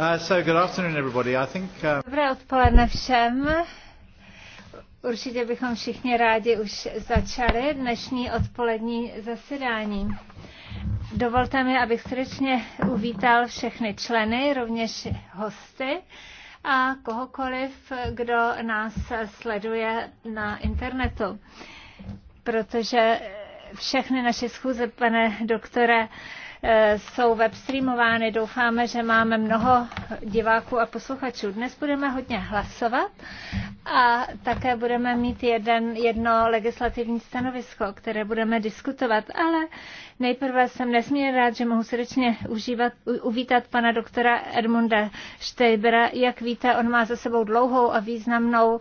Uh, uh, Dobré odpoledne všem. Určitě bychom všichni rádi už začali dnešní odpolední zasedání. Dovolte mi, abych srdečně uvítal všechny členy, rovněž hosty a kohokoliv, kdo nás sleduje na internetu. Protože všechny naše schůze, pane doktore, Eh, jsou webstreamovány. Doufáme, že máme mnoho diváků a posluchačů. Dnes budeme hodně hlasovat a také budeme mít jeden, jedno legislativní stanovisko, které budeme diskutovat, ale nejprve jsem nesmírně rád, že mohu srdečně užívat, uvítat pana doktora Edmunda Štejbera. Jak víte, on má za sebou dlouhou a významnou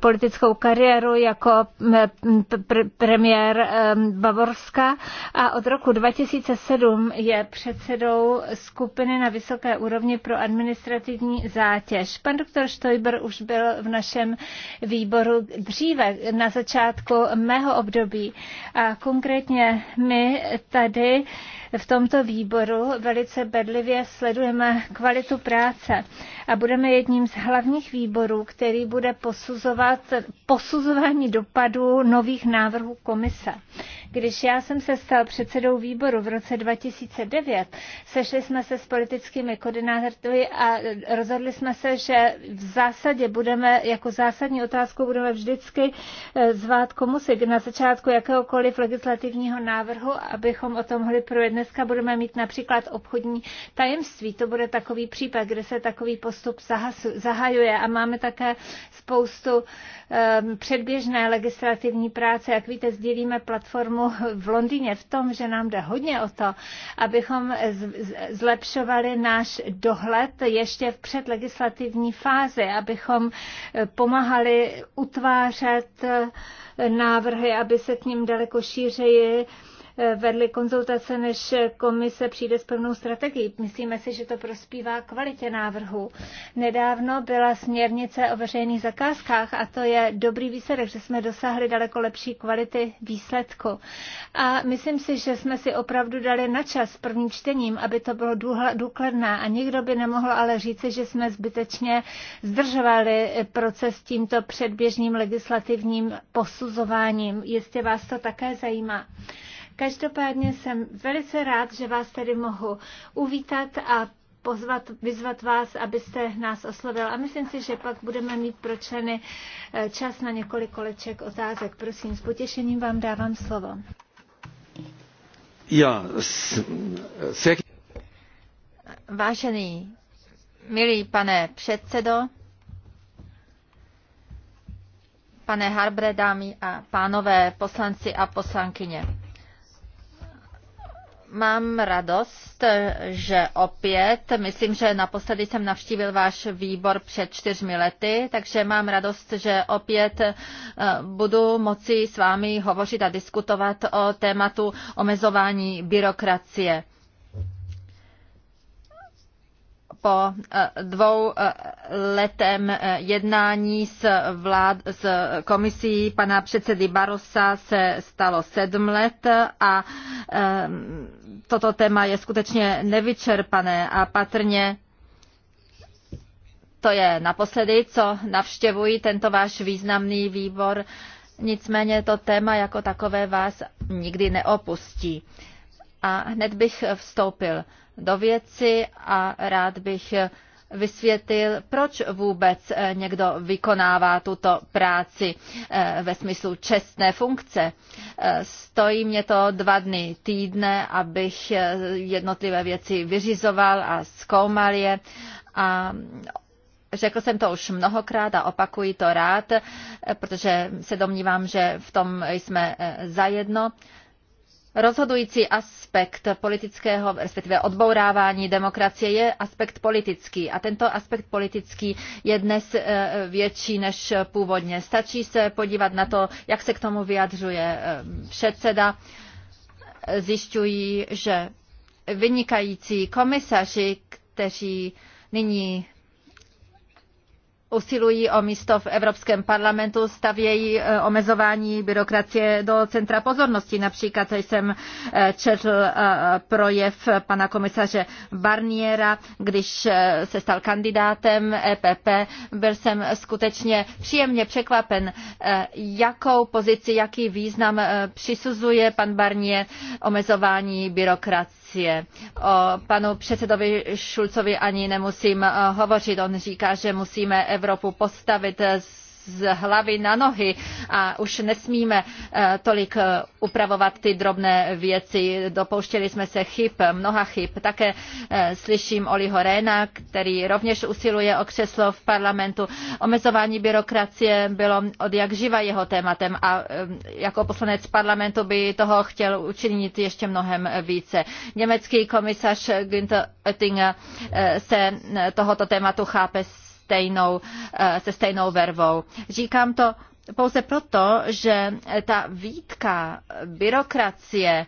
politickou kariéru jako pr- pr- premiér Bavorska a od roku 2007 je předsedou skupiny na vysoké úrovni pro administrativní zátěž. Pan doktor Štojber už byl v našem výboru dříve, na začátku mého období. A konkrétně my tady v tomto výboru velice bedlivě sledujeme kvalitu práce a budeme jedním z hlavních výborů, který bude posuzovat posuzování dopadů nových návrhů komise. Když já jsem se stal předsedou výboru v roce 2000, 2009. Sešli jsme se s politickými koordinátory a rozhodli jsme se, že v zásadě budeme, jako zásadní otázku budeme vždycky eh, zvát komu si na začátku jakéhokoliv legislativního návrhu, abychom o tom mohli projednat. Dneska budeme mít například obchodní tajemství. To bude takový případ, kde se takový postup zahajuje a máme také spoustu ehm, předběžné legislativní práce. Jak víte, sdílíme platformu v Londýně v tom, že nám jde hodně o to, abychom zlepšovali náš dohled ještě v předlegislativní fázi, abychom eh, pomáhali utvářet eh, návrhy, aby se k ním daleko šířeji vedli konzultace, než komise přijde s plnou strategií. Myslíme si, že to prospívá kvalitě návrhu. Nedávno byla směrnice o veřejných zakázkách a to je dobrý výsledek, že jsme dosáhli daleko lepší kvality výsledku. A myslím si, že jsme si opravdu dali na čas prvním čtením, aby to bylo důkladné a nikdo by nemohl ale říci, že jsme zbytečně zdržovali proces tímto předběžným legislativním posuzováním. Jistě vás to také zajímá. Každopádně jsem velice rád, že vás tady mohu uvítat a pozvat, vyzvat vás, abyste nás oslovil. A myslím si, že pak budeme mít pro členy eh, čas na několik koleček otázek. Prosím, s potěšením vám dávám slovo. Já, jak... Vážený, milý pane předsedo, pane Harbre, dámy a pánové, poslanci a poslankyně. Mám radost, že opět, myslím, že naposledy jsem navštívil váš výbor před čtyřmi lety, takže mám radost, že opět eh, budu moci s vámi hovořit a diskutovat o tématu omezování byrokracie. po eh, dvou eh, letem eh, jednání s, vlád, s komisí pana předsedy Barosa se stalo sedm let a toto téma je skutečně nevyčerpané a patrně to je naposledy, co navštěvují tento váš významný výbor. Nicméně to téma jako takové vás nikdy neopustí a hned bych vstoupil do věci a rád bych vysvětlil, proč vůbec eh, někdo vykonává tuto práci eh, ve smyslu čestné funkce. Eh, stojí mě to dva dny týdne, abych jednotlivé věci vyřizoval a zkoumal je a Řekl jsem to už mnohokrát a opakuji to rád, protože se domnívám, že v tom jsme zajedno. Rozhodující aspekt politického, respektive odbourávání demokracie je aspekt politický a tento aspekt politický je dnes e, větší než původně. Stačí se podívat na to, jak se k tomu vyjadřuje e, předseda. Zjišťují, že vynikající komisaři, kteří nyní usilují o místo v Evropském parlamentu, stavějí eh, omezování byrokracie do centra pozornosti. Například jsem eh, četl eh, projev pana komisaře Barniera, když se stal kandidátem EPP. Byl jsem skutečně příjemně překvapen, jakou pozici, jaký význam přisuzuje pan Barnier omezování byrokracie Francie. O panu předsedovi Šulcovi ani nemusím eh, hovořit. On říká, že musíme Evropu postavit z z hlavy na nohy a už nesmíme eh, tolik eh, upravovat ty drobné věci. Dopouštěli jsme se chyb, mnoha chyb. Také eh, slyším Oliho Réna, který rovněž usiluje o křeslo v parlamentu. Omezování byrokracie bylo od jak živa jeho tématem a jako poslanec parlamentu by toho chtěl učinit ještě mnohem více. Německý komisař Günther Oettinger se tohoto tématu chápe stejnou, eh, se stejnou vervou. Říkám to pouze proto, že ta výtka byrokracie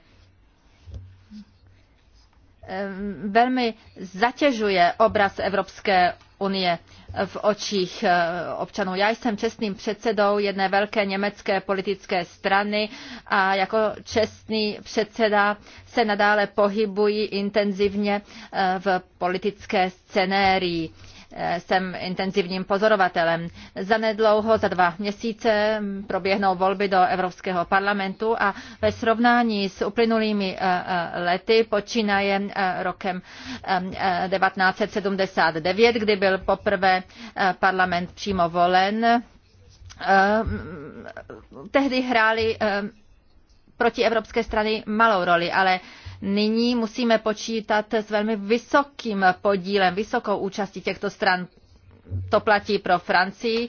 eh, velmi zatěžuje obraz Evropské unie v očích eh, občanů. Já jsem čestným předsedou jedné velké německé politické strany a jako čestný předseda se nadále pohybuji intenzivně v politické scenérii. Eh, jsem intenzivním pozorovatelem. Zanedlouho, za dva měsíce, mm, proběhnou volby do Evropského parlamentu a ve srovnání s uplynulými eh, eh, lety počínaje rokem 1979, kdy byl poprvé parlament přímo volen, mm, tehdy hráli protievropské strany malou roli, ale nyní musíme počítat s velmi vysokým podílem, vysokou účastí těchto stran. To platí pro Francii,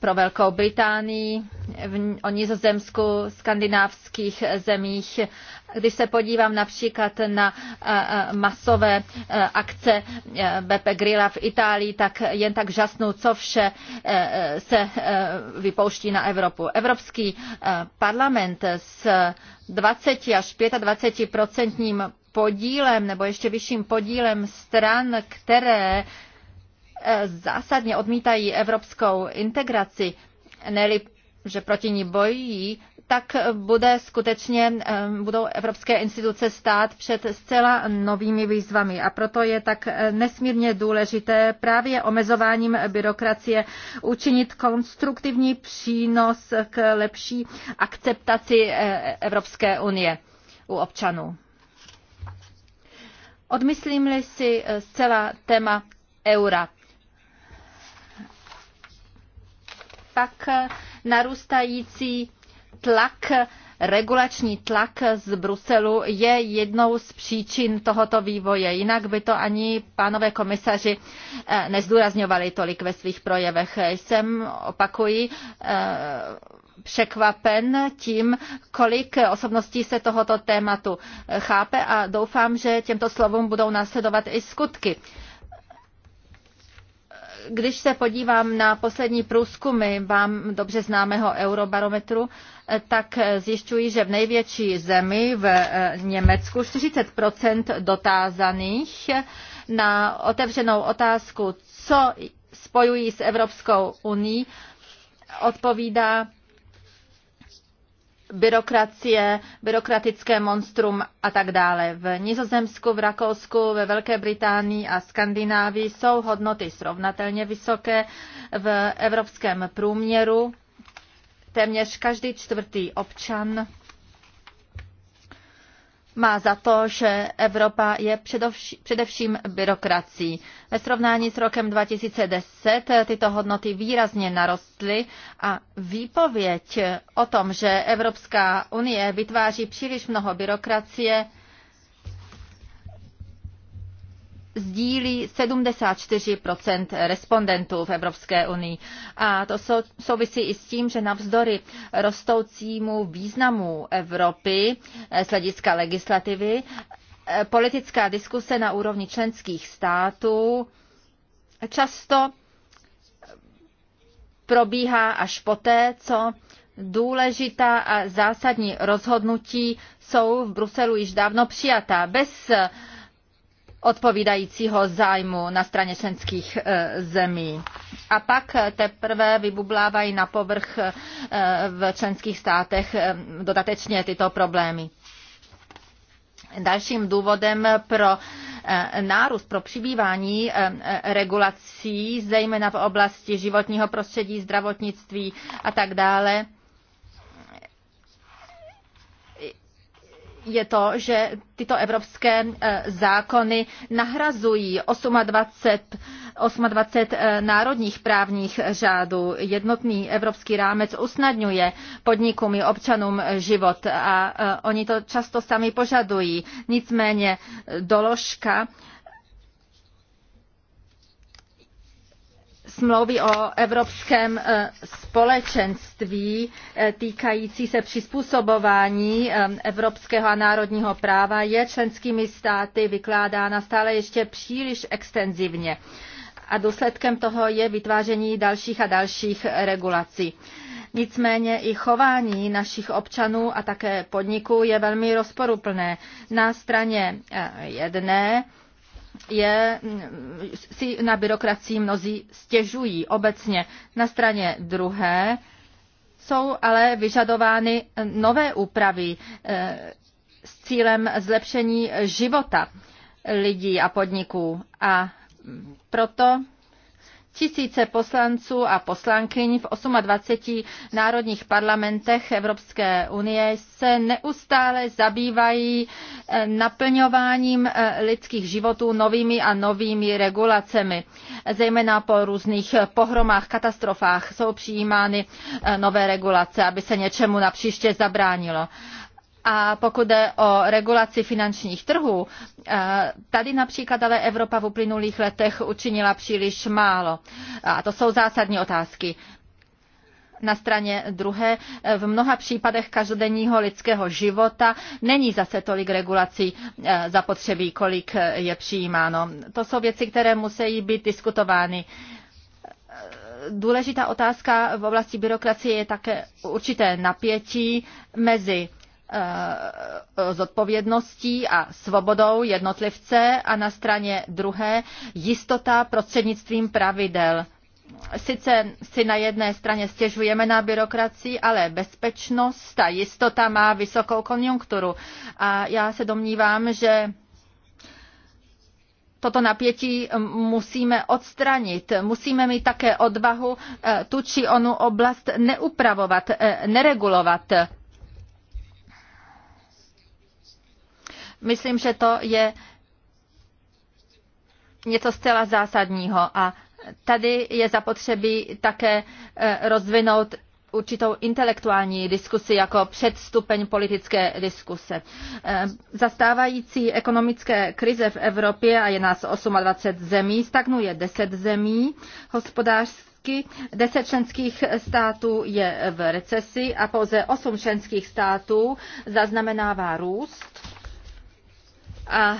pro Velkou Británii, v, o Nizozemsku, skandinávských zemích. Když se podívám například na masové akce Beppe Grilla v Itálii, tak jen tak žasnu, co vše se vypouští na Evropu. Evropský parlament s 20 až 25 procentním podílem nebo ještě vyšším podílem stran, které zásadně odmítají evropskou integraci, neli že proti ní bojí, tak bude skutečně, eh, budou evropské instituce stát před zcela novými výzvami. A proto je tak eh, nesmírně důležité právě omezováním byrokracie učinit konstruktivní přínos k lepší akceptaci eh, Evropské unie u občanů. Odmyslím-li si zcela téma eura pak narůstající tlak, regulační tlak z Bruselu je jednou z příčin tohoto vývoje. Jinak by to ani pánové komisaři eh, nezdůrazňovali tolik ve svých projevech. Jsem, opakuji, eh, překvapen tím, kolik osobností se tohoto tématu chápe a doufám, že těmto slovům budou následovat i skutky. Když se podívám na poslední průzkumy vám dobře známého eurobarometru, eh, tak eh, zjišťuji, že v největší zemi, v eh, Německu, 40 dotázaných na otevřenou otázku, co spojují s Evropskou uní, odpovídá byrokracie, byrokratické monstrum a tak dále. V Nizozemsku, v Rakousku, ve Velké Británii a Skandinávii jsou hodnoty srovnatelně vysoké v evropském průměru. Téměř každý čtvrtý občan má za to, že Evropa je především byrokracií. Ve srovnání s rokem 2010 tyto hodnoty výrazně narostly a výpověď o tom, že Evropská unie vytváří příliš mnoho byrokracie, sdílí 74 respondentů v Evropské unii. A to souvisí i s tím, že navzdory rostoucímu významu Evropy eh, z hlediska legislativy, eh, politická diskuse na úrovni členských států často probíhá až poté, co důležitá a zásadní rozhodnutí jsou v Bruselu již dávno přijatá. Bez odpovídajícího zájmu na straně členských e, zemí. A pak e, teprve vybublávají na povrch e, v členských státech dodatečně tyto problémy. Dalším důvodem pro nárůst pro přibývání regulací, zejména v oblasti životního prostředí, zdravotnictví a tak dále, je to, že tyto evropské eh, zákony nahrazují 28, 28 eh, národních právních řádů. Jednotný evropský rámec usnadňuje podnikům i občanům eh, život a oni to často sami požadují. Nicméně doložka smlouvy o Evropském e, společenství e, týkající se přizpůsobování e, evropského a národního práva je členskými státy vykládána stále ještě příliš extenzivně. A důsledkem toho je vytváření dalších a dalších regulací. Nicméně i chování našich občanů a také podniků je velmi rozporuplné. Na straně jedné je, si na byrokracii mnozí stěžují obecně. Na straně druhé jsou ale vyžadovány nové úpravy eh, s cílem zlepšení života lidí a podniků. A proto tisíce poslanců a poslankyň v 28 národních parlamentech Evropské unie se neustále zabývají eh, naplňováním eh, lidských životů novými a novými regulacemi. Zejména po různých pohromách, katastrofách jsou přijímány eh, nové regulace, aby se něčemu napříště zabránilo. A pokud jde o regulaci finančních trhů, eh, tady například ale Evropa v uplynulých letech učinila příliš málo. A to jsou zásadní otázky. Na straně druhé, eh, v mnoha případech každodenního lidského života není zase tolik regulací eh, zapotřebí, kolik je přijímáno. To jsou věci, které musí být diskutovány důležitá otázka v oblasti byrokracie je také určité napětí mezi Eh, eh, zodpovědností a svobodou jednotlivce a na straně druhé jistota prostřednictvím pravidel. Sice si na jedné straně stěžujeme na byrokracii, ale bezpečnost a jistota má vysokou konjunkturu. A já se domnívám, že toto napětí musíme odstranit. Musíme mít také odvahu eh, tu či onu oblast neupravovat, neregulovat Myslím, že to je něco zcela zásadního a tady je zapotřebí také e, rozvinout určitou intelektuální diskusi jako předstupeň politické diskuse. E, zastávající ekonomické krize v Evropě, a je nás 28 zemí, stagnuje 10 zemí hospodářsky, 10 členských států je v recesi a pouze 8 členských států zaznamenává růst a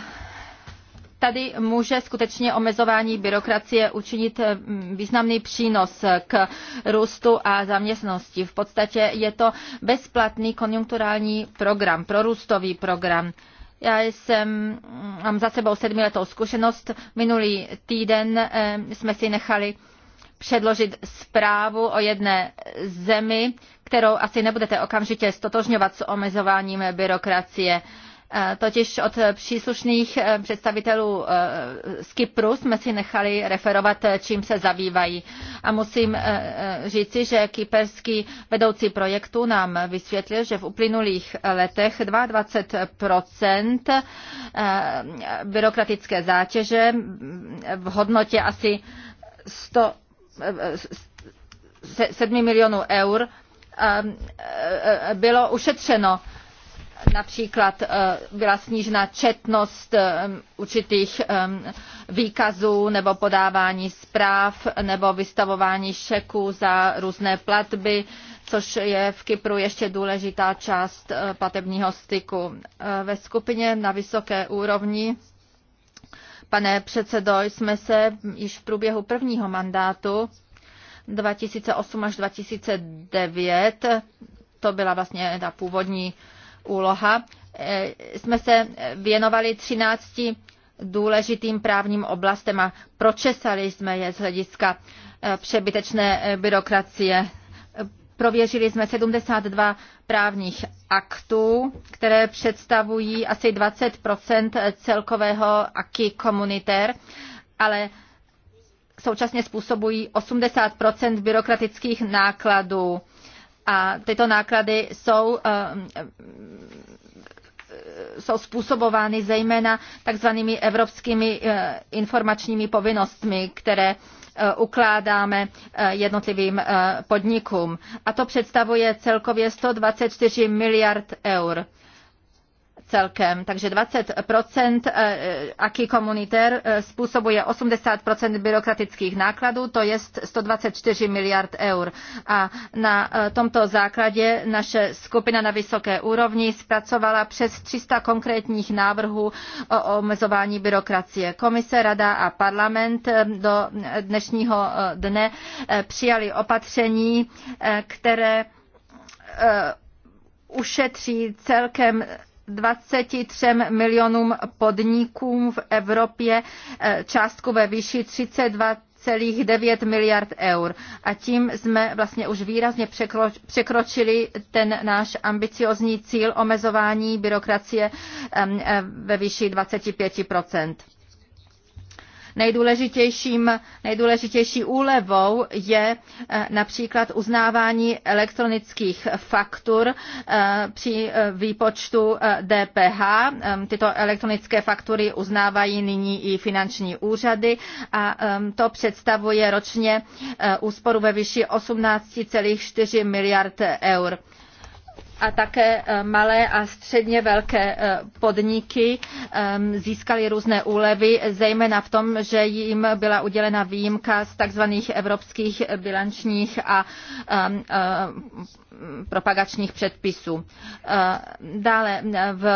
tady může skutečně omezování byrokracie učinit eh, významný přínos k růstu a zaměstnosti. V podstatě je to bezplatný konjunkturální program, prorůstový program. Já jsem, mm, mám za sebou sedmiletou zkušenost. Minulý týden eh, jsme si nechali předložit zprávu o jedné zemi, kterou asi nebudete okamžitě stotožňovat s omezováním byrokracie. Eh, totiž od příslušných eh, představitelů eh, z Kypru jsme si nechali referovat, čím se zabývají. A musím říci, že kyperský vedoucí projektu nám vysvětlil, že v uplynulých letech 22 byrokratické zátěže mm, v hodnotě asi 100, 7 milionů eur bylo ušetřeno například eh, byla snížena četnost eh, určitých eh, výkazů nebo podávání zpráv nebo vystavování šeků za různé platby, což je v Kypru ještě důležitá část platebního styku. Ve skupině na vysoké úrovni, pane předsedo, jsme se již v průběhu prvního mandátu 2008 až 2009, to byla vlastně ta původní úloha, e, jsme se věnovali 13 důležitým právním oblastem a pročesali jsme je z hlediska e, přebytečné e, byrokracie. Prověřili jsme 72 právních aktů, které představují asi 20 celkového aky komunitér, ale současně způsobují 80 byrokratických nákladů a tyto náklady jsou eh, eh, jsou způsobovány zejména takzvanými evropskými eh, informačními povinnostmi, které ukládáme jednotlivým podnikům. A to představuje celkově 124 miliard eur celkem. Takže 20 eh, aký komunitér eh, způsobuje 80 byrokratických nákladů, to je 124 miliard eur. A na eh, tomto základě naše skupina na vysoké úrovni zpracovala přes 300 konkrétních návrhů o omezování byrokracie. Komise, Rada a parlament do dnešního dne přijali opatření, které ušetří celkem 23 milionům podnikům v Evropě eh, částku ve výši 32 celých 9 miliard eur. A tím jsme vlastně už výrazně překročili ten náš ambiciozní cíl omezování byrokracie eh, ve výši 25 Nejdůležitějším, nejdůležitější úlevou je eh, například uznávání elektronických faktur eh, při eh, výpočtu DPH. Ehm, tyto elektronické faktury uznávají nyní i finanční úřady a ehm, to představuje ročně úsporu ve výši 18,4 miliard eur a také eh, malé a středně velké eh, podniky ehm, získaly různé úlevy, zejména v tom, že jim byla udělena výjimka z tzv. evropských bilančních a ehm, ehm, propagačních předpisů. Eh, dále v,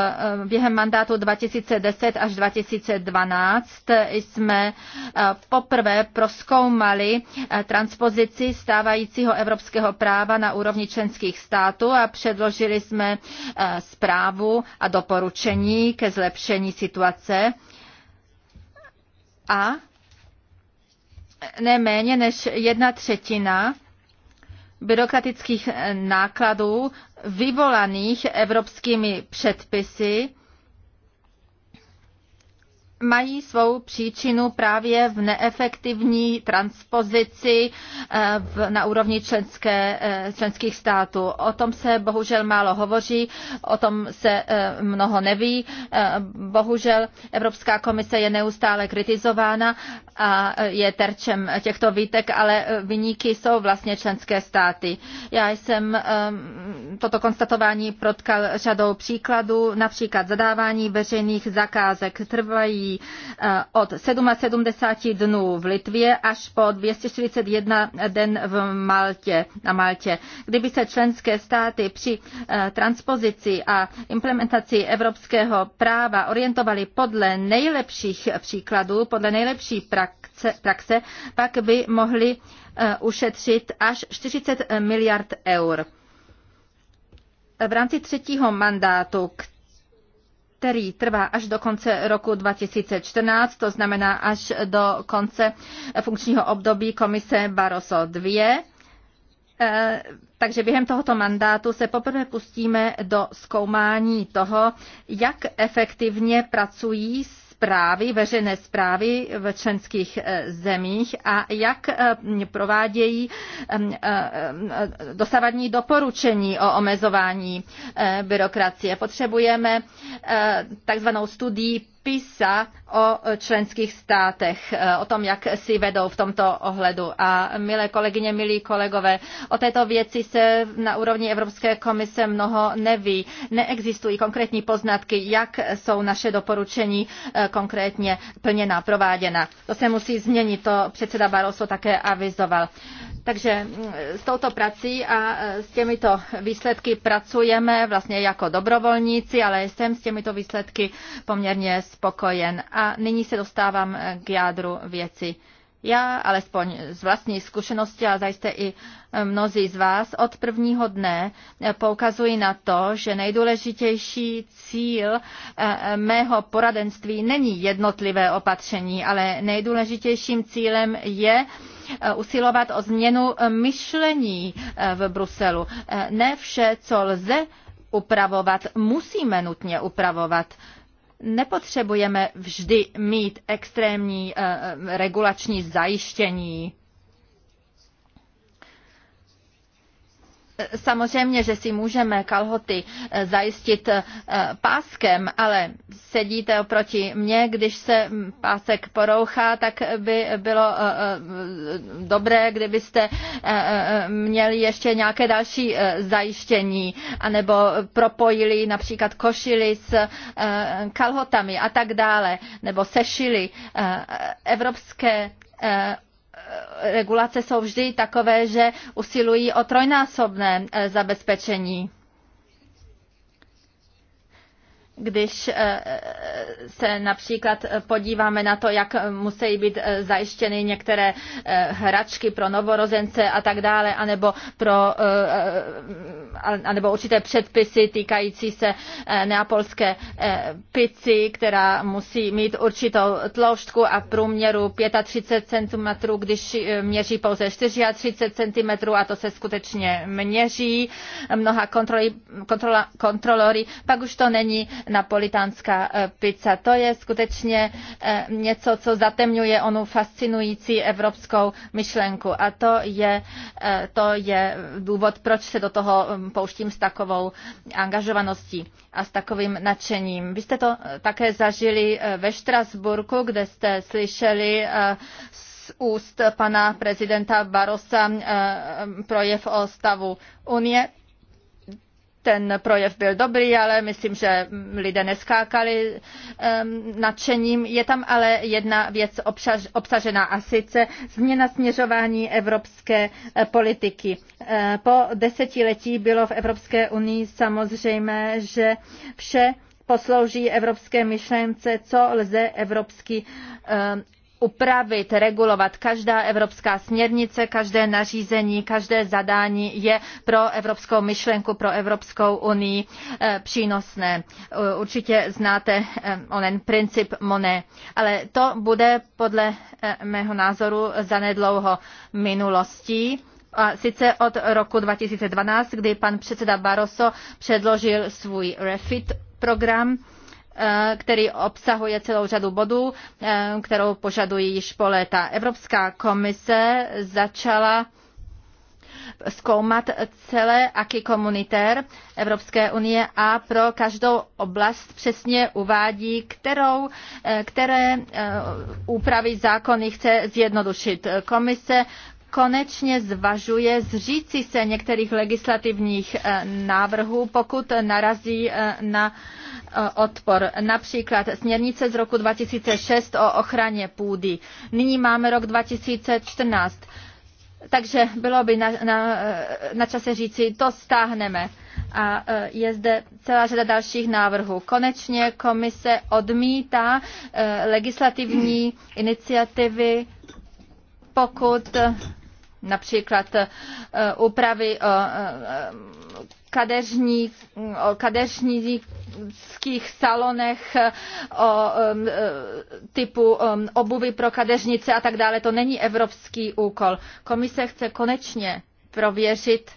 během mandátu 2010 až 2012 jsme poprvé proskoumali transpozici stávajícího evropského práva na úrovni členských států a předložili předložili jsme eh, zprávu a doporučení ke zlepšení situace a neméně než jedna třetina byrokratických eh, nákladů vyvolaných evropskými předpisy mají svou příčinu právě v neefektivní transpozici eh, na úrovni členské, eh, členských států. O tom se bohužel málo hovoří, o tom se eh, mnoho neví. Bohužel Evropská komise je neustále kritizována a je terčem těchto výtek, ale vyníky jsou vlastně členské státy. Já jsem ehm, toto konstatování protkal řadou příkladů, například zadávání veřejných zakázek trvají Eh, od 77 dnů v Litvě až po 241 den v Maltě, na Maltě. Kdyby se členské státy při eh, transpozici a implementaci evropského práva orientovali podle nejlepších příkladů, podle nejlepší praxe, praxe pak by mohli eh, ušetřit až 40 miliard eur v rámci třetího mandátu, který trvá až do konce roku 2014, to znamená až do konce funkčního období komise Barroso II. E, takže během tohoto mandátu se poprvé pustíme do zkoumání toho, jak efektivně pracují s zprávy, veřejné zprávy v členských eh, zemích a jak eh, provádějí eh, dosavadní doporučení o omezování byrokracie. Potřebujeme takzvanou studii PISA o členských státech, e, o tom, jak si vedou v tomto ohledu. A milé kolegyně, milí kolegové, o této věci se na úrovni Evropské komise mnoho neví. Neexistují konkrétní poznatky, jak jsou naše doporučení e, konkrétně plněna, prováděna. To se musí změnit, to předseda Barroso také avizoval. Takže s touto prací a e, s těmito výsledky pracujeme vlastně jako dobrovolníci, ale jsem s těmito výsledky poměrně spokojená spokojen. A nyní se dostávám k jádru věci. Já, alespoň z vlastní zkušenosti a zajisté i mnozí z vás, od prvního dne poukazuji na to, že nejdůležitější cíl eh, eh, mého poradenství není jednotlivé opatření, ale nejdůležitějším cílem je eh, usilovat o změnu myšlení v Bruselu. Ne vše, co lze upravovat, musíme nutně upravovat nepotřebujeme vždy mít extrémní eh, eh, regulační zajištění Samozřejmě, že si můžeme kalhoty eh, zajistit eh, páskem, ale sedíte oproti mně, když se mm, pásek porouchá, tak by bylo eh, dobré, kdybyste měli ještě nějaké další zajištění, anebo propojili například košili s kalhotami a tak dále, nebo sešili evropské regulace jsou vždy takové, že usilují o trojnásobné eh, zabezpečení když eh, se například podíváme na to, jak musí být eh, zajištěny některé eh, hračky pro novorozence a tak dále, anebo, pro, anebo určité předpisy týkající se neapolské pici, která musí mít určitou tloušťku a průměru 35 cm, když měří pouze 34 cm a to se skutečně měří mnoha kontroly, kontrola, kontrolory, pak už to není napolitánská eh, pizza. To je skutečně eh, něco, co zatemňuje onu fascinující evropskou myšlenku. A to je, eh, to je důvod, proč se do toho hm, pouštím s takovou angažovaností a s takovým nadšením. Vy jste to také zažili ve Štrasburku, kde jste slyšeli úst pana prezidenta Barosa hm, projev o stavu Unie ten projev byl dobrý, ale myslím, že lidé neskákali um, nadšením. Je tam ale jedna věc obsaž, obsažená a sice změna směřování evropské eh, politiky. Eh, po desetiletí bylo v Evropské unii samozřejmé, že vše poslouží evropské myšlence, co lze evropsky um, upravit, regulovat. Každá evropská směrnice, každé nařízení, každé zadání je pro evropskou myšlenku, pro Evropskou unii eh, přínosné. Eh, určitě znáte eh, onen princip Monet, ale to bude podle mého názoru zanedlouho minulostí. A sice od roku 2012, kdy pan předseda Barroso předložil svůj refit program, Eh, který obsahuje celou řadu bodů, eh, kterou požadují již po léta. Evropská komise začala zkoumat celé aky komunitér Evropské unie a pro každou oblast přesně uvádí, kterou, eh, které úpravy zákony chce zjednodušit. Komise konečně zvažuje zříci se některých legislativních eh, návrhů, pokud narazí eh, na eh, odpor. Například směrnice z roku 2006 o ochraně půdy. Nyní máme rok 2014. Takže bylo by na, na, na čase říci, to stáhneme. A je zde celá řada dalších návrhů. Konečně komise odmítá legislativní iniciativy, pokud například eh, úpravy o eh, eh, kadeřní, o kadeřnických salonech, o typu obuvy pro kadeřnice a tak dále. To není evropský úkol. Komise chce konečně prověřit,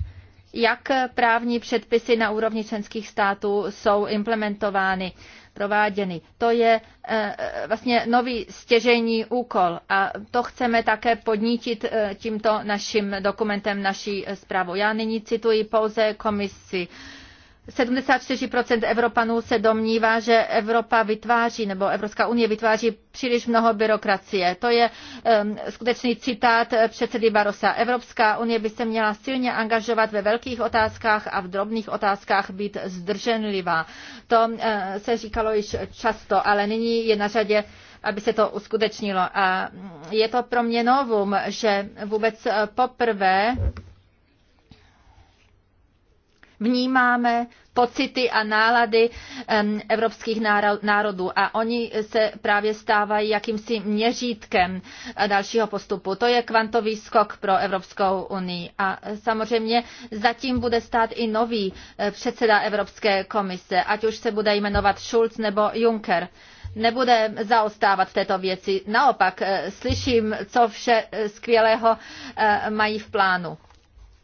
jak právní předpisy na úrovni členských států jsou implementovány prováděny. To je eh, eh, vlastně nový stěžení úkol a to chceme také podnítit eh, tímto naším dokumentem, naší zprávu. Já nyní cituji pouze komisi 74% Evropanů se domnívá, že Evropa vytváří nebo Evropská unie vytváří příliš mnoho byrokracie. To je um, skutečný citát eh, předsedy Barosa. Evropská unie by se měla silně angažovat ve velkých otázkách a v drobných otázkách být zdrženlivá. To uh, se říkalo již často, ale nyní je na řadě aby se to uskutečnilo. A je to pro mě novum, že vůbec eh, poprvé vnímáme pocity a nálady evropských národů a oni se právě stávají jakýmsi měřítkem dalšího postupu. To je kvantový skok pro Evropskou unii a samozřejmě zatím bude stát i nový eh, předseda Evropské komise, ať už se bude jmenovat Schulz nebo Juncker nebude zaostávat v této věci. Naopak eh, slyším, co vše eh, skvělého mají v plánu.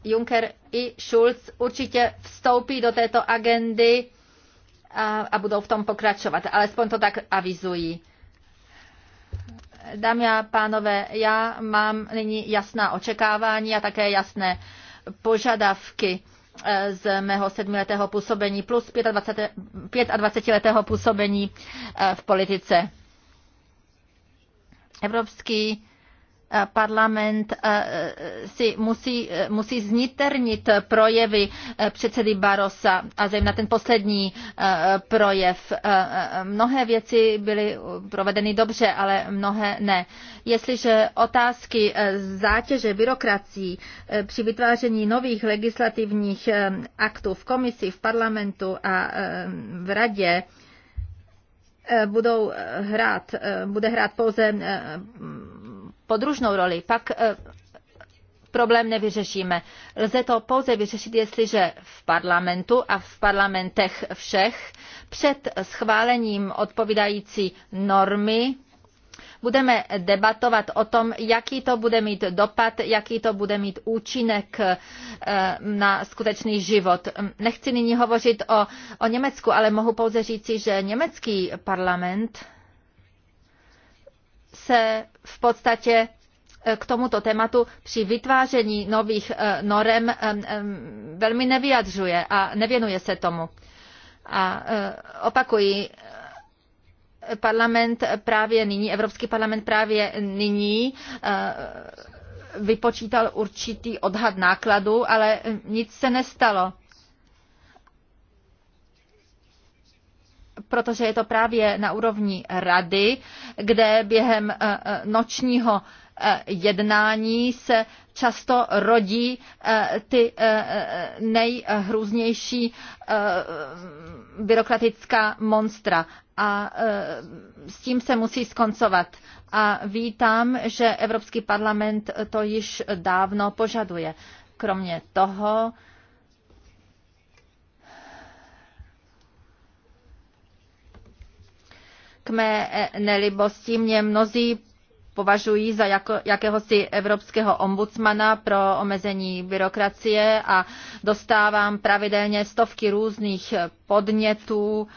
Juncker i Schulz určitě vstoupí do této agendy a, a budou v tom pokračovat. Alespoň to tak avizují. Dámy a pánové, já mám nyní jasná očekávání a také jasné požadavky eh, z mého sedmiletého působení plus 25-letého působení eh, v politice. Evropský Eh, parlament eh, eh, si musí, musí zniternit projevy předsedy Barosa a zejména ten poslední projev. Mnohé věci byly provedeny dobře, ale mnohé ne. Jestliže otázky zátěže byrokracií při vytváření nových legislativních aktů v komisi, v parlamentu a v radě budou hrát, bude hrát pouze podružnou roli, pak eh, problém nevyřešíme. Lze to pouze vyřešit, jestliže v parlamentu a v parlamentech všech před schválením odpovídající normy budeme debatovat o tom, jaký to bude mít dopad, jaký to bude mít účinek eh, na skutečný život. Nechci nyní hovořit o, o Německu, ale mohu pouze říci, že německý parlament se v podstatě eh, k tomuto tématu při vytváření nových eh, norem eh, velmi nevyjadřuje a nevěnuje se tomu. A opakuji, parlament právě nyní, Evropský parlament právě nyní vypočítal určitý odhad nákladů, ale nic se nestalo. protože je to právě na úrovni rady, kde během eh, eh, nočního eh, jednání se často rodí ty nejhrůznější byrokratická monstra. A s tím se musí skoncovat. A vítám, že Evropský parlament to již dávno požaduje. Kromě toho k mé eh, nelibosti mě mnozí považují za jako, jakéhosi evropského ombudsmana pro omezení byrokracie a dostávám pravidelně stovky různých podnětů,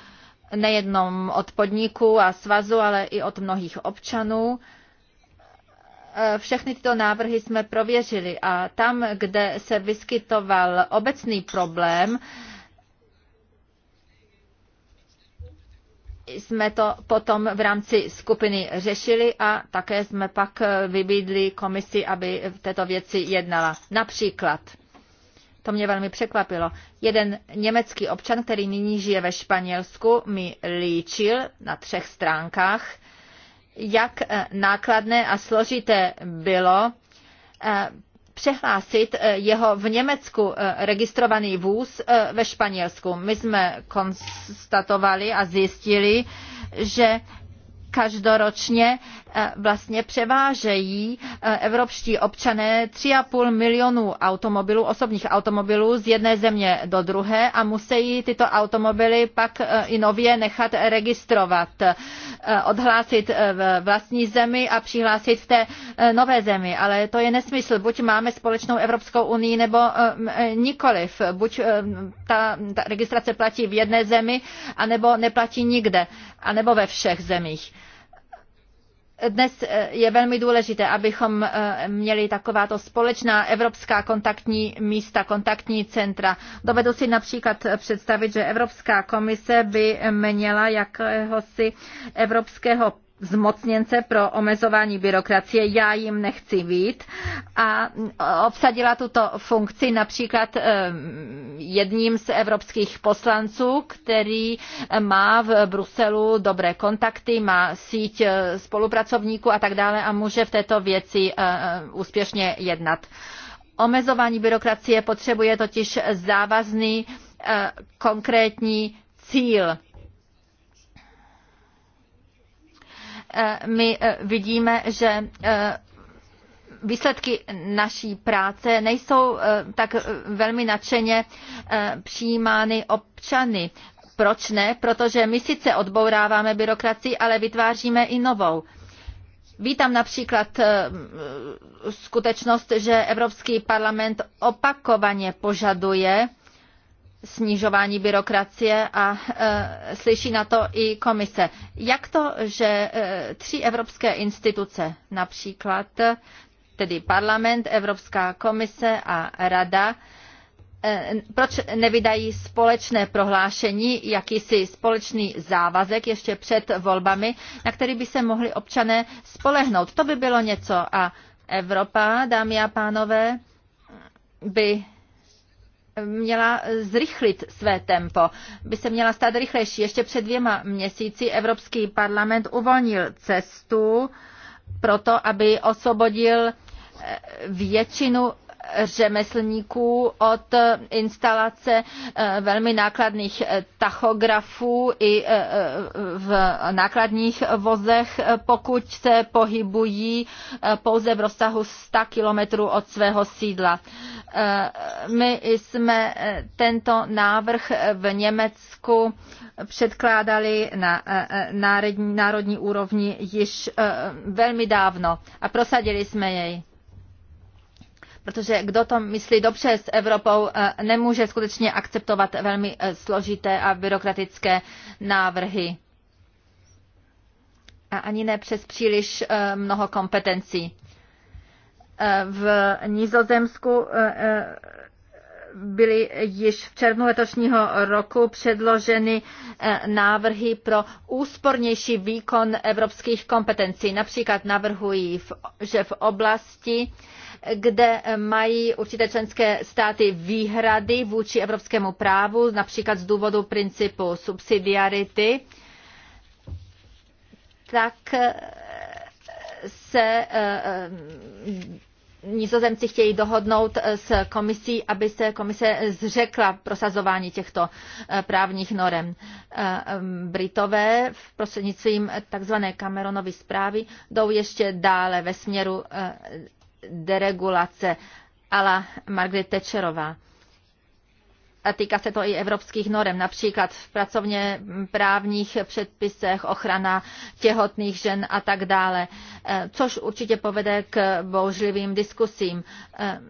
nejenom od podniků a svazu, ale i od mnohých občanů. Eh, všechny tyto návrhy jsme prověřili a tam, kde se vyskytoval obecný problém, jsme to potom v rámci skupiny řešili a také jsme pak vybídli komisi, aby v této věci jednala. Například, to mě velmi překvapilo, jeden německý občan, který nyní žije ve Španělsku, mi líčil na třech stránkách, jak nákladné a složité bylo eh, přehlásit eh, jeho v Německu eh, registrovaný vůz eh, ve Španělsku. My jsme konstatovali a zjistili, že každoročně eh, vlastně převážejí eh, evropští občané 3,5 milionů automobilů, osobních automobilů z jedné země do druhé a musí tyto automobily pak eh, i nově nechat registrovat, odhlásit v vlastní zemi a přihlásit v té nové zemi. Ale to je nesmysl. Buď máme společnou Evropskou unii nebo nikoliv. Buď ta, ta registrace platí v jedné zemi, anebo neplatí nikde, anebo ve všech zemích dnes eh, je velmi důležité, abychom eh, měli takováto společná evropská kontaktní místa, kontaktní centra. Dovedu si například představit, že Evropská komise by měla jakéhosi evropského zmocněnce pro omezování byrokracie, já jim nechci být a obsadila tuto funkci například eh, jedním z evropských poslanců, který eh, má v Bruselu dobré kontakty, má síť eh, spolupracovníků a tak dále a může v této věci úspěšně jednat. Omezování byrokracie potřebuje totiž závazný konkrétní cíl Eh, my eh, vidíme, že eh, výsledky naší práce nejsou tak velmi nadšeně přijímány občany. Proč ne? Protože my sice odbouráváme byrokracii, ale vytváříme i novou. Vítám například skutečnost, že Evropský parlament opakovaně požaduje snižování byrokracie a e, slyší na to i komise. Jak to, že e, tři evropské instituce, například tedy parlament, Evropská komise a rada, e, proč nevydají společné prohlášení, jakýsi společný závazek ještě před volbami, na který by se mohli občané spolehnout. To by bylo něco. A Evropa, dámy a pánové, by měla zrychlit své tempo, by se měla stát rychlejší. Ještě před dvěma měsíci Evropský parlament uvolnil cestu pro to, aby osvobodil eh, většinu řemeslníků od instalace eh, velmi nákladných eh, tachografů i eh, v nákladních vozech, pokud se pohybují pouze v rozsahu 100 kilometrů od svého sídla. My jsme tento návrh v Německu předkládali na národní, národní úrovni již velmi dávno a prosadili jsme jej protože kdo to myslí dobře s Evropou, eh, nemůže skutečně akceptovat velmi eh, složité a byrokratické návrhy. A ani ne přes příliš eh, mnoho kompetencí. V Nizozemsku byly již v červnu letošního roku předloženy návrhy pro úspornější výkon evropských kompetencí. Například navrhují, že v oblasti kde mají určité členské státy výhrady vůči evropskému právu, například z důvodu principu subsidiarity, tak eh, se eh, nizozemci chtějí dohodnout eh, s komisí, aby se komise zřekla prosazování těchto právních norem. Britové v prostřednictvím takzvané Cameronovy zprávy jdou ještě dále ve směru deregulace ala Margaret Thatcherová. A týká se to i evropských norem, například v pracovně právních předpisech, ochrana těhotných žen a tak dále, eh, což určitě povede k bouřlivým diskusím. Eh,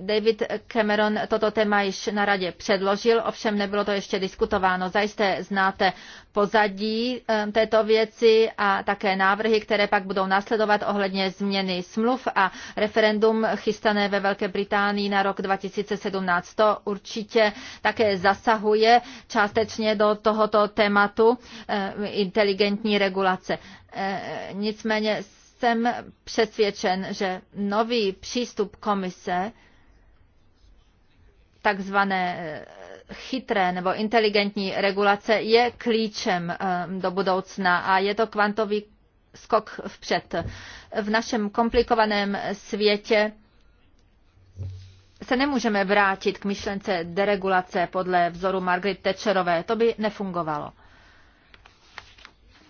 David Cameron toto téma již na radě předložil, ovšem nebylo to ještě diskutováno. Zajisté znáte pozadí eh, této věci a také návrhy, které pak budou následovat ohledně změny smluv a referendum chystané ve Velké Británii na rok 2017. To určitě také zasahuje částečně do tohoto tématu eh, inteligentní regulace. Eh, nicméně jsem přesvědčen, že nový přístup komise takzvané eh, chytré nebo inteligentní regulace je klíčem eh, do budoucna a je to kvantový skok vpřed. V našem komplikovaném světě se nemůžeme vrátit k myšlence deregulace podle vzoru Margaret Thatcherové. To by nefungovalo.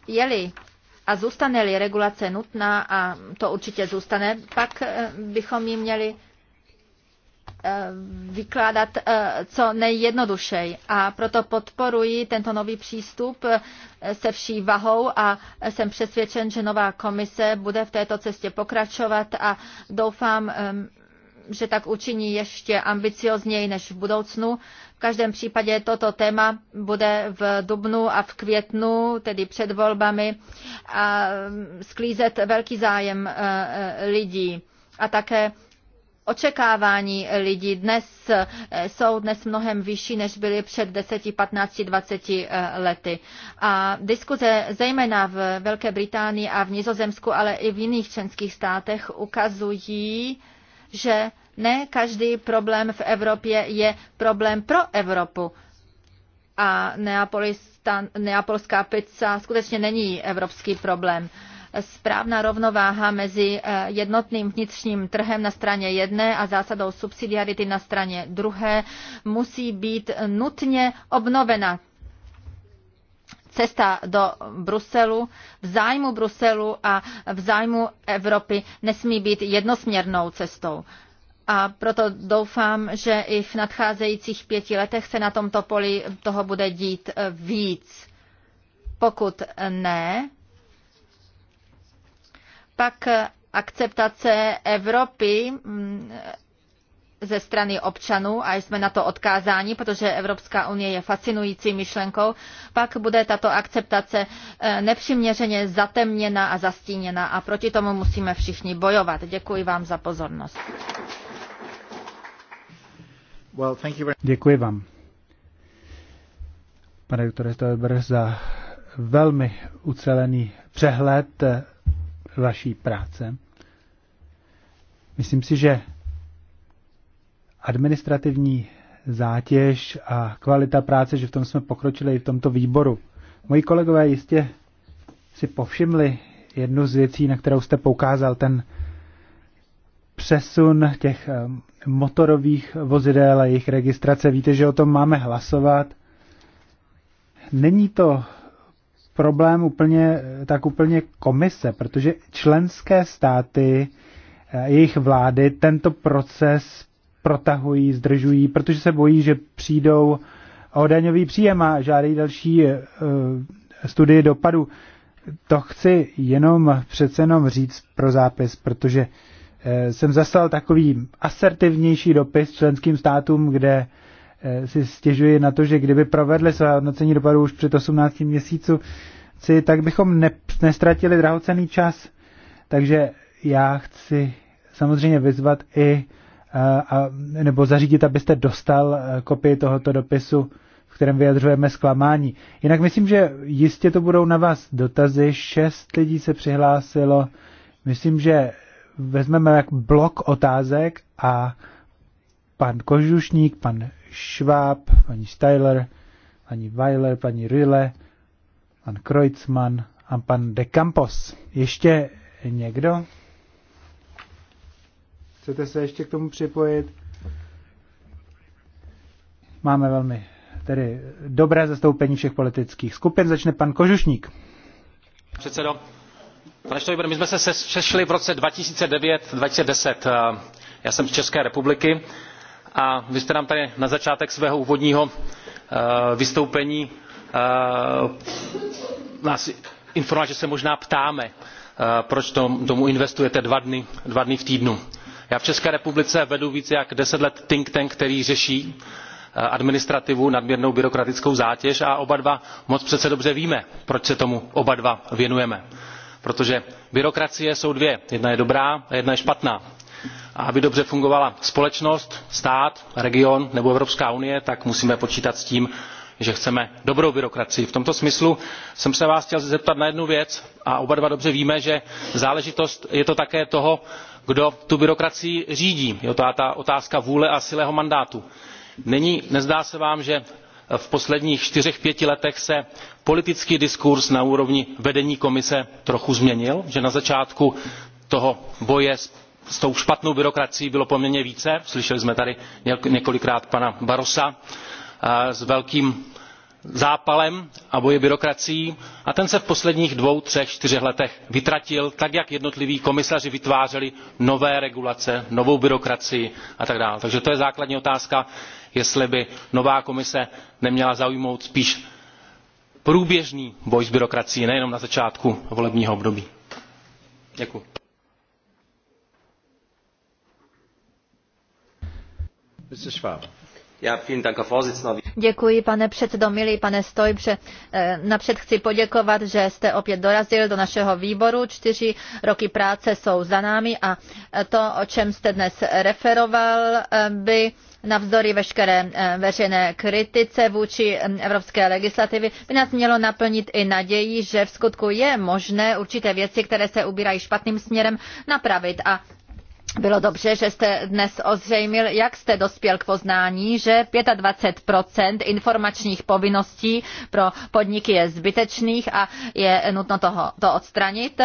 Jeli a zůstane-li regulace nutná, a to určitě zůstane, pak eh, bychom ji měli Eh, vykládat eh, co nejjednodušej. A proto podporuji tento nový přístup eh, se vší vahou a jsem přesvědčen, že nová komise bude v této cestě pokračovat a doufám, že tak učiní ještě ambiciozněji než v budoucnu. V každém případě toto téma bude v dubnu a v květnu, tedy před volbami, a sklízet velký zájem lidí a také očekávání lidí dnes eh, jsou dnes mnohem vyšší, než byly před 10, 15, 20 lety. A diskuze zejména v Velké Británii a v Nizozemsku, ale i v jiných členských státech ukazují, že ne každý problém v Evropě je problém pro Evropu. A neapolská pizza skutečně není evropský problém správná rovnováha mezi eh, jednotným vnitřním trhem na straně jedné a zásadou subsidiarity na straně druhé musí být nutně obnovena cesta do Bruselu, v zájmu Bruselu a v zájmu Evropy nesmí být jednosměrnou cestou. A proto doufám, že i v nadcházejících pěti letech se na tomto poli toho bude dít eh, víc. Pokud ne, pak akceptace Evropy mm, ze strany občanů a jsme na to odkázáni, protože Evropská unie je fascinující myšlenkou, pak bude tato akceptace e, nepřiměřeně zatemněna a zastíněna a proti tomu musíme všichni bojovat. Děkuji vám za pozornost. Děkuji vám. Pane doktore Stolber, za velmi ucelený přehled vaší práce. Myslím si, že administrativní zátěž a kvalita práce, že v tom jsme pokročili i v tomto výboru. Moji kolegové jistě si povšimli jednu z věcí, na kterou jste poukázal, ten přesun těch eh, motorových vozidel a jejich registrace. Víte, že o tom máme hlasovat. Není to problém úplně, tak úplně komise, protože členské státy, eh, jejich vlády tento proces protahují, zdržují, protože se bojí, že přijdou o daňový příjem a žádají další uh, studii dopadu. To chci jenom přece jenom říct pro zápis, protože uh, jsem zaslal takový asertivnější dopis členským státům, kde uh, Eh, si stěžuji na to, že kdyby provedli své hodnocení dopadu už před 18 měsíců, si, tak bychom ne, nestratili drahocený čas. Takže já chci samozřejmě vyzvat i eh, a, nebo zařídit, abyste dostal eh, kopii tohoto dopisu, v kterém vyjadřujeme zklamání. Jinak myslím, že jistě to budou na vás dotazy. Šest lidí se přihlásilo. Myslím, že vezmeme jak blok otázek a pan Kožušník, pan Schwab, paní Steiler, paní Weiler, paní Rille, pan Kreutzmann a pan De Campos. Ještě někdo? Chcete se ještě k tomu připojit? Máme velmi tedy dobré zastoupení všech politických skupin. Začne pan Kožušník. Předsedo, pane Štojber, my jsme se sešli v roce 2009-2010. Já jsem z České republiky a vy jste nám tady na začátek svého úvodního eh, vystoupení eh, nás informoval že se možná ptáme eh, proč tomu investujete dva dny, dva dny v týdnu. já v české republice vedu více jak deset let think tank který řeší administrativu nadměrnou byrokratickou zátěž a oba dva moc přece dobře víme proč se tomu oba dva věnujeme protože byrokracie jsou dvě jedna je dobrá a jedna je špatná a aby dobře fungovala společnost stát region nebo evropská unie tak musíme počítat s tím že chceme dobrou byrokracii. v tomto smyslu jsem se vás chtěl zeptat na jednu věc a oba dva dobře víme že záležitost je to také toho kdo tu byrokracii řídí je to ta otázka vůle a silného mandátu. Není, nezdá se vám že v posledních čtyřech pěti letech se politický diskurz na úrovni vedení komise trochu změnil že na začátku toho boje s s tou špatnou byrokracií bylo poměrně více slyšeli jsme tady několikrát pana Barosa s velkým zápalem a boje byrokracií a ten se v posledních dvou třech čtyřech letech vytratil tak jak jednotliví komisaři vytvářeli nové regulace novou byrokracii a tak dále. takže to je základní otázka jestli by nová komise neměla zaujmout spíš průběžný boj s byrokracií nejenom na začátku volebního období. děkuji. Děkuji, pane předsedo, milý pane Stojbře. Eh, napřed chci poděkovat, že jste opět dorazil do našeho výboru. Čtyři roky práce jsou za námi a to, o čem jste dnes referoval, eh, by navzdory veškeré eh, veřejné kritice vůči evropské legislativy, by nás mělo naplnit i naději, že v skutku je možné určité věci, které se ubírají špatným směrem, napravit. A bylo dobře, že jste dnes ozřejmil, jak jste dospěl k poznání, že 25 informačních povinností pro podniky je zbytečných a je nutno toho, to odstranit.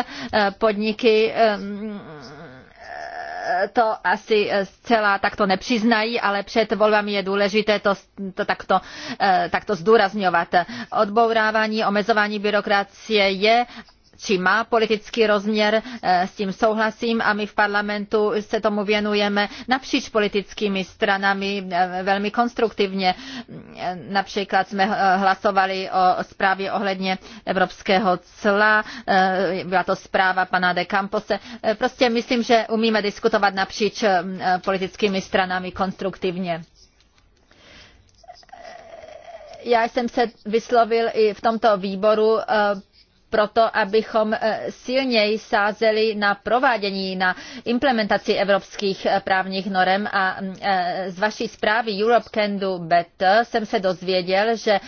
Podniky to asi zcela takto nepřiznají, ale před volbami je důležité to, to takto, eh, takto zdůrazňovat. Odbourávání, omezování byrokracie je či má politický rozměr, eh, s tím souhlasím a my v parlamentu se tomu věnujeme napříč politickými stranami eh, velmi konstruktivně. Eh, například jsme hlasovali o zprávě ohledně evropského cla, byla to zpráva pana de Campose. Prostě myslím, že umíme diskutovat napříč politickými stranami konstruktivně já jsem se vyslovil i v tomto výboru proto, abychom eh, silněji sázeli na provádění, na implementaci evropských eh, právních norem a mm, eh, z vaší zprávy Europe Can Do Better jsem se dozvěděl, že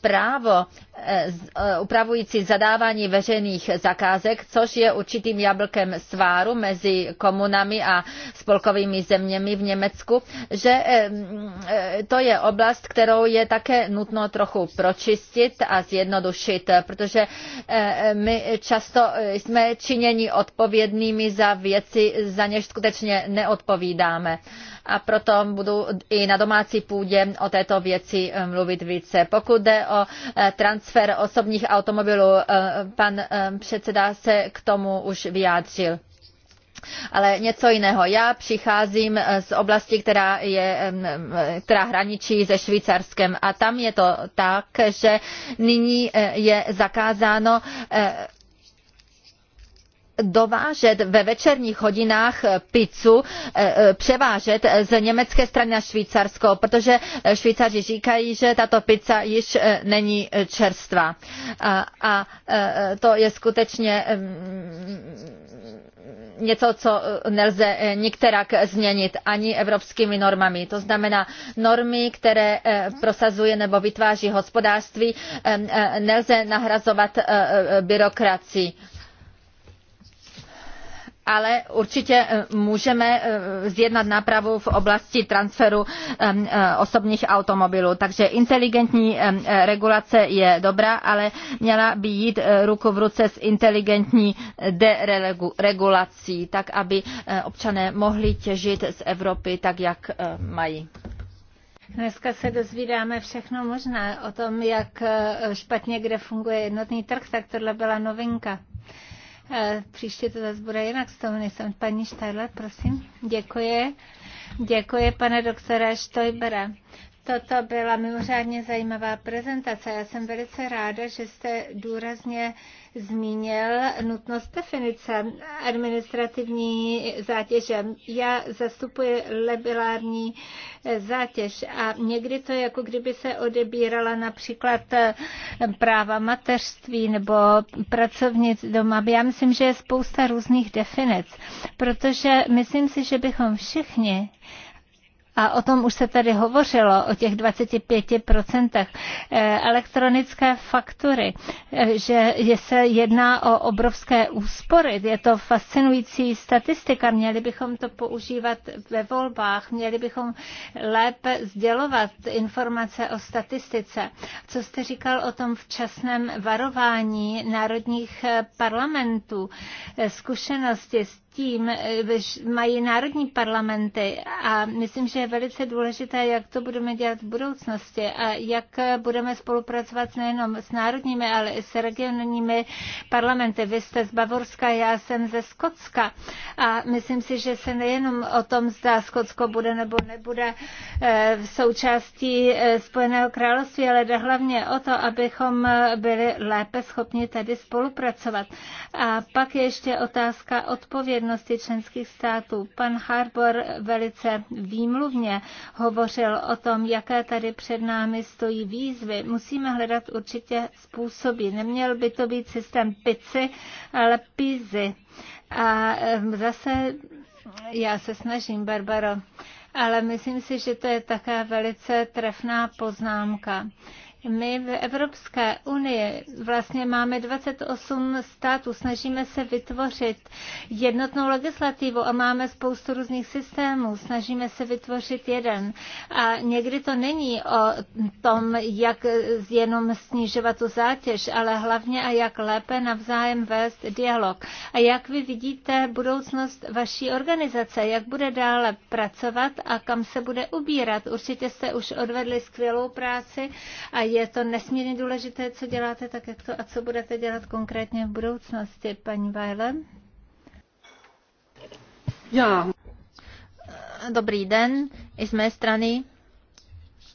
právo Eh, eh, upravující zadávání veřejných zakázek, což je určitým jablkem sváru mezi komunami a spolkovými zeměmi v Německu, že eh, to je oblast, kterou je také nutno trochu pročistit a zjednodušit, protože my často jsme činěni odpovědnými za věci, za něž skutečně neodpovídáme a proto budu i na domácí půdě o této věci eh, mluvit více. Pokud jde o eh, transfer osobních automobilů, eh, pan předseda se k tomu už vyjádřil. Ale něco jiného. Já přicházím z oblasti, která, je, která hraničí se Švýcarskem a tam je to tak, že nyní je zakázáno dovážet ve večerních hodinách eh, pizzu, eh, eh, převážet z německé strany na Švýcarsko, protože Švýcaři říkají, že tato pizza již není čerstvá. A, a to je skutečně mm, něco, co nelze nikterak změnit ani evropskými normami. To znamená, normy, které prosazuje nebo vytváří hospodářství, nelze nahrazovat byrokracii ale určitě eh, můžeme eh, zjednat nápravu v oblasti transferu eh, osobních automobilů. Takže inteligentní regulace je dobrá, ale měla by jít ruku v ruce s inteligentní deregulací, tak aby občané mohli těžit z Evropy tak, jak mají. Dneska se dozvídáme všechno možné o tom, jak špatně kde funguje jednotný trh, tak tohle byla novinka. Eh, příště to zase bude jinak, z toho nejsem. Paní Štajler, prosím. Děkuji. Děkuji, pane doktore Štojbere. Toto byla mimořádně zajímavá prezentace. Já jsem velice ráda, že jste důrazně zmínil nutnost definice administrativní zátěže. Já zastupuji lebilární eh, zátěž a někdy to je jako kdyby se odebírala například eh, práva mateřství nebo pracovnic doma. Já myslím, že je spousta různých definic, protože myslím si, že bychom všichni a o tom už se tady hovořilo, o těch 25% eh, elektronické faktury, eh, že se jedná o obrovské úspory. Je to fascinující statistika, měli bychom to používat ve volbách, měli bychom lépe sdělovat informace o statistice. Co jste říkal o tom včasném varování národních eh, parlamentů, zkušenosti s tím eh, mají národní parlamenty a myslím, že je velice důležité, jak to budeme dělat v budoucnosti a jak eh, budeme spolupracovat nejenom s národními, ale i s regionálními parlamenty. Vy jste z Bavorska, já jsem ze Skotska a myslím si, že se nejenom o tom, zda Skotsko bude nebo nebude v eh, součástí Spojeného království, ale jde hlavně o to, abychom byli lépe schopni tady spolupracovat. A pak je ještě otázka odpovědnosti odpovědnosti členských států. Pan Harbor velice výmluvně hovořil o tom, jaké tady před námi stojí výzvy. Musíme hledat určitě způsoby. Neměl by to být systém pici, ale pizy. A zase já se snažím, Barbaro, ale myslím si, že to je také velice trefná poznámka my v Evropské unii vlastně máme 28 států, snažíme se vytvořit jednotnou legislativu a máme spoustu různých systémů, snažíme se vytvořit jeden. A někdy to není o tom, jak jenom snižovat tu zátěž, ale hlavně a jak lépe navzájem vést dialog. A jak vy vidíte budoucnost vaší organizace, jak bude dále pracovat a kam se bude ubírat. Určitě jste už odvedli skvělou práci a je to nesmírně důležité, co děláte, tak jak to a co budete dělat konkrétně v budoucnosti, paní Vajle. Já. Dobrý den i z mé strany.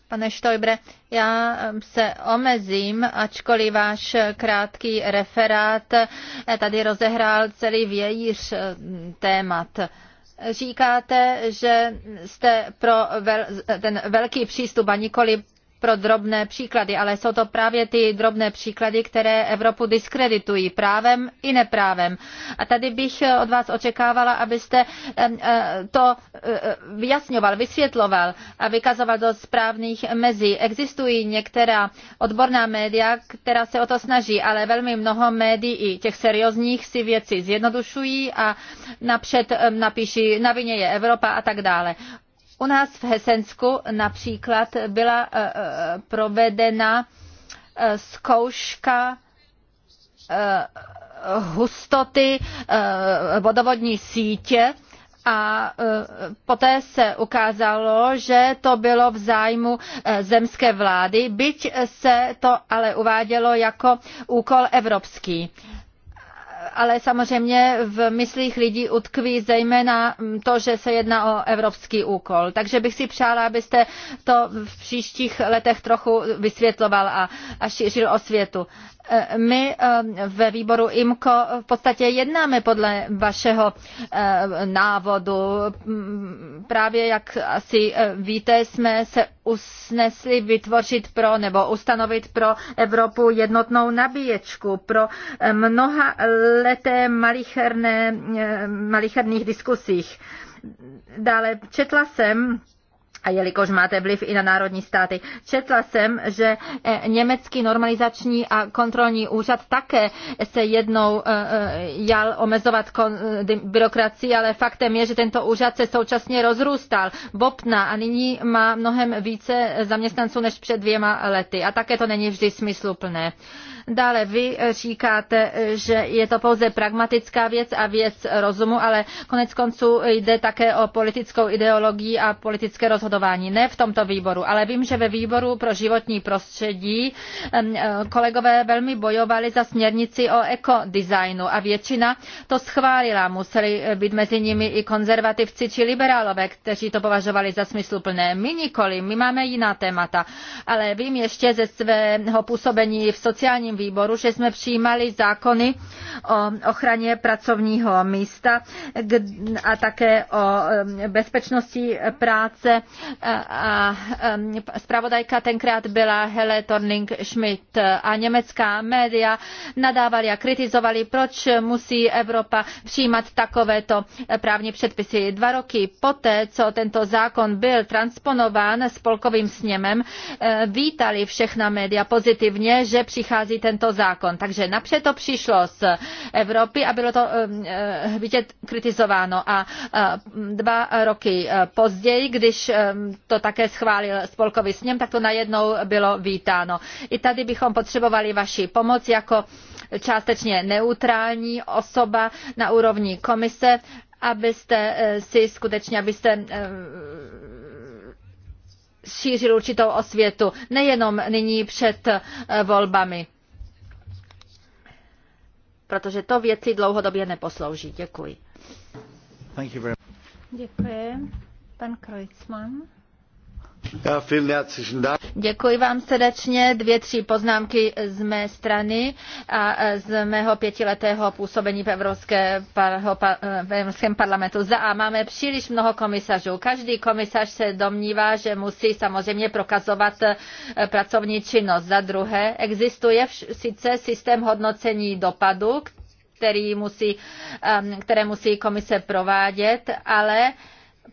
Pane Štojbre, já se omezím, ačkoliv váš krátký referát tady rozehrál celý vějíř eh, témat. Říkáte, že jste pro vel, ten velký přístup a nikoli pro drobné příklady, ale jsou to právě ty drobné příklady, které Evropu diskreditují právem i neprávem. A tady bych eh, od vás očekávala, abyste eh, to eh, vyjasňoval, vysvětloval a vykazoval do správných mezí. Existují některá odborná média, která se o to snaží, ale velmi mnoho médií, těch seriózních, si věci zjednodušují a napřed napíší, na vině je Evropa a tak dále. U nás v Hesensku například byla eh, eh, provedena eh, zkouška hustoty vodovodní sítě a poté se ukázalo, že to bylo v zájmu zemské vlády, byť se to ale uvádělo jako úkol evropský ale samozřejmě v myslích lidí utkví zejména to, že se jedná o evropský úkol. Takže bych si přála, abyste to v příštích letech trochu vysvětloval a, a šířil o světu. Eh, my eh, ve výboru IMCO v podstatě jednáme podle vašeho eh, návodu. Mm, právě jak asi víte, jsme se usnesli vytvořit pro nebo ustanovit pro Evropu jednotnou nabíječku pro mnoha leté malicherné, malicherných diskusích. Dále četla jsem a jelikož máte vliv i na národní státy. Četla jsem, že eh, německý normalizační a kontrolní úřad také se jednou eh, eh, jal omezovat byrokracii, ale faktem je, že tento úřad se současně rozrůstal, bobtná a nyní má mnohem více zaměstnanců než před dvěma lety. A také to není vždy smysluplné. Uh, Dále vy říkáte, že je to pouze pragmatická věc a věc rozumu, ale konec konců jde také o politickou ideologii a politické rozhodování. Ne v tomto výboru, ale vím, že ve výboru pro životní prostředí kolegové velmi bojovali za směrnici o ekodesignu a většina to schválila. Museli být mezi nimi i konzervativci či liberálové, kteří to považovali za smysluplné. My nikoli, my máme jiná témata, ale vím ještě ze svého působení v sociálním sociálním výboru, že jsme přijímali zákony o ochraně pracovního místa a také o bezpečnosti práce. A zpravodajka tenkrát byla Hele Torning Schmidt a německá média nadávali a kritizovali, proč musí Evropa přijímat takovéto právní předpisy. Dva roky poté, co tento zákon byl transponován spolkovým sněmem, e, vítali všechna média pozitivně, že přichází tento zákon. Takže napřed to přišlo z Evropy a bylo to um, eh, vidět kritizováno. A eh, dva roky eh, později, když to také schválil spolkový sněm, tak to najednou bylo vítáno. I tady bychom potřebovali vaši pomoc jako částečně neutrální osoba na úrovni komise, abyste si skutečně, abyste šířil určitou osvětu, nejenom nyní před volbami protože to věci dlouhodobě neposlouží. Děkuji. Děkuji. Pan Kreuzmann. Děkuji vám srdečně. Dvě, tři poznámky z mé strany a e, z mého pětiletého působení v, Evropské, e, v Evropském parlamentu. Za A máme příliš mnoho komisařů. Každý komisař se domnívá, že musí samozřejmě prokazovat e, pracovní činnost. Za druhé, existuje sice systém hodnocení dopadu, který musí, které musí komise provádět, ale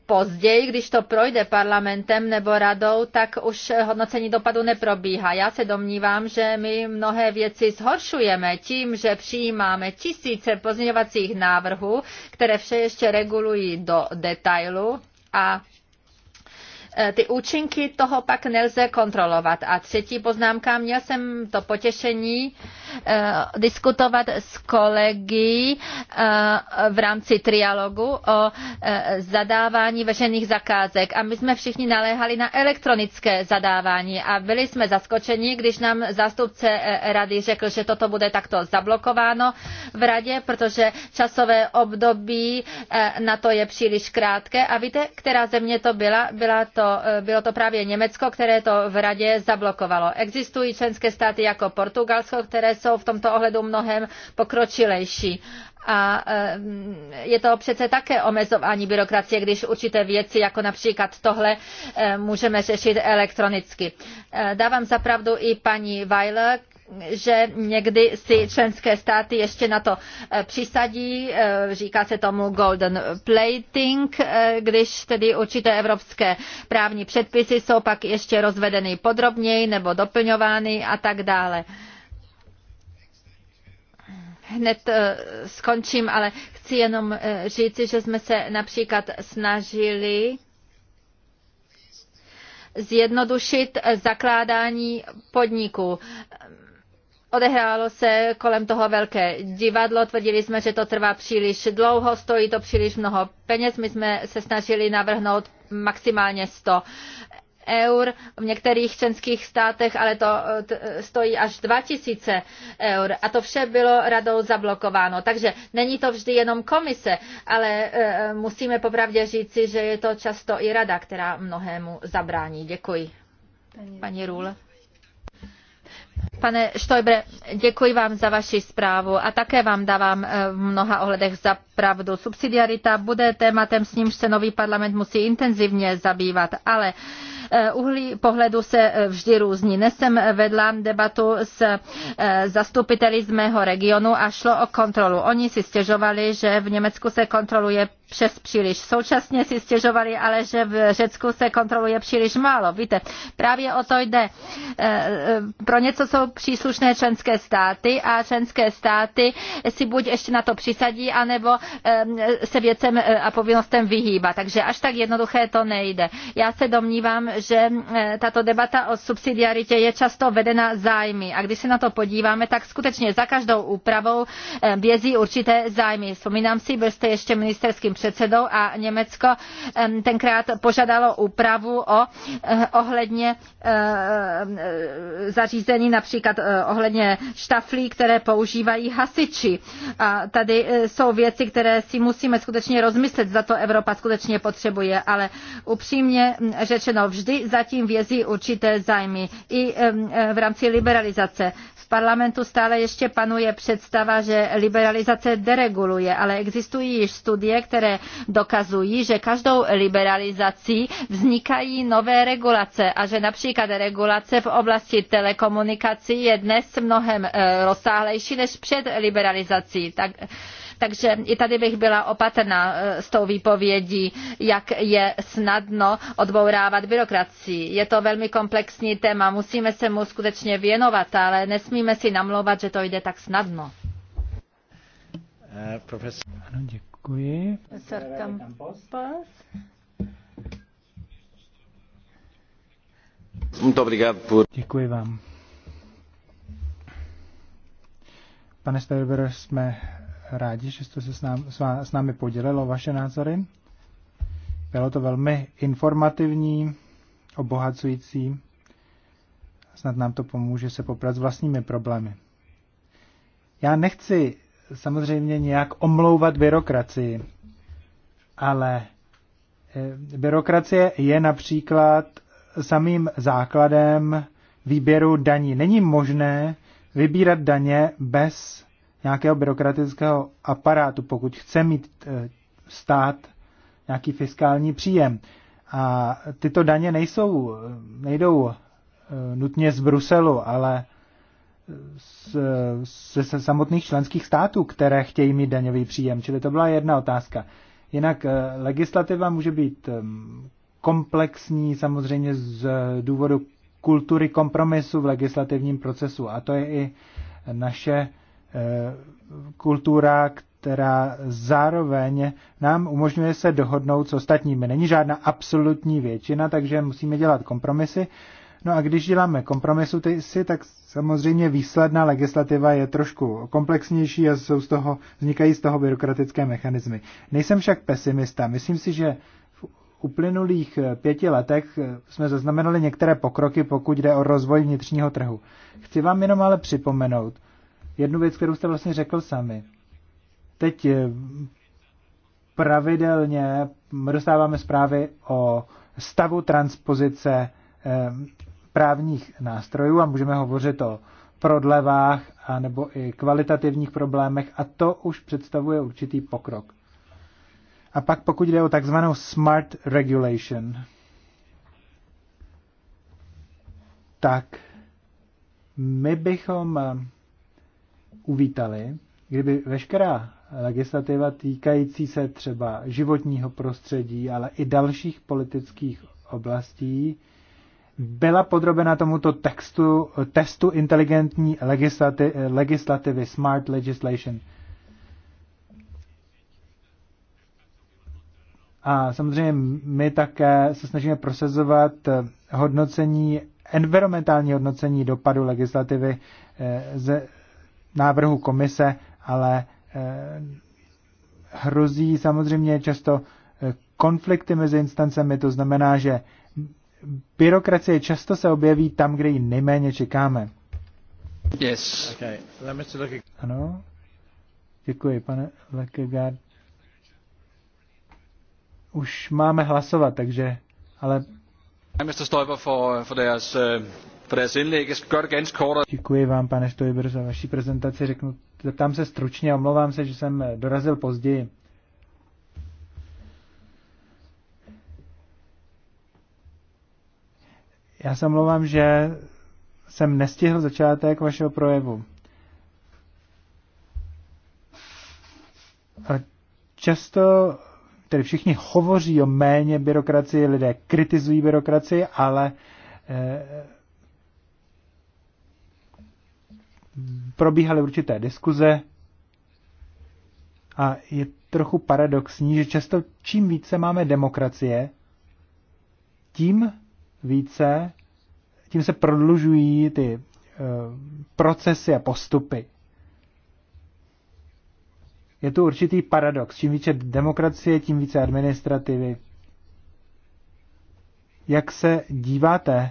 později, když to projde parlamentem nebo radou, tak už hodnocení dopadu neprobíhá. Já se domnívám, že my mnohé věci zhoršujeme tím, že přijímáme tisíce pozměňovacích návrhů, které vše ještě regulují do detailu a Eh, ty účinky toho pak nelze kontrolovat. A třetí poznámka, měl jsem to potěšení eh, diskutovat s kolegy eh, v rámci trialogu o zadávání veřejných zakázek. A my jsme všichni naléhali na elektronické zadávání a byli jsme zaskočeni, když nám zástupce rady řekl, že toto bude takto zablokováno v radě, protože časové období na to je příliš krátké. A víte, která země to byla? Byla to Eh, bylo to právě Německo, které to v radě zablokovalo. Existují členské státy jako Portugalsko, které jsou v tomto ohledu mnohem pokročilejší. A eh, je to přece také omezování byrokracie, když určité věci, jako například tohle, eh, můžeme řešit elektronicky. Dávám zapravdu i paní Weiler, že někdy si členské státy ještě na to eh, přisadí, eh, říká se tomu golden plating, eh, když tedy určité evropské právní předpisy jsou pak ještě rozvedeny podrobněji nebo doplňovány a tak dále hned skončím, ale chci jenom říci, že jsme se například snažili zjednodušit zakládání podniků. Odehrálo se kolem toho velké divadlo, tvrdili jsme, že to trvá příliš dlouho, stojí to příliš mnoho peněz, my jsme se snažili navrhnout maximálně 100 eur, v některých členských státech ale to stojí až 2000 eur a to vše bylo radou zablokováno. Takže není to vždy jenom komise, ale e, musíme popravdě říci, že je to často i rada, která mnohému zabrání. Děkuji. Pani Rule. Pane Štojbre, děkuji vám za vaši zprávu a také vám dávám eh, v mnoha ohledech za pravdu. Subsidiarita bude tématem, s nímž se nový parlament musí intenzivně zabývat, ale eh, uhlí pohledu se eh, vždy různí. Dnes jsem vedla debatu s zastupiteli z mého regionu a šlo o kontrolu. Oni si stěžovali, že v Německu se kontroluje přes příliš. Současně si stěžovali, ale že v Řecku se kontroluje příliš málo. Víte, právě o to jde. Pro něco jsou příslušné členské státy a členské státy si buď ještě na to přisadí, anebo se věcem e, a povinnostem vyhýbá. Takže až tak jednoduché to nejde. Já se domnívám, že tato debata o subsidiaritě je často vedena zájmy. A když se na to podíváme, tak skutečně za každou úpravou vězí určité zájmy. Vzpomínám si, byl jste ještě ministerským předsedou a Německo tenkrát požadalo úpravu o eh, ohledně eh, eh, zařízení například například eh, ohledně štaflí, které používají hasiči. A tady eh, jsou věci, které si musíme skutečně rozmyslet, za to Evropa skutečně potřebuje, ale upřímně řečeno vždy zatím vězí určité zájmy i eh, v rámci liberalizace parlamentu stále ještě panuje představa, že liberalizace dereguluje, ale existují již studie, které dokazují, že každou liberalizací vznikají nové regulace a že například regulace v oblasti telekomunikací je dnes mnohem eh, rozsáhlejší než před liberalizací. Tak, takže i tady bych byla opatrná eh, s tou výpovědí, jak je snadno odbourávat byrokracii. Je to velmi komplexní téma, musíme se mu skutečně věnovat, ale nesmíme si namlouvat, že to jde tak snadno. Eh, ano, děkuji. Děkuji vám. Pane Sterber, jsme rádi, že jste se s, nám, s námi podělilo vaše názory. Bylo to velmi informativní, obohacující. Snad nám to pomůže se poprat s vlastními problémy. Já nechci samozřejmě nějak omlouvat byrokracii, ale eh, byrokracie je například samým základem výběru daní. Není možné vybírat daně bez nějakého byrokratického aparátu, pokud chce mít e, stát nějaký fiskální příjem. A tyto daně nejsou, nejdou e, nutně z Bruselu, ale z, samotných členských států, které chtějí mít daňový příjem. Čili to byla jedna otázka. Jinak e, legislativa může být komplexní samozřejmě z důvodu kultury kompromisu v legislativním procesu. A to je i naše Eh, kultura, která zároveň nám umožňuje se dohodnout s ostatními. Není žádná absolutní většina, takže musíme dělat kompromisy. No a když děláme kompromisu, ty si, tak samozřejmě výsledná legislativa je trošku komplexnější a jsou z toho, vznikají z toho byrokratické mechanismy. Nejsem však pesimista. Myslím si, že v uplynulých eh, pěti letech eh, jsme zaznamenali některé pokroky, pokud jde o rozvoj vnitřního trhu. Chci vám jenom ale připomenout, jednu věc, kterou jste vlastně řekl sami. Teď eh, pravidelně dostáváme zprávy o stavu transpozice eh, právních nástrojů a můžeme hovořit o prodlevách a nebo i kvalitativních problémech a to už představuje určitý pokrok. A pak pokud jde o takzvanou smart regulation, tak my bychom eh, uvítali, kdyby veškerá legislativa týkající se třeba životního prostředí, ale i dalších politických oblastí, byla podrobena tomuto textu, testu inteligentní legislativy, legislativy smart legislation. A samozřejmě my také se snažíme prosazovat hodnocení, environmentální hodnocení dopadu legislativy eh, ze, návrhu komise, ale eh, hrozí samozřejmě často eh, konflikty mezi instancemi, to znamená, že byrokracie často se objeví tam, kde ji nejméně čekáme. Yes. Okay. Ano. Děkuji, pane Lekegaard. Už máme hlasovat, takže, ale... Mr. Stoiber for, for their, uh... Øh, Děkuji vám, pane Štojber, za vaši prezentaci. Řeknu, tam se stručně, omlouvám se, že jsem eh, dorazil později. Já se omlouvám, že jsem nestihl začátek vašeho projevu. A často tedy všichni hovoří o méně byrokracii, lidé kritizují byrokracii, ale eh, probíhaly určité diskuze a je trochu paradoxní, že často čím více máme demokracie, tím více, tím se prodlužují ty e, procesy a postupy. Je tu určitý paradox. Čím více demokracie, tím více administrativy. Jak se díváte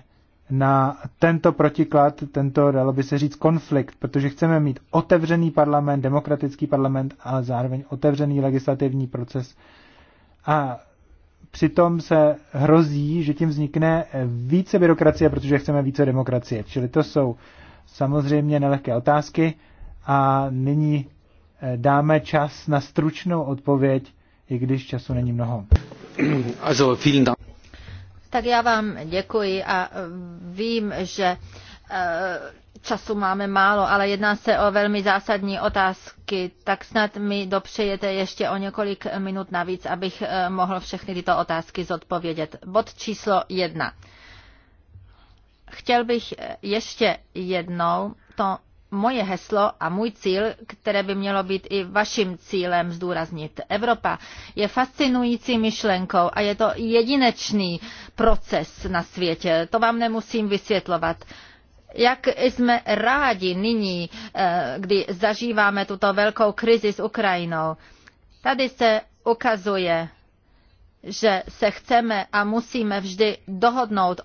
na tento protiklad, tento, dalo by se říct, konflikt, protože chceme mít otevřený parlament, demokratický parlament, ale zároveň otevřený legislativní proces. A přitom se hrozí, že tím vznikne více byrokracie, protože chceme více demokracie. Čili to jsou samozřejmě nelehké otázky a nyní eh, dáme čas na stručnou odpověď, i když času není mnoho. Also, vielen Dank. Tak já vám děkuji a eh, vím, že eh, času máme málo, ale jedná se o velmi zásadní otázky, tak snad mi dopřejete ještě o několik minut navíc, abych eh, mohl všechny tyto otázky zodpovědět. Bod číslo jedna. Chtěl bych ještě jednou to moje heslo a můj cíl, které by mělo být i vaším cílem zdůraznit. Evropa je fascinující myšlenkou a je to jedinečný proces na světě. To vám nemusím vysvětlovat. Jak jsme rádi nyní, eh, kdy zažíváme tuto velkou krizi s Ukrajinou. Tady se ukazuje že se chceme a musíme vždy dohodnout,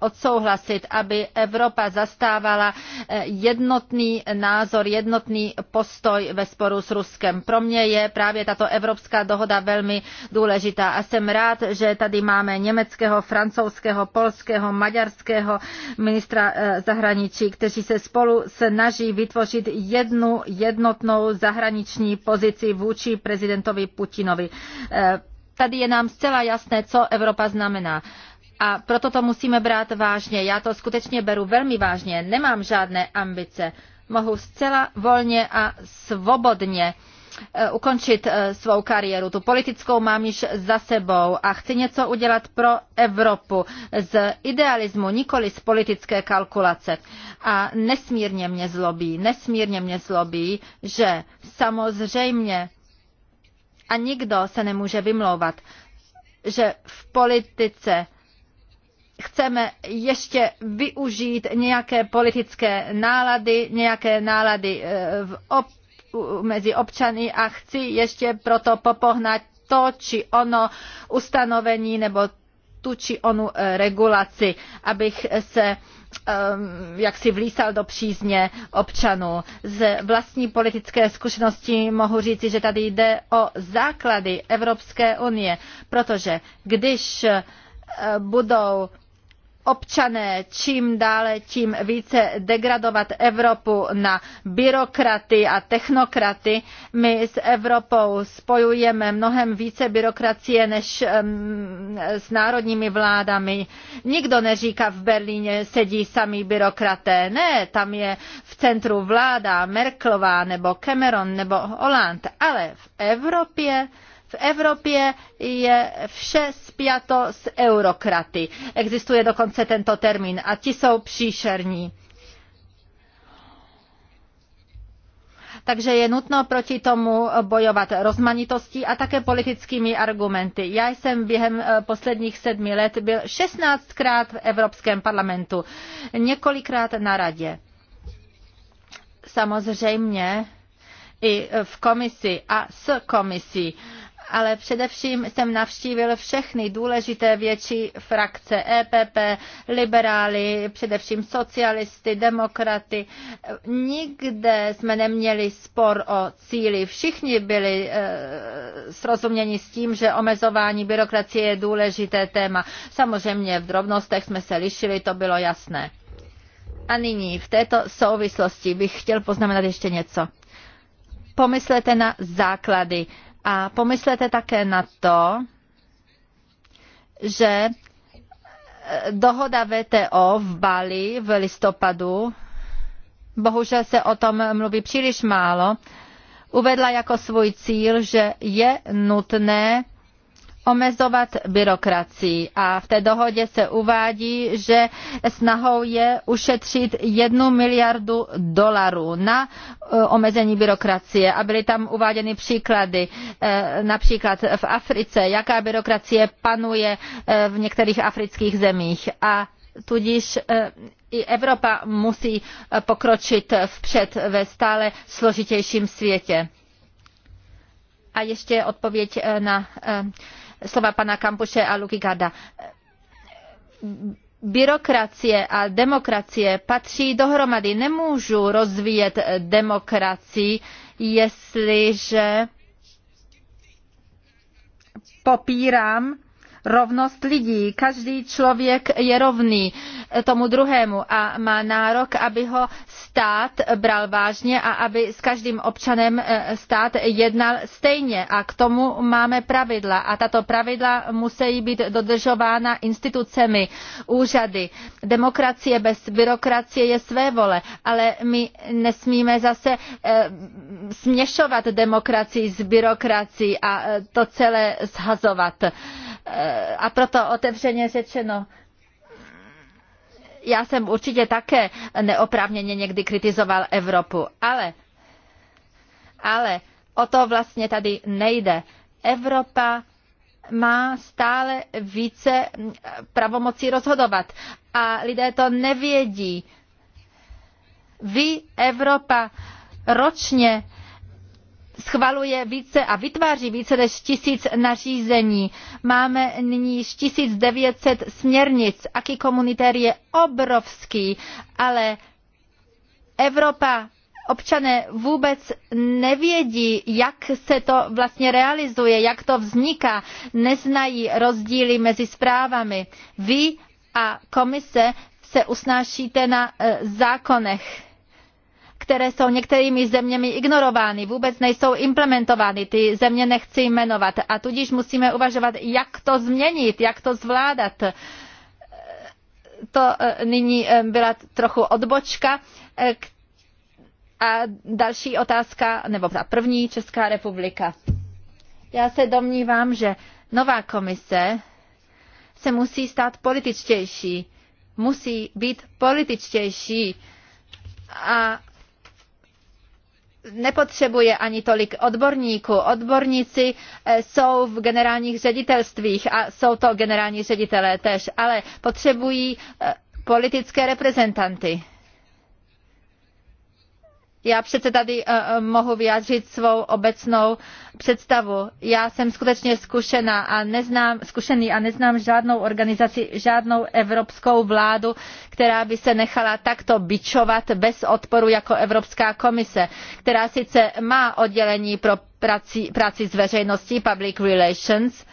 odsouhlasit, aby Evropa zastávala eh, jednotný názor, jednotný postoj ve sporu s Ruskem. Pro mě je právě tato evropská dohoda velmi důležitá a jsem rád, že tady máme německého, francouzského, polského, maďarského ministra eh, zahraničí, kteří se spolu snaží vytvořit jednu jednotnou zahraniční pozici vůči prezidentovi Putinovi eh, tady je nám zcela jasné, co Evropa znamená. A proto to musíme brát vážně. Já to skutečně beru velmi vážně. Nemám žádné ambice. Mohu zcela volně a svobodně eh, ukončit eh, svou kariéru. Tu politickou mám již za sebou a chci něco udělat pro Evropu z idealismu, nikoli z politické kalkulace. A nesmírně mě zlobí, nesmírně mě zlobí, že samozřejmě a nikdo se nemůže vymlouvat, že v politice chceme ještě využít nějaké politické nálady, nějaké nálady eh, v op, mezi občany a chci ještě proto popohnat to či ono ustanovení nebo tu či onu eh, regulaci, abych se eh, Um, jak si vlísal do přízně občanů. Z vlastní politické zkušenosti mohu říci, že tady jde o základy Evropské unie, protože když eh, budou občané čím dále tím více degradovat Evropu na byrokraty a technokraty. My s Evropou spojujeme mnohem více byrokracie než um, s národními vládami. Nikdo neříká v Berlíně sedí sami byrokraté. Ne, tam je v centru vláda Merklová nebo Cameron nebo Hollande, ale v Evropě v Evropě je vše spjato s eurokraty. Existuje dokonce tento termín a ti jsou příšerní. takže je nutno proti tomu bojovat rozmanitostí a také politickými argumenty. Já jsem během eh, posledních sedmi let byl 16krát v Evropském parlamentu, několikrát na radě. Samozřejmě i v komisi a s komisí ale především jsem navštívil všechny důležité větší frakce EPP, liberály, především socialisty, demokraty. Nikde jsme neměli spor o cíli. Všichni byli e, srozuměni s tím, že omezování byrokracie je důležité téma. Samozřejmě v drobnostech jsme se lišili, to bylo jasné. A nyní v této souvislosti bych chtěl poznamenat ještě něco. Pomyslete na základy a pomyslete také na to, že eh, dohoda VTO v Bali v listopadu, bohužel se o tom mluví příliš málo, uvedla jako svůj cíl, že je nutné omezovat byrokracii. A v té dohodě se uvádí, že snahou je ušetřit jednu miliardu dolarů na eh, omezení byrokracie. A byly tam uváděny příklady, eh, například v Africe, jaká byrokracie panuje eh, v některých afrických zemích. A tudíž i Evropa musí pokročit vpřed ve stále složitějším světě. A ještě odpověď na slova pana Kampuše a Luky Garda byrokracie a demokracie patří dohromady. Nemůžu rozvíjet demokracii, jestliže popírám rovnost lidí. Každý člověk je rovný tomu druhému a má nárok, aby ho stát bral vážně a aby s každým občanem eh, stát jednal stejně. A k tomu máme pravidla. A tato pravidla musí být dodržována institucemi, úřady. Demokracie bez byrokracie je své vole, ale my nesmíme zase eh, směšovat demokracii s byrokracií a eh, to celé zhazovat. Eh, a proto otevřeně řečeno, já jsem určitě také neoprávněně někdy kritizoval Evropu, ale, ale o to vlastně tady nejde. Evropa má stále více mm, pravomocí rozhodovat a lidé to nevědí. Vy, Evropa, ročně schvaluje více a vytváří více než tisíc nařízení. Máme nyní již 1900 směrnic. Aký komunitér je obrovský, ale Evropa občané vůbec nevědí, jak se to vlastně realizuje, jak to vzniká, neznají rozdíly mezi zprávami. Vy a komise se usnášíte na eh, zákonech které jsou některými zeměmi ignorovány, vůbec nejsou implementovány. Ty země nechci jmenovat a tudíž musíme uvažovat, jak to změnit, jak to zvládat. To e, nyní e, byla trochu odbočka. E, a další otázka, nebo ta první Česká republika. Já se domnívám, že nová komise se musí stát političtější. Musí být političtější a nepotřebuje ani tolik odborníků. Odborníci eh, jsou v generálních ředitelstvích a jsou to generální ředitelé tež, ale potřebují eh, politické reprezentanty. Já přece tady eh, eh, mohu vyjádřit svou obecnou představu. Já jsem skutečně zkušená a neznám, zkušený a neznám žádnou organizaci, žádnou evropskou vládu, která by se nechala takto bičovat bez odporu jako Evropská komise, která sice má oddělení pro práci, práci s veřejností, public relations,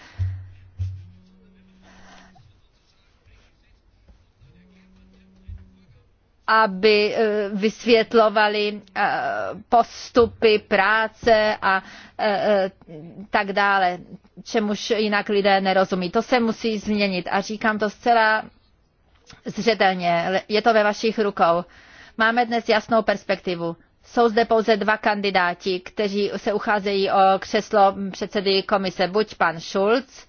aby eh, vysvětlovali eh, postupy práce a eh, tak dále, čemuž jinak lidé nerozumí. To se musí změnit a říkám to zcela zřetelně. Je to ve vašich rukou. Máme dnes jasnou perspektivu. Jsou zde pouze dva kandidáti, kteří se ucházejí o křeslo předsedy komise. Buď pan Schulz,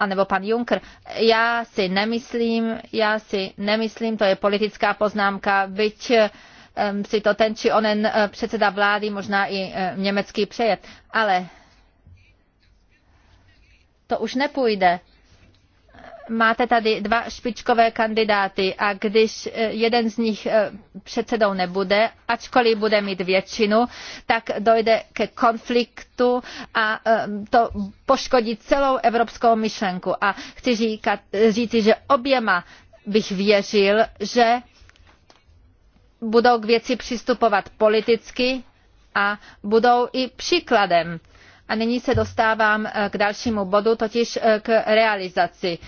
anebo pan Juncker. Já si nemyslím, já si nemyslím, to je politická poznámka, byť eh, si to ten či onen eh, předseda vlády, možná i eh, německý přejet. Ale to už nepůjde máte tady dva špičkové kandidáty a když eh, jeden z nich eh, předsedou nebude, ačkoliv bude mít většinu, tak dojde ke konfliktu a eh, to poškodí celou evropskou myšlenku. A chci říkat, říci, že oběma bych věřil, že budou k věci přistupovat politicky a budou i příkladem. A nyní se dostávám k dalšímu bodu, totiž k realizaci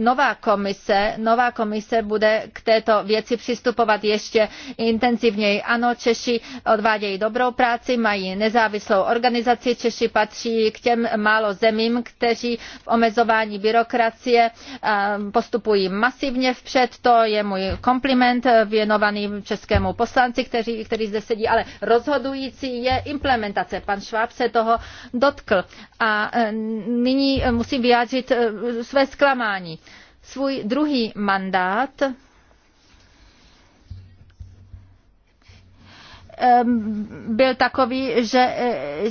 nová komise, nová komise bude k této věci přistupovat ještě intenzivněji. Ano, Češi odvádějí dobrou práci, mají nezávislou organizaci, Češi patří k těm málo zemím, kteří v omezování byrokracie eh, postupují masivně vpřed. To je můj kompliment věnovaný českému poslanci, který, který zde sedí, ale rozhodující je implementace. Pan Šváb se toho dotkl. A eh, nyní musím vyjádřit eh, své zklamání svůj druhý mandát byl takový, že eh,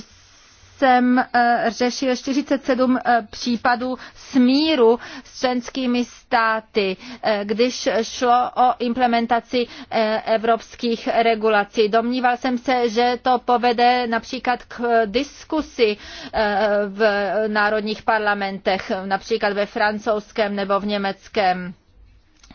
jsem eh, řešil 47 eh, případů smíru s členskými státy, eh, když šlo o implementaci evropských regulací. Domníval jsem se, že to povede například k diskusi v národních parlamentech, například ve francouzském nebo v německém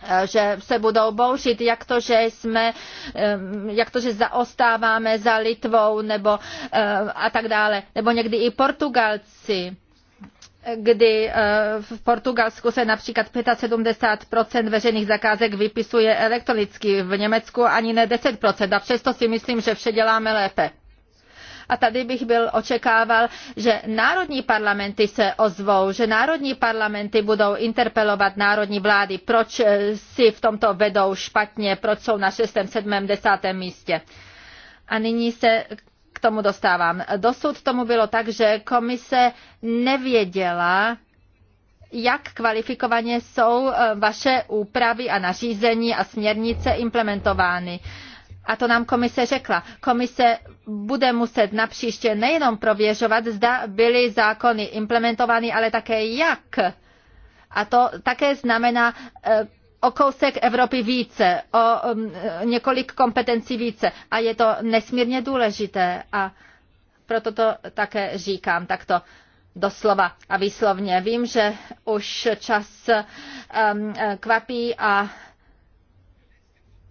Eh, že se budou bouřit, jak to, že jsme, eh, jak to, že zaostáváme za Litvou nebo eh, a tak dále, nebo někdy i Portugalci kdy v Portugalsku se například 75 veřejných zakázek vypisuje elektronicky, v Německu ani ne 10 a přesto si myslím, že vše děláme lépe. A tady bych byl očekával, že národní parlamenty se ozvou, že národní parlamenty budou interpelovat národní vlády, proč eh, si v tomto vedou špatně, proč jsou na 6., 7., 10. místě. A nyní se k tomu dostávám. Dosud tomu bylo tak, že komise nevěděla, jak kvalifikovaně jsou eh, vaše úpravy a nařízení a směrnice implementovány. A to nám komise řekla. Komise bude muset napříště nejenom prověřovat, zda byly zákony implementovány, ale také jak. A to také znamená eh, o kousek Evropy více, o mm, eh, několik kompetencí více. A je to nesmírně důležité a proto to také říkám takto doslova a výslovně. Vím, že už čas um, kvapí a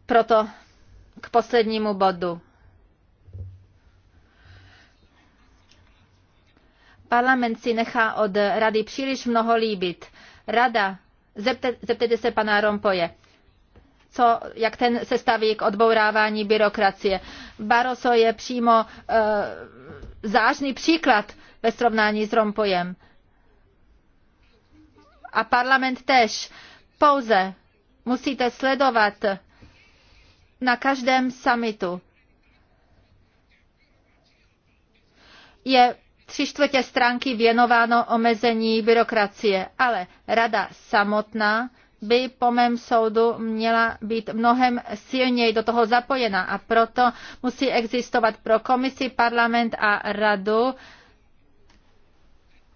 proto k poslednímu bodu. Parlament si nechá od rady příliš mnoho líbit. Rada, zepte, zeptejte se pana Rompoje, co, jak ten se staví k odbourávání byrokracie. Baroso je přímo e, eh, zážný příklad ve srovnání s Rompojem. A parlament tež. Pouze musíte sledovat na každém summitu. Je tři čtvrtě stránky věnováno omezení byrokracie, ale rada samotná by po mém soudu měla být mnohem silněji do toho zapojena a proto musí existovat pro komisi, parlament a radu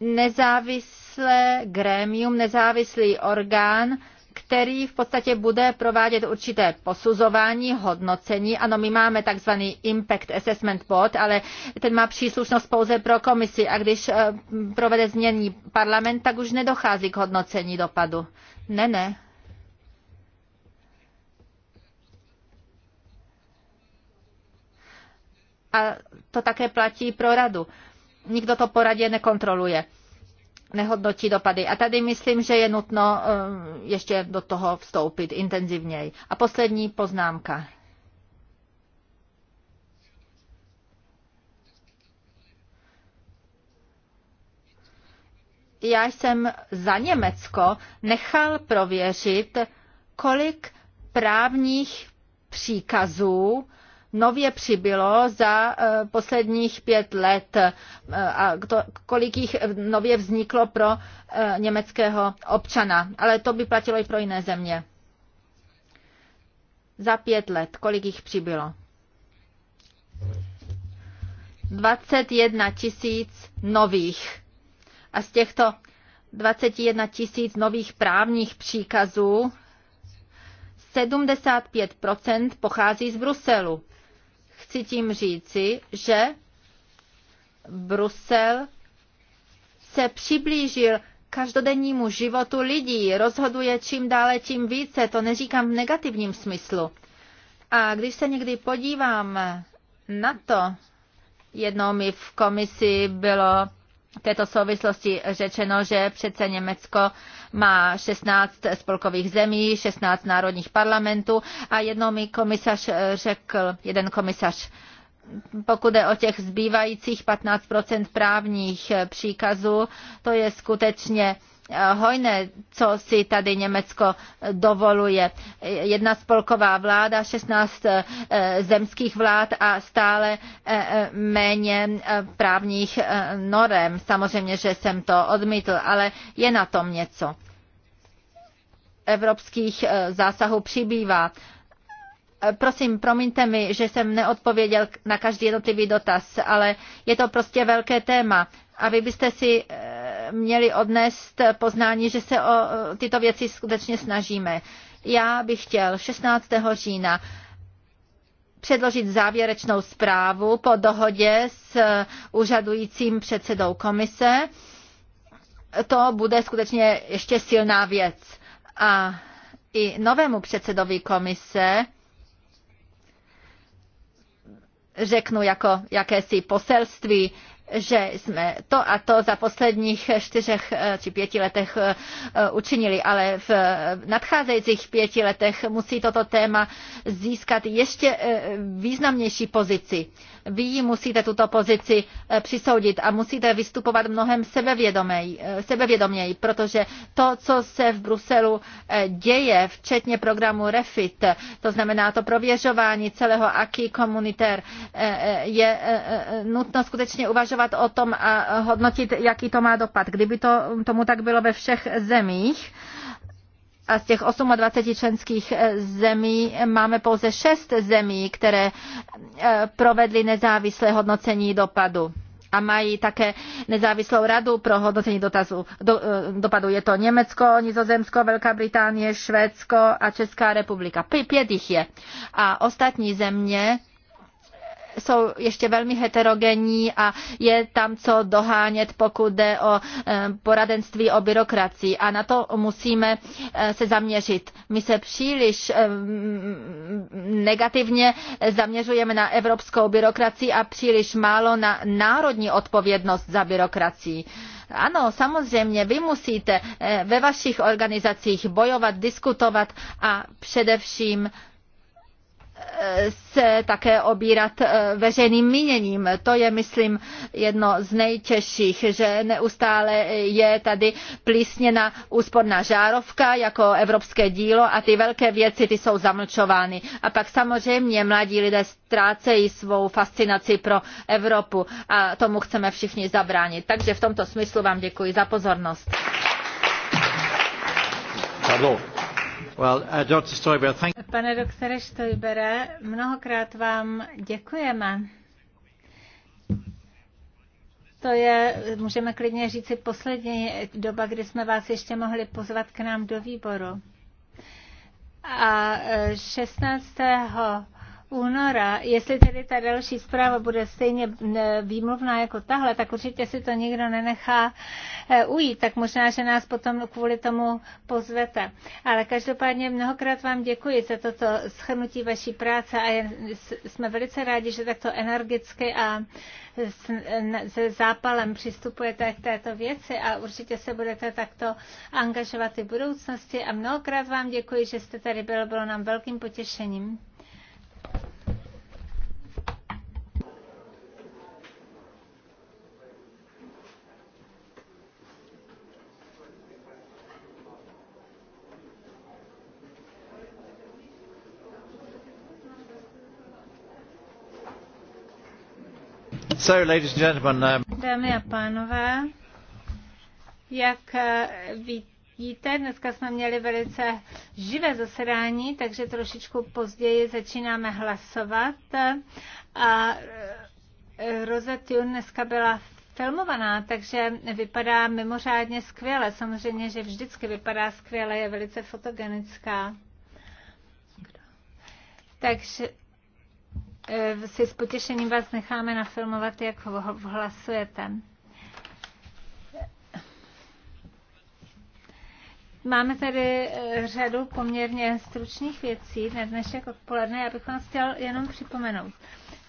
nezávislé grémium, nezávislý orgán, který v podstatě bude provádět určité posuzování, hodnocení. Ano, my máme takzvaný Impact Assessment Board, ale ten má příslušnost pouze pro komisi a když eh, provede změní parlament, tak už nedochází k hodnocení dopadu. Ne, ne. A to také platí pro radu. Nikdo to poradě nekontroluje nehodnotí dopady. A tady myslím, že je nutno eh, ještě do toho vstoupit intenzivněji. A poslední poznámka. Já jsem za Německo nechal prověřit, kolik právních příkazů nově přibylo za eh, posledních pět let eh, a kolik jich eh, nově vzniklo pro německého občana. Ale to by platilo i pro jiné země. Za pět let, kolik jich přibylo? 21 tisíc nových. A z těchto 21 tisíc nových právních příkazů 75 pochází z Bruselu. Chci tím říci, že Brusel se přiblížil každodennímu životu lidí, rozhoduje čím dále tím více, to neříkám v negativním smyslu. A když se někdy podívám na to, jednou mi v komisi bylo v této souvislosti řečeno, že přece Německo má 16 spolkových zemí, 16 národních parlamentů a jednou mi komisař eh, řekl, jeden komisař, pokud je o těch zbývajících 15 právních eh, příkazů, to je skutečně hojné, co si tady Německo dovoluje. Jedna spolková vláda, 16 eh, zemských vlád a stále eh, méně eh, právních norem. Samozřejmě, že jsem to odmítl, ale je na tom něco. Evropských zásahů přibývá. Prosím, promiňte mi, že jsem neodpověděl na každý jednotlivý dotaz, ale je to prostě velké téma. A vy byste si měli odnést poznání, že se o tyto věci skutečně snažíme. Já bych chtěl 16. října předložit závěrečnou zprávu po dohodě s eh, úřadujícím předsedou komise. To bude skutečně ještě silná věc. A i novému předsedovi komise řeknu jako jakési poselství, že jsme to a to za posledních čtyřech či eh, pěti letech eh, eh, učinili, ale v nadcházejících pěti letech musí toto téma získat ještě významnější pozici. Vy musíte tuto pozici přisoudit a musíte vystupovat mnohem sebevědoměji, protože to, co se v Bruselu děje, včetně programu REFIT, to znamená to prověřování celého AKI komunitér, je nutno skutečně uvažovat uvažovat o tom a hodnotit, jaký to má dopad. Kdyby to tomu tak bylo ve všech zemích, a z těch 28 členských eh, zemí máme pouze 6 zemí, které eh, provedly nezávislé hodnocení dopadu a mají také nezávislou radu pro hodnocení dotazu, do, eh, dopadu. Je to Německo, Nizozemsko, Velká Británie, Švédsko a Česká republika. Pět jich je. A ostatní země jsou ještě velmi heterogenní a je tam co dohánět, pokud jde o eh, poradenství o byrokracii. A na to musíme eh, se zaměřit. My se příliš eh, mm, negativně zaměřujeme na evropskou byrokracii a příliš málo na národní odpovědnost za byrokracii. Ano, samozřejmě, vy musíte ve vašich organizacích bojovat, diskutovat a především se také obírat eh, veřejným míněním. To je, myslím, jedno z nejtěžších, že neustále je tady plísněna úsporná žárovka jako evropské dílo a ty velké věci ty jsou zamlčovány. A pak samozřejmě mladí lidé ztrácejí svou fascinaci pro Evropu a tomu chceme všichni zabránit. Takže v tomto smyslu vám děkuji za pozornost. Pardon. Uh, Dr. Pane doktore Stoibere, mnohokrát vám děkujeme. To je, můžeme klidně říci, poslední doba, kdy jsme vás ještě mohli pozvat k nám do výboru. A 16 eh, února. Jestli tedy ta další zpráva bude stejně výmluvná jako tahle, tak určitě si to nikdo nenechá e, ujít, tak možná, že nás potom kvůli tomu pozvete. Ale každopádně mnohokrát vám děkuji za toto schrnutí vaší práce a jsme velice rádi, že takto energicky a se zápalem přistupujete k této věci a určitě se budete takto angažovat i v budoucnosti a mnohokrát vám děkuji, že jste tady byl, bylo nám velkým potěšením. So, ladies and gentlemen, um... Dámy a pánové, jak eh, vidíte, dneska jsme měli velice živé zasedání, takže trošičku později začínáme hlasovat. A eh, Rosetta dneska byla filmovaná, takže vypadá mimořádně skvěle. Samozřejmě, že vždycky vypadá skvěle, je velice fotogenická. Takže Eh, si s potěšením vás necháme nafilmovat, jak hlasujete. Máme tady eh, řadu poměrně stručných věcí na dnešek odpoledne. Já bych vám chtěl jenom připomenout,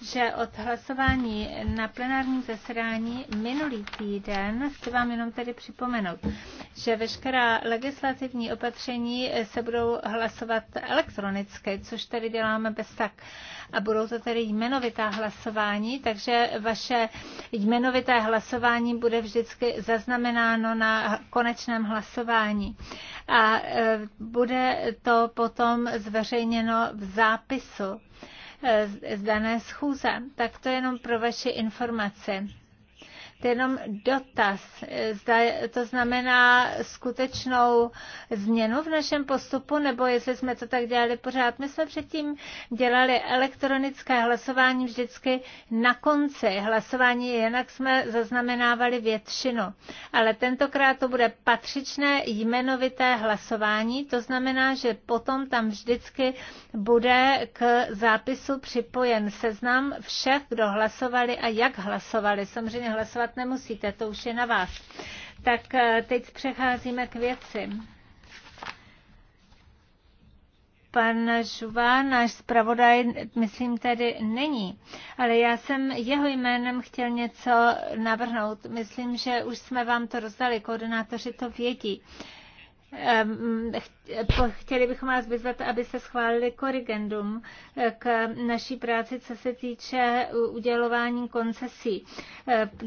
že od hlasování na plenárním zasedání minulý týden, chci vám jenom tedy připomenout, že veškerá legislativní opatření se budou hlasovat elektronicky, což tady děláme bez tak. A budou to tedy jmenovitá hlasování, takže vaše jmenovité hlasování bude vždycky zaznamenáno na konečném hlasování. A e, bude to potom zveřejněno v zápisu. Eh, z dané schůze. Tak to jenom pro vaši informaci. To je jenom dotaz. Zda to znamená skutečnou změnu v našem postupu, nebo jestli jsme to tak dělali pořád. My jsme předtím dělali elektronické hlasování vždycky na konci hlasování, jinak jsme zaznamenávali většinu. Ale tentokrát to bude patřičné jmenovité hlasování, to znamená, že potom tam vždycky bude k zápisu připojen seznam všech, kdo hlasovali a jak hlasovali. Samozřejmě hlasovat hlasovat nemusíte, to už je na vás. Tak eh, teď přecházíme k věci. Pan Žuva, náš zpravodaj, myslím tady není, ale já jsem jeho jménem chtěl něco navrhnout. Myslím, že už jsme vám to rozdali, koordinátoři to vědí. Uh, Ehm, chtěli bychom vás vyzvat, aby se schválili korrigendum eh, k naší práci, co se týče udělování koncesí.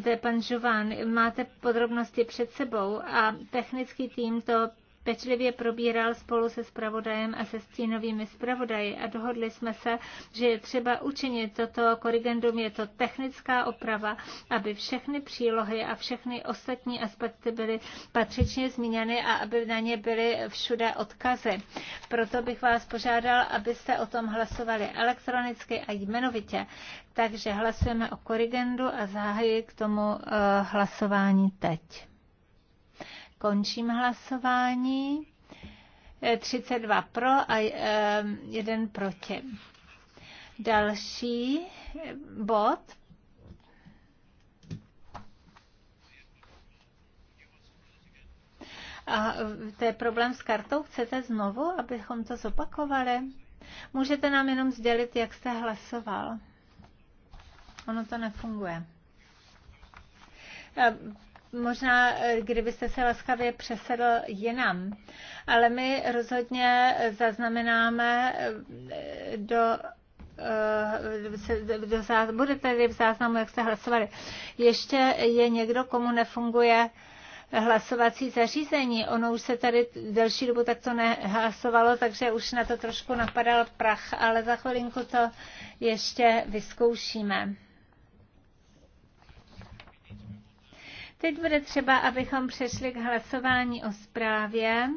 Eh, pan Žován, máte podrobnosti před sebou a technický tým to pečlivě probíral spolu se spravodajem a se stínovými spravodaji a dohodli jsme se, že je třeba učinit toto korrigendum, je to technická oprava, aby všechny přílohy a všechny ostatní aspekty byly patřičně zmíněny a aby na ně byly všude odkazy. Proto bych vás požádal, abyste o tom hlasovali elektronicky a jmenovitě. Takže hlasujeme o korrigendu a zahajuji k tomu eh, hlasování teď. Končím hlasování. 32 eh, pro a eh, jeden proti. Další eh, bod. A to je problém s kartou. Chcete znovu, abychom to zopakovali? Můžete nám jenom sdělit, jak jste hlasoval. Ono to nefunguje možná, eh, kdybyste se laskavě přesedl jinam. Ale my rozhodně zaznamenáme eh, do eh, bude tady v záznamu, jak jste hlasovali. Ještě je někdo, komu nefunguje hlasovací zařízení. Ono už se tady delší dobu takto nehlasovalo, takže už na to trošku napadal prach, ale za chvilinku to ještě vyzkoušíme. Teď bude třeba, abychom přešli k hlasování o zprávě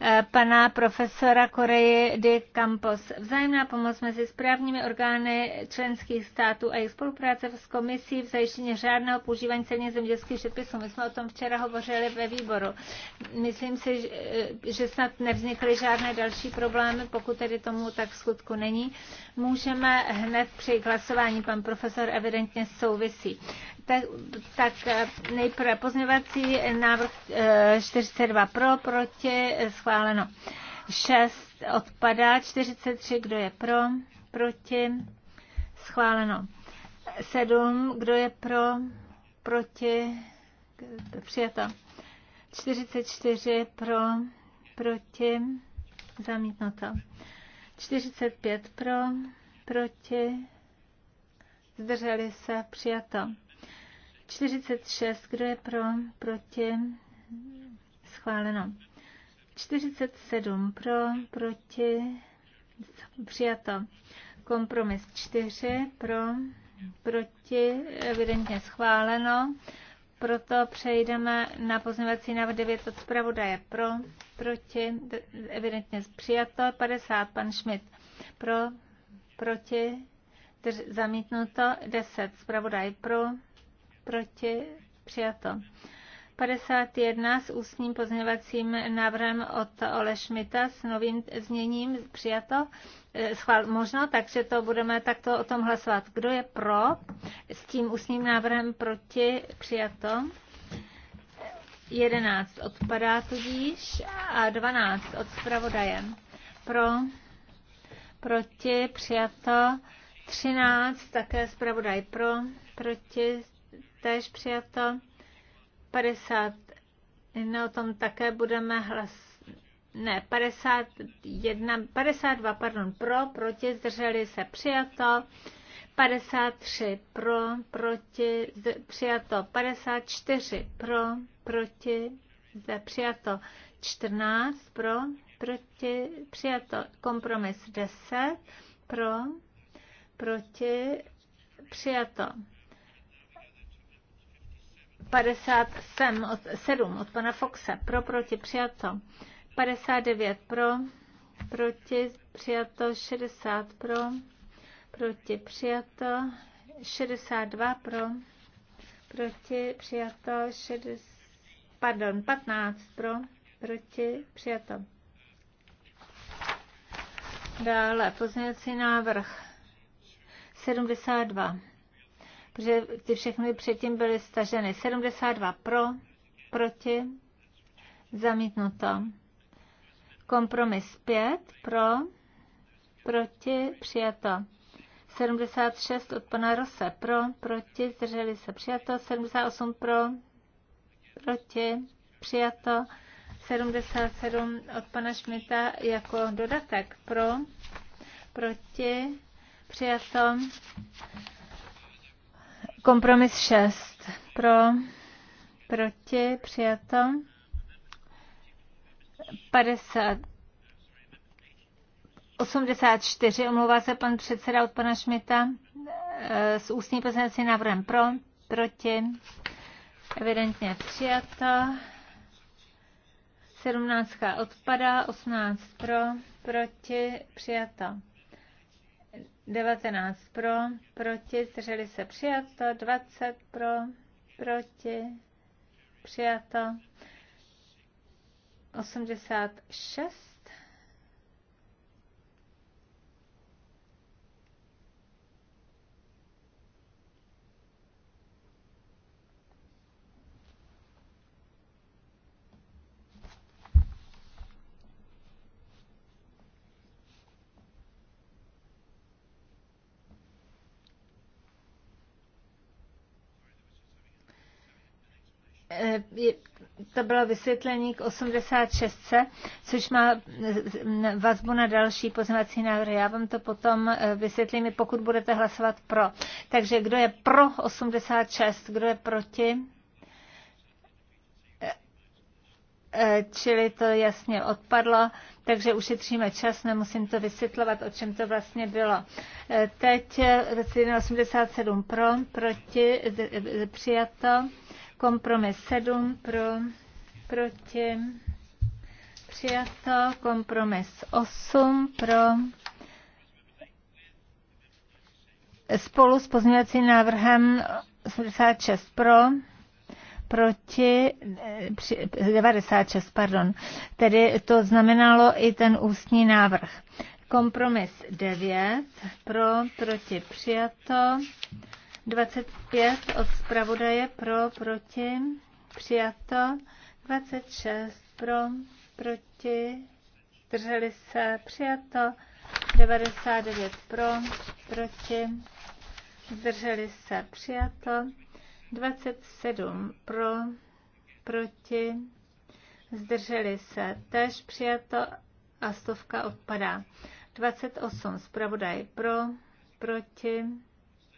eh, pana profesora Koreji de Campos. Vzájemná pomoc mezi správními orgány členských států a jejich spolupráce s komisí v zajištění řádného používání ceně zemědělských předpisů. My jsme o tom včera hovořili ve výboru. Myslím si, eh, že snad nevznikly žádné další problémy, pokud tedy tomu tak v skutku není. Můžeme hned při hlasování, pan profesor evidentně souvisí. Tak, tak eh, nejprve pozměvací návrh 42 eh, pro, proti, eh, schváleno. 6 odpadá, 43, kdo je pro, proti, schváleno. 7, kdo je pro, proti, přijato. 44 pro, proti, zamítnuto. 45 pro, proti, zdrželi se, přijato. 46, kdo je pro, proti, schváleno. 47 pro, proti, přijato. Kompromis 4 pro, proti, evidentně schváleno. Proto přejdeme na pozměňovací návrh 9 od zpravodaje pro, proti, evidentně přijato. 50 pan Schmidt pro, proti, zamítnuto. 10 zpravodaj pro, proti, přijato. 51 s ústním pozměňovacím návrhem od Ole Schmita s novým zněním přijato. Eh, schvál, možno, takže to budeme takto o tom hlasovat. Kdo je pro s tím ústním návrhem proti přijato? 11 odpadá tudíž a 12 od zpravodaje. Pro, proti, přijato. 13 také zpravodaj pro, proti, též přijato. 50, no o tom také budeme hlas, ne, 51, 52, pardon, pro, proti, zdrželi se, přijato. 53 pro, proti, zde, přijato. 54 pro, proti, zde přijato. 14 pro, proti, přijato. Kompromis 10 pro, proti, přijato. 57 od, 7 od pana Foxe. Pro, proti, přijato. 59 pro, proti, přijato. 60 pro, proti, přijato. 62 pro, proti, přijato. 60, pardon, 15 pro, proti, přijato. Dále pozměňovací návrh 72 protože ty všechny předtím byly staženy. 72 pro, proti, zamítnuto. Kompromis 5 pro, proti, přijato. 76 od pana Rose pro, proti, zdrželi se přijato. 78 pro, proti, přijato. 77 od pana Šmita jako dodatek pro, proti, přijato. Kompromis 6. Pro, proti, přijato. 50, 84, omlouvá se pan předseda od pana Šmita eh, s ústní poslaneckým návrhem pro, proti, evidentně přijato. 17 odpada, 18 pro, proti, přijato. 19 pro, proti, zdrželi se přijato, 20 pro, proti, přijato, 86 Eh, to bylo vysvětlení k 86, což má eh, vazbu na další pozměňovací návrhy. Já vám to potom eh, vysvětlím, pokud budete hlasovat pro. Takže kdo je pro 86, kdo je proti? Čili to jasně odpadlo, takže ušetříme čas, nemusím to vysvětlovat, o čem to vlastně bylo. Teď 87 pro, proti, přijato. Kompromis 7 pro, proti, přijato. Kompromis 8 pro, spolu s pozměňovacím návrhem 86 pro, proti 96, pardon. Tedy to znamenalo i ten ústní návrh. Kompromis 9 pro, proti přijato. 25 od zpravodaje pro, proti, přijato. 26 pro, proti, drželi se, přijato. 99 pro, proti, zdrželi se, přijato. 27 pro, proti, zdrželi se, tež přijato a stovka odpadá. 28 zpravodaj pro, proti,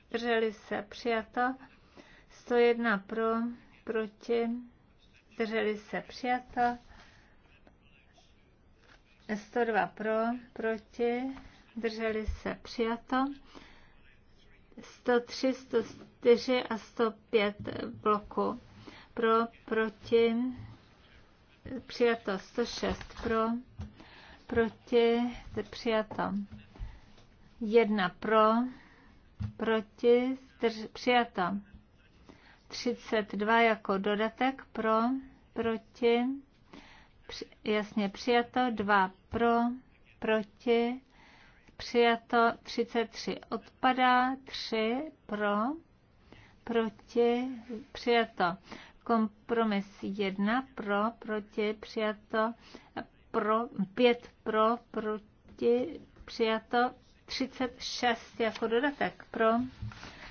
zdrželi se, přijato. 101 pro, proti, zdrželi se, přijato. 102 pro, proti, drželi se, přijato. 103, 104 a 105 bloku pro, proti, přijato 106 pro, proti, přijato 1 pro, proti, zdrž, přijato. 32 jako dodatek pro, proti, při, jasně přijato, 2 pro, proti, přijato, 33 odpadá, 3 pro, proti, přijato. Kompromis 1 pro, proti, přijato, pro, 5 pro, proti, přijato, 36 jako dodatek pro,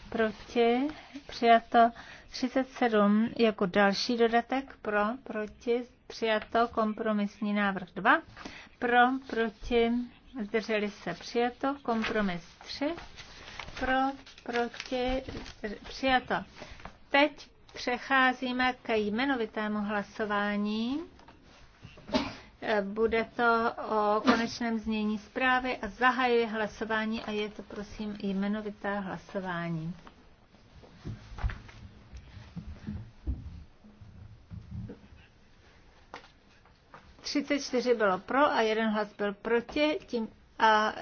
proti, přijato 37 jako další dodatek pro, proti, přijato kompromisní návrh 2, pro, proti, zdrželi se přijato, kompromis 3, pro, proti, přijato. Teď přecházíme k jmenovitému hlasování bude to o konečném znění zprávy a zahajuje hlasování a je to prosím jmenovité hlasování. Třicet čtyři bylo pro a jeden hlas byl proti. Tím a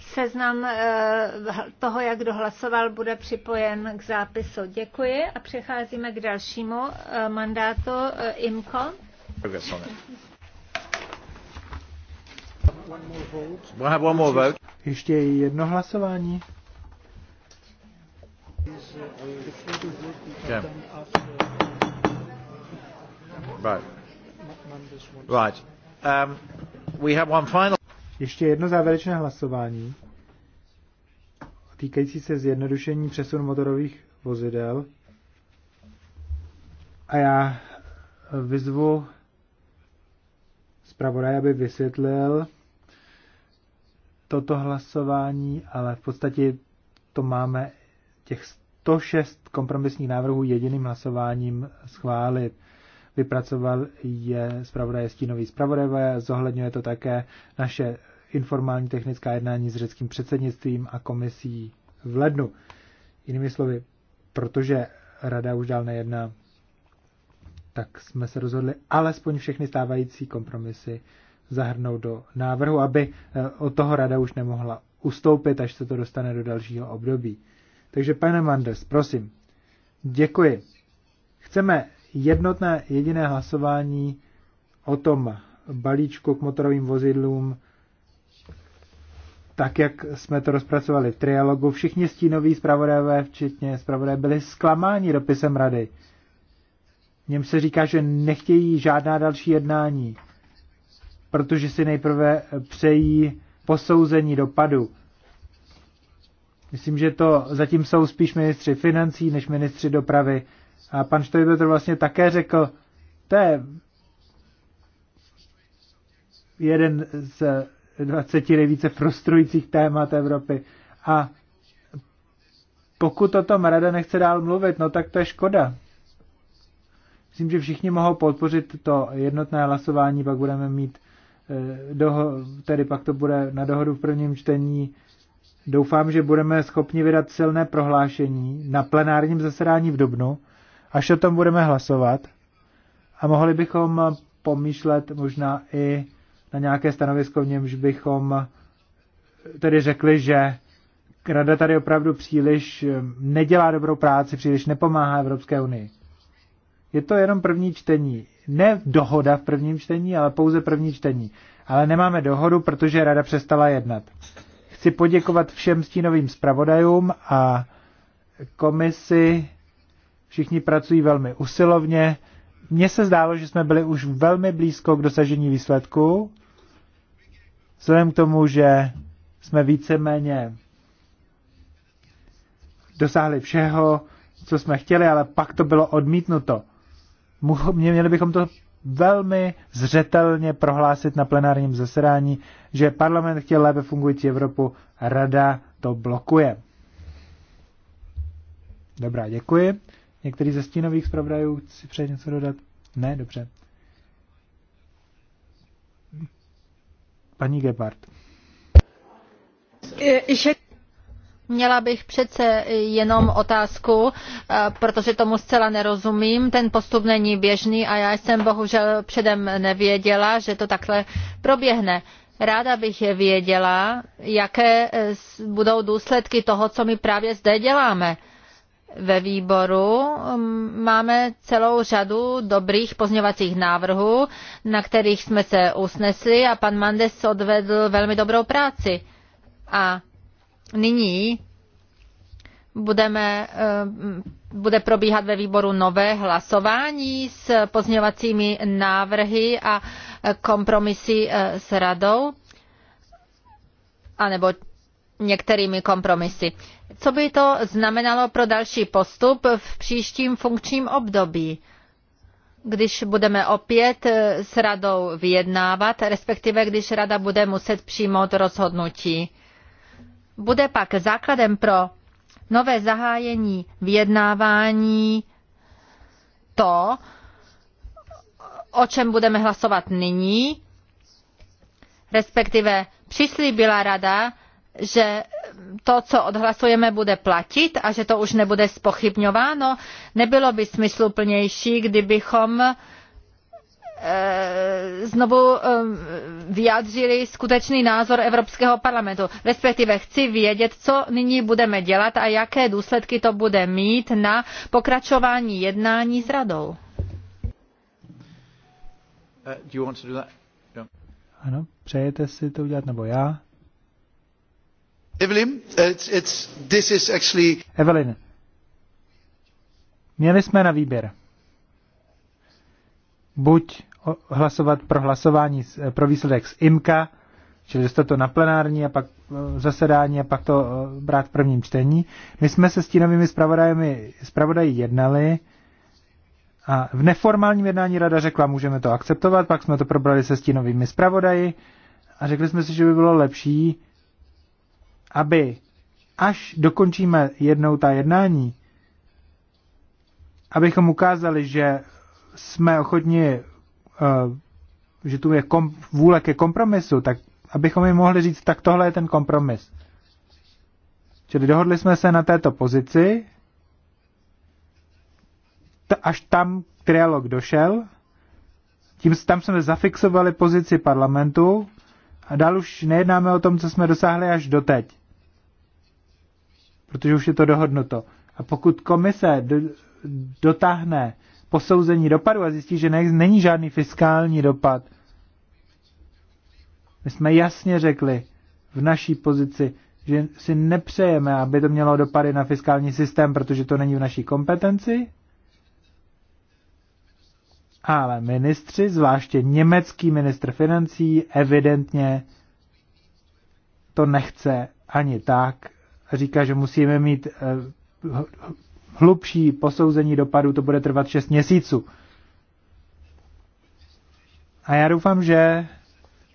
seznam eh, toho, jak kdo hlasoval, bude připojen k zápisu. Děkuji a přecházíme k dalšímu eh, mandátu eh, IMCO. We'll have one more vote. Ještě jedno hlasování. Yeah. Right. Right. Um, we have one final... Ještě jedno závěrečné hlasování týkající se zjednodušení přesunu motorových vozidel. A já vyzvu zpravodaj, aby vysvětlil toto hlasování, ale v podstatě to máme těch 106 kompromisních návrhů jediným hlasováním schválit. Vypracoval je zpravodaj Stínový zpravodajové, zohledňuje to také naše informální technická jednání s řeckým předsednictvím a komisí v lednu. Jinými slovy, protože rada už dál nejedná, tak jsme se rozhodli alespoň všechny stávající kompromisy zahrnout do návrhu, aby eh, od toho rada už nemohla ustoupit, až se to dostane do dalšího období. Takže pane Manders, prosím, děkuji. Chceme jednotné jediné hlasování o tom balíčku k motorovým vozidlům, tak, jak jsme to rozpracovali v trialogu. Všichni stínoví zpravodajové, včetně zpravodaj, byli zklamáni dopisem rady. Něm se říká, že nechtějí žádná další jednání protože si nejprve přejí posouzení dopadu. Myslím, že to zatím jsou spíš ministři financí než ministři dopravy. A pan Štojbe to vlastně také řekl, to je jeden z 20 nejvíce frustrujících témat Evropy. A pokud o tom rada nechce dál mluvit, no tak to je škoda. Myslím, že všichni mohou podpořit to jednotné hlasování, pak budeme mít Eh, doho, tedy pak to bude na dohodu v prvním čtení. Doufám, že budeme schopni vydat silné prohlášení na plenárním zasedání v Dubnu, až o tom budeme hlasovat. A mohli bychom pomýšlet možná i na nějaké stanovisko, v němž bychom eh, tedy řekli, že Rada tady opravdu příliš eh, nedělá dobrou práci, příliš nepomáhá Evropské unii. Je to jenom první čtení. Ne dohoda v prvním čtení, ale pouze první čtení. Ale nemáme dohodu, protože rada přestala jednat. Chci poděkovat všem stínovým zpravodajům a komisi. Všichni pracují velmi usilovně. Mně se zdálo, že jsme byli už velmi blízko k dosažení výsledku. Vzhledem k tomu, že jsme víceméně dosáhli všeho, co jsme chtěli, ale pak to bylo odmítnuto. Měli bychom to velmi zřetelně prohlásit na plenárním zasedání, že parlament chtěl lépe fungující Evropu, rada to blokuje. Dobrá, děkuji. Některý ze stínových zpravodajů si přeje něco dodat? Ne, dobře. Paní Gebhardt. Měla bych přece jenom otázku, eh, protože tomu zcela nerozumím. Ten postup není běžný a já jsem bohužel předem nevěděla, že to takhle proběhne. Ráda bych je věděla, jaké eh, budou důsledky toho, co my právě zde děláme. Ve výboru mm, máme celou řadu dobrých pozňovacích návrhů, na kterých jsme se usnesli a pan Mandes odvedl velmi dobrou práci. A Nyní budeme, eh, bude probíhat ve výboru nové hlasování s pozměňovacími návrhy a kompromisy eh, s radou, anebo některými kompromisy. Co by to znamenalo pro další postup v příštím funkčním období? když budeme opět eh, s radou vyjednávat, respektive když rada bude muset přijmout rozhodnutí bude pak základem pro nové zahájení vyjednávání to, o čem budeme hlasovat nyní, respektive přislíbila rada, že to, co odhlasujeme, bude platit a že to už nebude spochybňováno. Nebylo by smysluplnější, kdybychom Eh, znovu eh, vyjádřili skutečný názor Evropského parlamentu. Respektive chci vědět, co nyní budeme dělat a jaké důsledky to bude mít na pokračování jednání s radou. Eh, ano, přejete si to udělat nebo já? Evelyn, it's, it's, this is actually... Evelyn, měli jsme na výběr buď hlasovat pro hlasování pro výsledek z IMKA, čili dostat to na plenární a pak eh, zasedání a pak to eh, brát v prvním čtení. My jsme se stínovými zpravodajemi, zpravodají jednali a v neformálním jednání rada řekla, můžeme to akceptovat, pak jsme to probrali se stínovými zpravodaji a řekli jsme si, že by bylo lepší, aby až dokončíme jednou ta jednání, abychom ukázali, že jsme ochotni, eh, že tu je kom, vůle ke kompromisu, tak abychom jim mohli říct, tak tohle je ten kompromis. Čili dohodli jsme se na této pozici, až tam trialog došel, tím, tam jsme zafixovali pozici parlamentu a dál už nejednáme o tom, co jsme dosáhli až doteď. Protože už je to dohodnuto. A pokud komise dotáhne posouzení dopadu a zjistí, že ne, není žádný fiskální dopad. My jsme jasně řekli v naší pozici, že si nepřejeme, aby to mělo dopady na fiskální systém, protože to není v naší kompetenci. Ale ministři, zvláště německý ministr financí, evidentně to nechce ani tak. Říká, že musíme mít eh, hlubší posouzení dopadu, to bude trvat 6 měsíců. A já doufám, že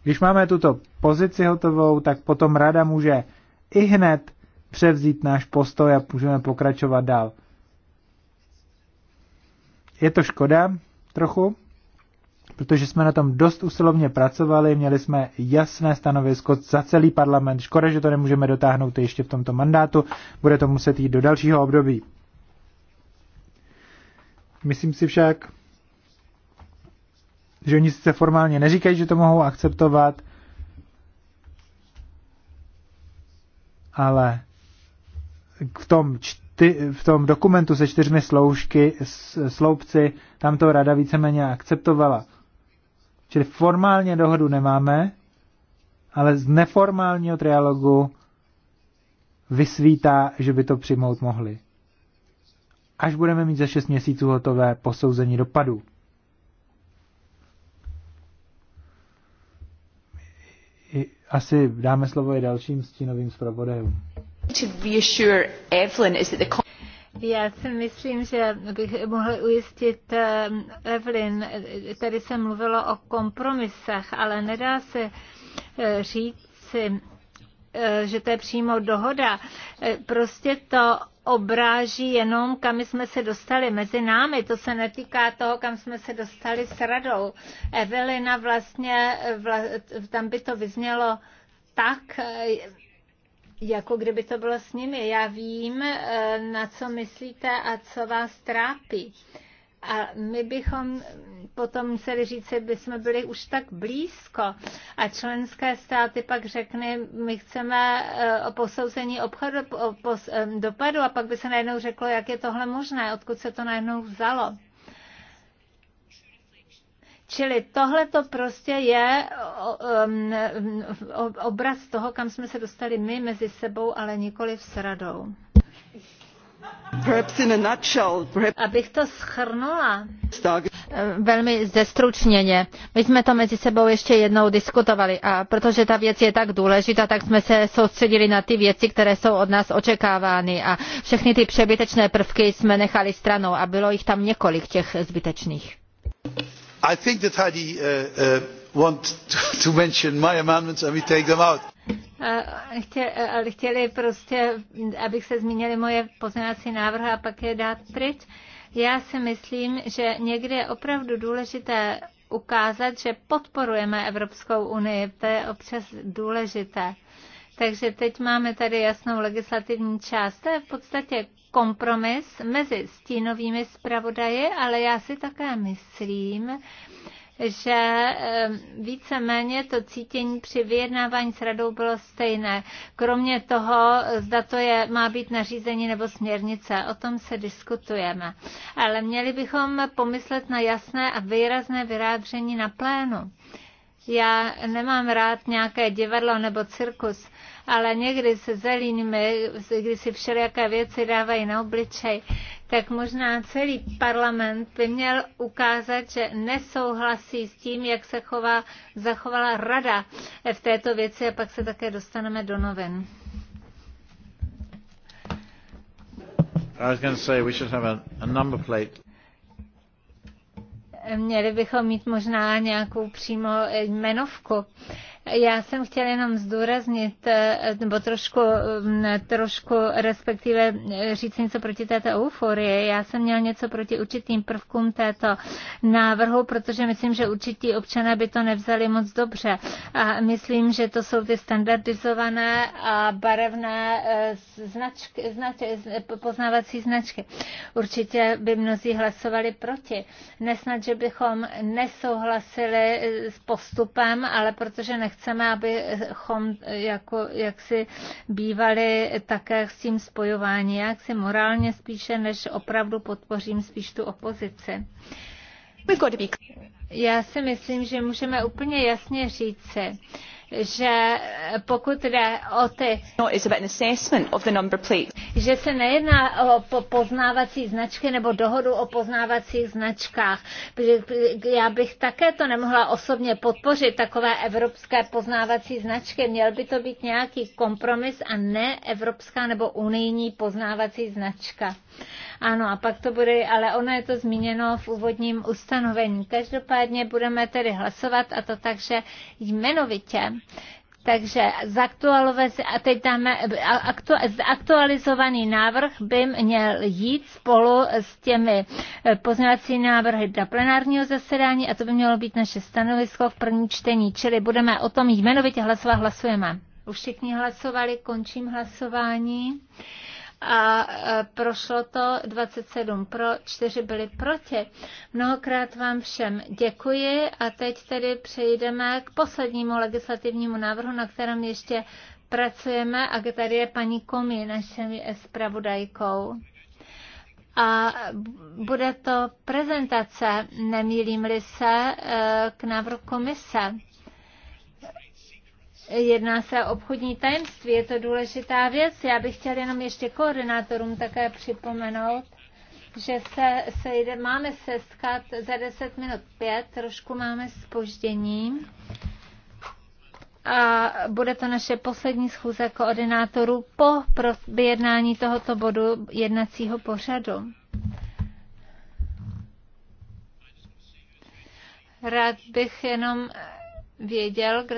když máme tuto pozici hotovou, tak potom rada může i hned převzít náš postoj a můžeme pokračovat dál. Je to škoda trochu, protože jsme na tom dost usilovně pracovali, měli jsme jasné stanovisko za celý parlament. Škoda, že to nemůžeme dotáhnout ještě v tomto mandátu, bude to muset jít do dalšího období. Myslím si však, že oni sice formálně neříkají, že to mohou akceptovat, ale v tom, čty, v tom dokumentu se čtyřmi sloužky, sloupci, tam to rada víceméně akceptovala. Čili formálně dohodu nemáme, ale z neformálního trialogu vysvítá, že by to přijmout mohli až budeme mít za 6 měsíců hotové posouzení dopadů. Asi dáme slovo i dalším stínovým zpravodajům. Já si myslím, že bych mohl ujistit um, Evelyn, tady se mluvilo o kompromisech, ale nedá se eh, říct, si, eh, že to je přímo dohoda. Eh, prostě to obráží jenom, kam jsme se dostali mezi námi. To se netýká toho, kam jsme se dostali s radou. Evelina vlastně, vla, tam by to vyznělo tak, jako kdyby to bylo s nimi. Já vím, na co myslíte a co vás trápí. A my bychom potom museli říct, že bychom byli už tak blízko a členské státy pak řekne, my chceme eh, o posouzení obchodu, o pos, eh, dopadu a pak by se najednou řeklo, jak je tohle možné, odkud se to najednou vzalo. Čili tohle to prostě je obraz toho, kam jsme se dostali my mezi sebou, ale nikoli s radou. Abych to schrnula eh, velmi zestručněně. My jsme to mezi sebou ještě jednou diskutovali a protože ta věc je tak důležitá, tak jsme se soustředili na ty věci, které jsou od nás očekávány a všechny ty přebytečné prvky jsme nechali stranou a bylo jich tam několik těch zbytečných. I think that Heidi uh, uh, wants to mention my amendments and we take them out. Chtěli, chtěli prostě, abych se zmínili moje pozměňovací návrhy a pak je dát pryč. Já si myslím, že někdy je opravdu důležité ukázat, že podporujeme Evropskou unii. To je občas důležité. Takže teď máme tady jasnou legislativní část. To je v podstatě kompromis mezi stínovými zpravodaji, ale já si také myslím, že eh, víceméně to cítění při vyjednávání s radou bylo stejné. Kromě toho, zda to je, má být nařízení nebo směrnice, o tom se diskutujeme. Ale měli bychom pomyslet na jasné a výrazné vyrádření na plénu. Já nemám rád nějaké divadlo nebo cirkus, ale někdy se zelíníme, když si všelijaké věci dávají na obličej, tak možná celý parlament by měl ukázat, že nesouhlasí s tím, jak se chová, zachovala rada v této věci a pak se také dostaneme do novin. měli bychom mít možná nějakou přímo eh, jmenovku. Já jsem chtěla jenom zdůraznit, eh, nebo trošku, mm, trošku respektive eh, říct něco proti této euforii. Já jsem měla něco proti určitým prvkům této návrhu, protože myslím, že určití občané by to nevzali moc dobře. A myslím, že to jsou ty standardizované a barevné eh, značky, značky, poznávací značky. Určitě by mnozí hlasovali proti. Nesnad, že bychom nesouhlasili s postupem, ale protože nechceme chceme, abychom jako, jak si bývali také s tím spojování, jak si morálně spíše, než opravdu podpořím spíš tu opozici. Já si myslím, že můžeme úplně jasně říci, že pokud jde o ty, no, it's about an assessment of the number plate. že se nejedná o poznávací značky nebo dohodu o poznávacích značkách. Já bych také to nemohla osobně podpořit, takové evropské poznávací značky. Měl by to být nějaký kompromis a ne evropská nebo unijní poznávací značka. Ano, a pak to bude, ale ono je to zmíněno v úvodním ustanovení. Každopádně budeme tedy hlasovat a to takže jmenovitě. Takže a teď dáme, aktualizovaný návrh by měl jít spolu s těmi eh, poznávací návrhy do plenárního zasedání a to by mělo být naše stanovisko v prvním čtení. Čili budeme o tom jmenovitě hlasovat, hlasujeme. Už všichni hlasovali, končím hlasování a e, prošlo to 27 pro, 4 byli proti. Mnohokrát vám všem děkuji a teď tedy přejdeme k poslednímu legislativnímu návrhu, na kterém ještě pracujeme a tady je paní Komi, našimi zpravodajkou a bude to prezentace, nemýlím-li se, e, k návrhu komise. Jedná se o obchodní tajemství, je to důležitá věc. Já bych chtěl jenom ještě koordinátorům také připomenout, že se, se jde, máme se za 10 minut 5, trošku máme spoždění. A bude to naše poslední schůze koordinátorů po vyjednání tohoto bodu jednacího pořadu. Rád bych jenom věděl, kdo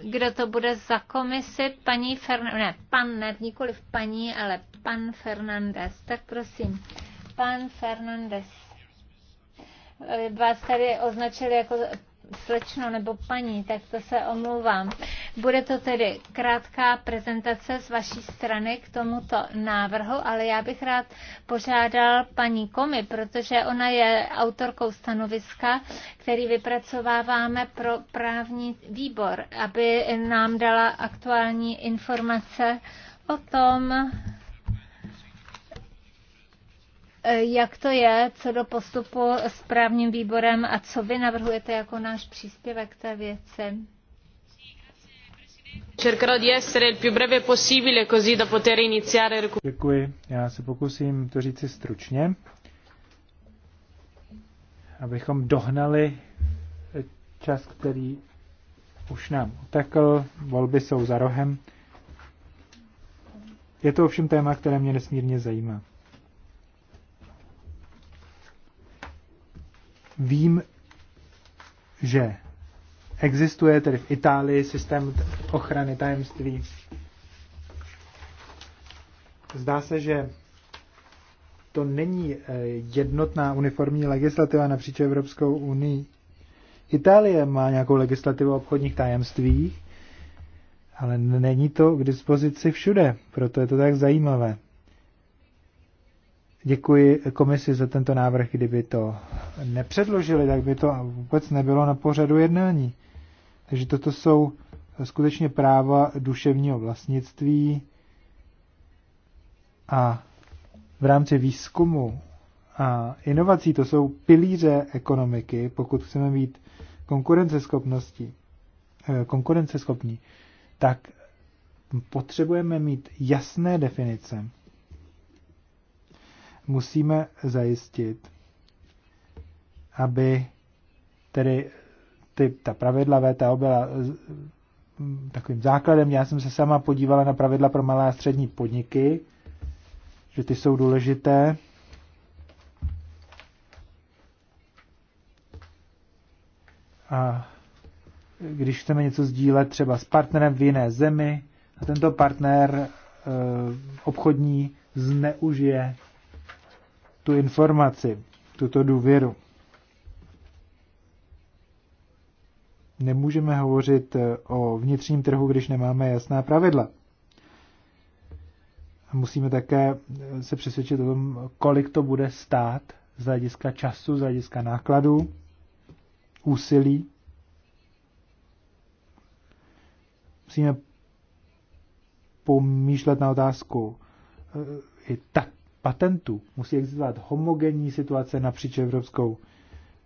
kdo to bude za komisi? Paní Fernandez, ne, pan, ne, nikoliv paní, ale pan Fernandez. Tak prosím, pan Fernandez. Vás tady označili jako slečno nebo paní, tak to se omlouvám. Bude to tedy krátká prezentace z vaší strany k tomuto návrhu, ale já bych rád požádal paní Komi, protože ona je autorkou stanoviska, který vypracováváme pro právní výbor, aby nám dala aktuální informace o tom, jak to je, co do postupu s právním výborem a co vy navrhujete jako náš příspěvek té věci? Děkuji. Já se pokusím to říci stručně, abychom dohnali čas, který už nám utekl. Volby jsou za rohem. Je to ovšem téma, které mě nesmírně zajímá. Vím, že existuje tedy v Itálii systém ochrany tajemství. Zdá se, že to není eh, jednotná uniformní legislativa napříč Evropskou unii. Itálie má nějakou legislativu o obchodních tajemstvích, ale není to k dispozici všude, proto je to tak zajímavé. Děkuji komisi za tento návrh. Kdyby to nepředložili, tak by to vůbec nebylo na pořadu jednání. Takže toto jsou skutečně práva duševního vlastnictví a v rámci výzkumu a inovací to jsou pilíře ekonomiky, pokud chceme být konkurenceschopnosti, eh, konkurenceschopní, tak potřebujeme mít jasné definice musíme zajistit, aby tedy ty, ta pravidla VTO byla takovým základem. Já jsem se sama podívala na pravidla pro malé a střední podniky, že ty jsou důležité. A když chceme něco sdílet třeba s partnerem v jiné zemi a tento partner e, obchodní zneužije tu informaci, tuto důvěru. Nemůžeme hovořit eh, o vnitřním trhu, když nemáme jasná pravidla. Musíme také eh, se přesvědčit o tom, kolik to bude stát z hlediska času, z hlediska nákladů, úsilí. Musíme pomýšlet na otázku eh, i tak patentů. Musí existovat homogenní situace napříč Evropskou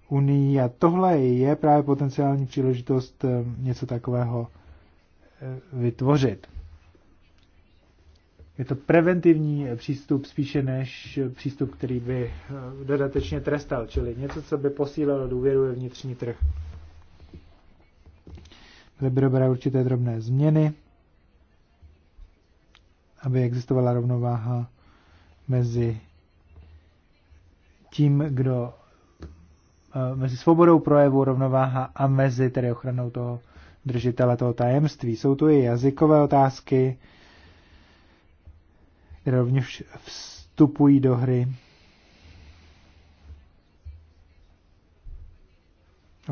unii a tohle je právě potenciální příležitost eh, něco takového eh, vytvořit. Je to preventivní přístup spíše než přístup, který by eh, dodatečně trestal, čili něco, co by posílilo důvěru ve vnitřní trh. Byly by dobré určité drobné změny, aby existovala rovnováha mezi tím, kdo eh, mezi svobodou projevu rovnováha a mezi tedy ochranou toho držitele toho tajemství. Jsou tu i jazykové otázky, které rovněž vstupují do hry.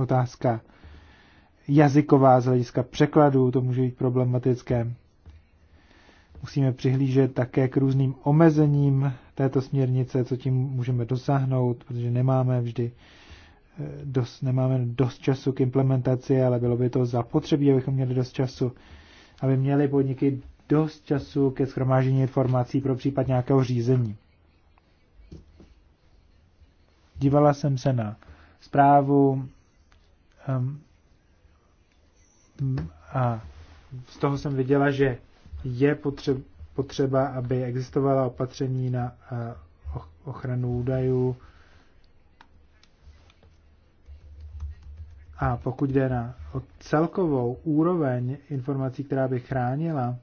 Otázka jazyková z hlediska překladů, to může být problematické musíme přihlížet také k různým omezením této směrnice, co tím můžeme dosáhnout, protože nemáme vždy eh, dost, nemáme dost času k implementaci, ale bylo by to zapotřebí, abychom měli dost času, aby měli podniky dost času ke schromážení informací pro případ nějakého řízení. Dívala jsem se na zprávu um, a z toho jsem viděla, že je potřeba, aby existovala opatření na eh, ochranu údajů. A pokud jde na celkovou úroveň informací, která by chránila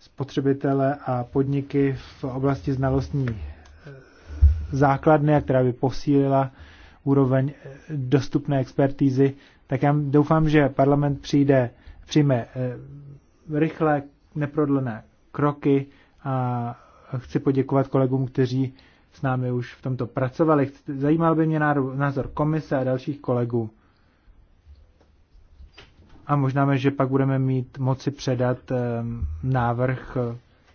spotřebitele a podniky v oblasti znalostní eh, základny, a která by posílila úroveň eh, dostupné expertízy, tak já doufám, že parlament přijde, přijme rychlé, neprodlené kroky a chci poděkovat kolegům, kteří s námi už v tomto pracovali. Zajímal by mě názor komise a dalších kolegů. A možná, že pak budeme mít moci předat ehm, návrh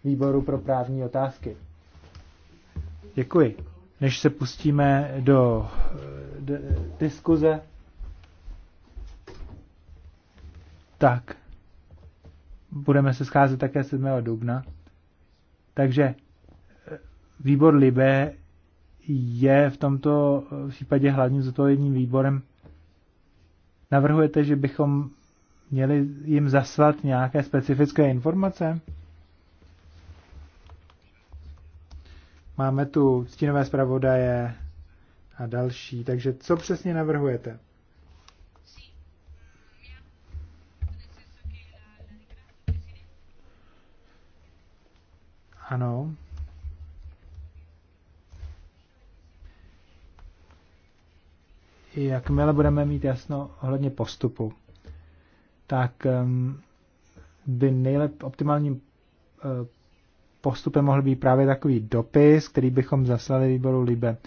výboru pro právní otázky. Děkuji. Než se pustíme do eh, diskuze, tak budeme se scházet také 7. dubna. Takže eh, výbor Libe je v tomto eh, případě hlavním zodpovědným výborem. Navrhujete, že bychom měli jim zaslat nějaké specifické informace? Máme tu stínové zpravodaje a další, takže co přesně navrhujete? Ano. Jakmile budeme mít jasno ohledně postupu, tak by nejlep optimálním e, postupem mohl být právě takový dopis, který bychom zaslali výboru Libe.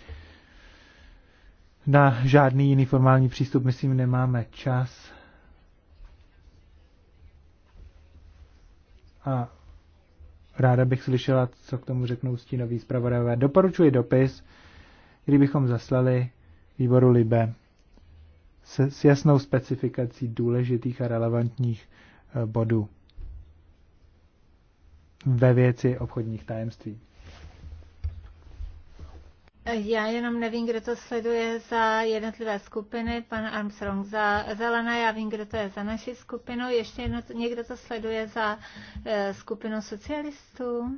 Na žádný jiný formální přístup, myslím, nemáme čas. A Ráda bych slyšela, co k tomu řeknou stínoví zpravodajové. Doporučuji dopis, který bychom zaslali výboru Libe se, s jasnou specifikací důležitých a relevantních eh, bodů ve věci obchodních tajemství. Já jenom nevím, kdo to sleduje za jednotlivé skupiny, pan Armstrong za zelené, já vím, kdo to je za naši skupinu, ještě jedno, někdo to sleduje za uh, skupinu socialistů.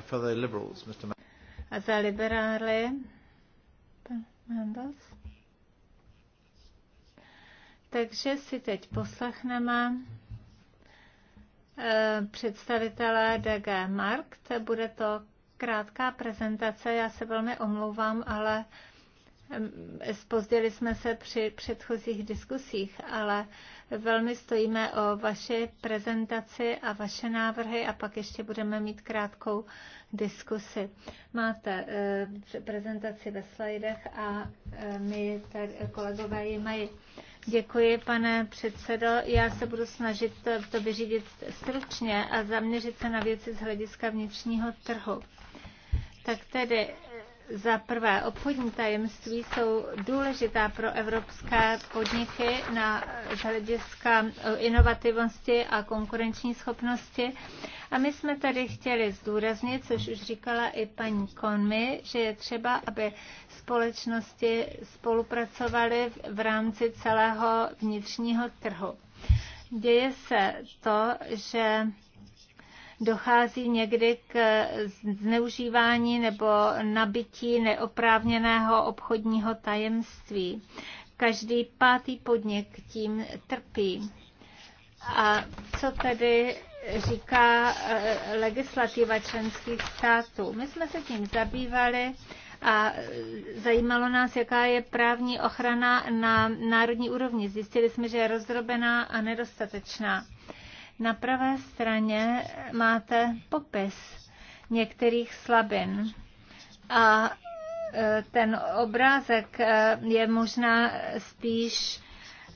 For the liberals, Mr. A za liberály, pan Mandels. Takže si teď poslechneme Eh, představitele DG Markt. Bude to krátká prezentace, já se velmi omlouvám, ale Spozdili eh, jsme se při předchozích diskusích, ale velmi stojíme o vaši prezentaci a vaše návrhy a pak ještě budeme mít krátkou diskusi. Máte eh, prezentaci ve slajdech a my tady, kolegové ji mají. Děkuji, pane předsedo. Já se budu snažit to, to vyřídit stručně a zaměřit se na věci z hlediska vnitřního trhu. Tak tedy za prvé, obchodní tajemství jsou důležitá pro evropské podniky na hlediska eh, inovativnosti a konkurenční schopnosti. A my jsme tady chtěli zdůraznit, což už říkala i paní Konmi, že je třeba, aby společnosti spolupracovaly v rámci celého vnitřního trhu. Děje se to, že dochází někdy k zneužívání nebo nabití neoprávněného obchodního tajemství. Každý pátý podnik tím trpí. A co tedy říká eh, legislativa členských států? My jsme se tím zabývali a zajímalo nás, jaká je právní ochrana na národní úrovni. Zjistili jsme, že je rozdrobená a nedostatečná. Na pravé straně máte popis některých slabin a e, ten obrázek e, je možná spíš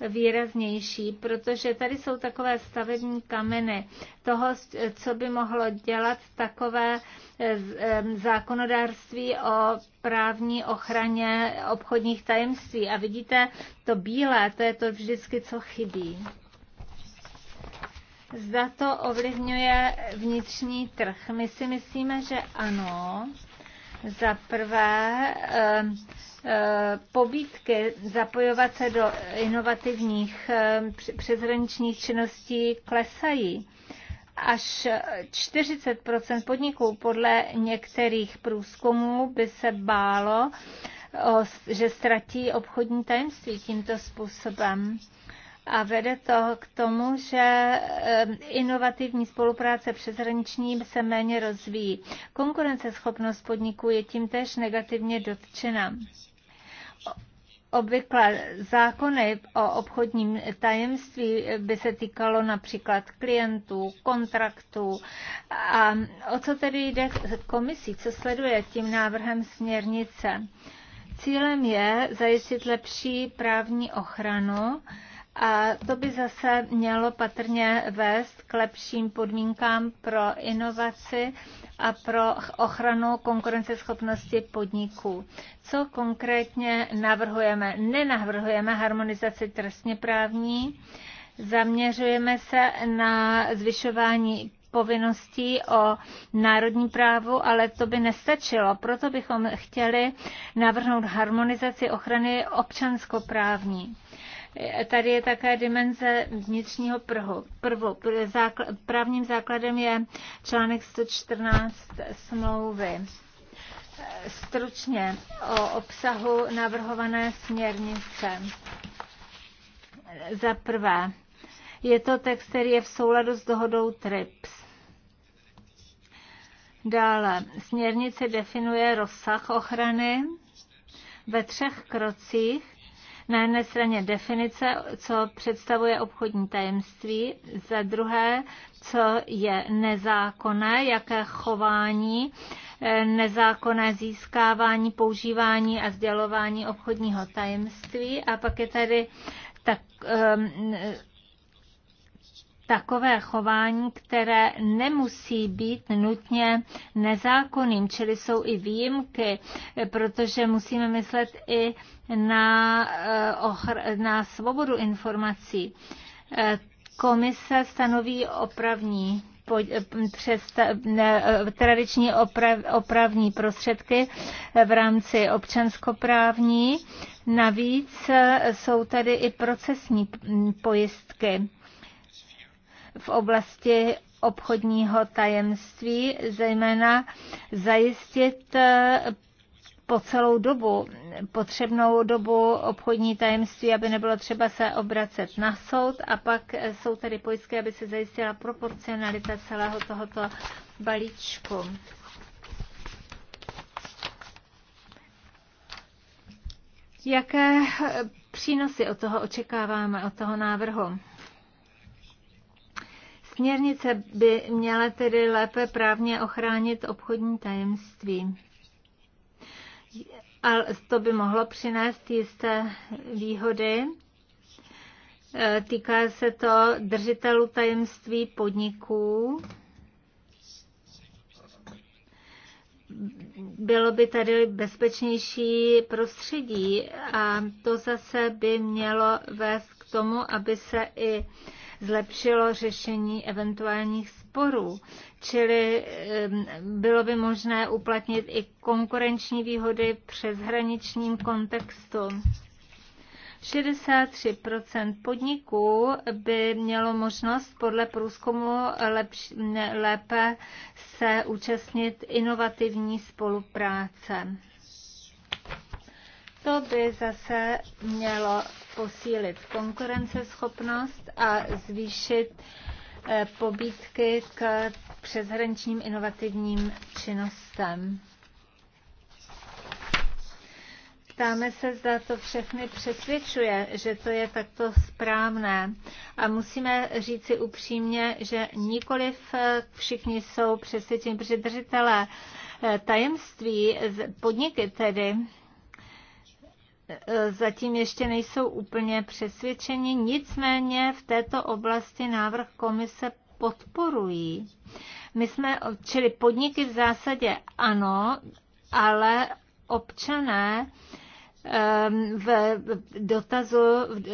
výraznější, protože tady jsou takové stavební kameny toho, co by mohlo dělat takové e, zákonodárství o právní ochraně obchodních tajemství. A vidíte, to bílé, to je to vždycky, co chybí zda to ovlivňuje vnitřní trh. My si myslíme, že ano. Za prvé, eh, eh, pobídky zapojovat se do inovativních eh, přeshraničních činností klesají. Až 40 podniků podle některých průzkumů by se bálo, že ztratí obchodní tajemství tímto způsobem a vede to k tomu, že inovativní spolupráce přeshraniční se méně rozvíjí. Konkurenceschopnost podniků je tím též negativně dotčena. Obvykle zákony o obchodním tajemství by se týkalo například klientů, kontraktů. A o co tedy jde komisí, co sleduje tím návrhem směrnice? Cílem je zajistit lepší právní ochranu a to by zase mělo patrně vést k lepším podmínkám pro inovaci a pro ochranu konkurenceschopnosti podniků. Co konkrétně navrhujeme? Nenavrhujeme harmonizaci trestně právní, zaměřujeme se na zvyšování povinností o národní právu, ale to by nestačilo. Proto bychom chtěli navrhnout harmonizaci ochrany občanskoprávní. Tady je také dimenze vnitřního prhu. Prvo, zákl, právním základem je článek 114 smlouvy. Stručně o obsahu navrhované směrnice. Za prvé, je to text, který je v souladu s dohodou TRIPS. Dále směrnice definuje rozsah ochrany ve třech krocích na jedné straně definice, co představuje obchodní tajemství, za druhé, co je nezákonné, jaké chování, eh, nezákonné získávání, používání a sdělování obchodního tajemství. A pak je tady tak, um, takové chování, které nemusí být nutně nezákonným, čili jsou i výjimky, protože musíme myslet i na, eh, na svobodu informací. Eh, komise stanoví opravní přes eh, tradiční oprav, opravní prostředky v rámci občanskoprávní. Navíc jsou tady i procesní pojistky v oblasti obchodního tajemství, zejména zajistit eh, po celou dobu, potřebnou dobu obchodní tajemství, aby nebylo třeba se obracet na soud a pak eh, jsou tady pojistky, aby se zajistila proporcionalita celého tohoto balíčku. Jaké eh, přínosy od toho očekáváme, od toho návrhu? Směrnice by měla tedy lépe právně ochránit obchodní tajemství. A to by mohlo přinést jisté výhody. E, týká se to držitelů tajemství podniků. Bylo by tady bezpečnější prostředí a to zase by mělo vést k tomu, aby se i zlepšilo řešení eventuálních sporů. Čili bylo by možné uplatnit i konkurenční výhody v přeshraničním kontextu. 63 podniků by mělo možnost podle průzkumu lepš, lépe se účastnit inovativní spolupráce. To by zase mělo posílit konkurenceschopnost a zvýšit eh, pobídky k přeshraničním inovativním činnostem. Ptáme se, zda to všechny přesvědčuje, že to je takto správné. A musíme říci upřímně, že nikoliv eh, všichni jsou přesvědčeni, protože držitelé eh, tajemství, podniky tedy, E, zatím ještě nejsou úplně přesvědčeni, nicméně v této oblasti návrh komise podporují. My jsme, čili podniky v zásadě ano, ale občané e, v dotazu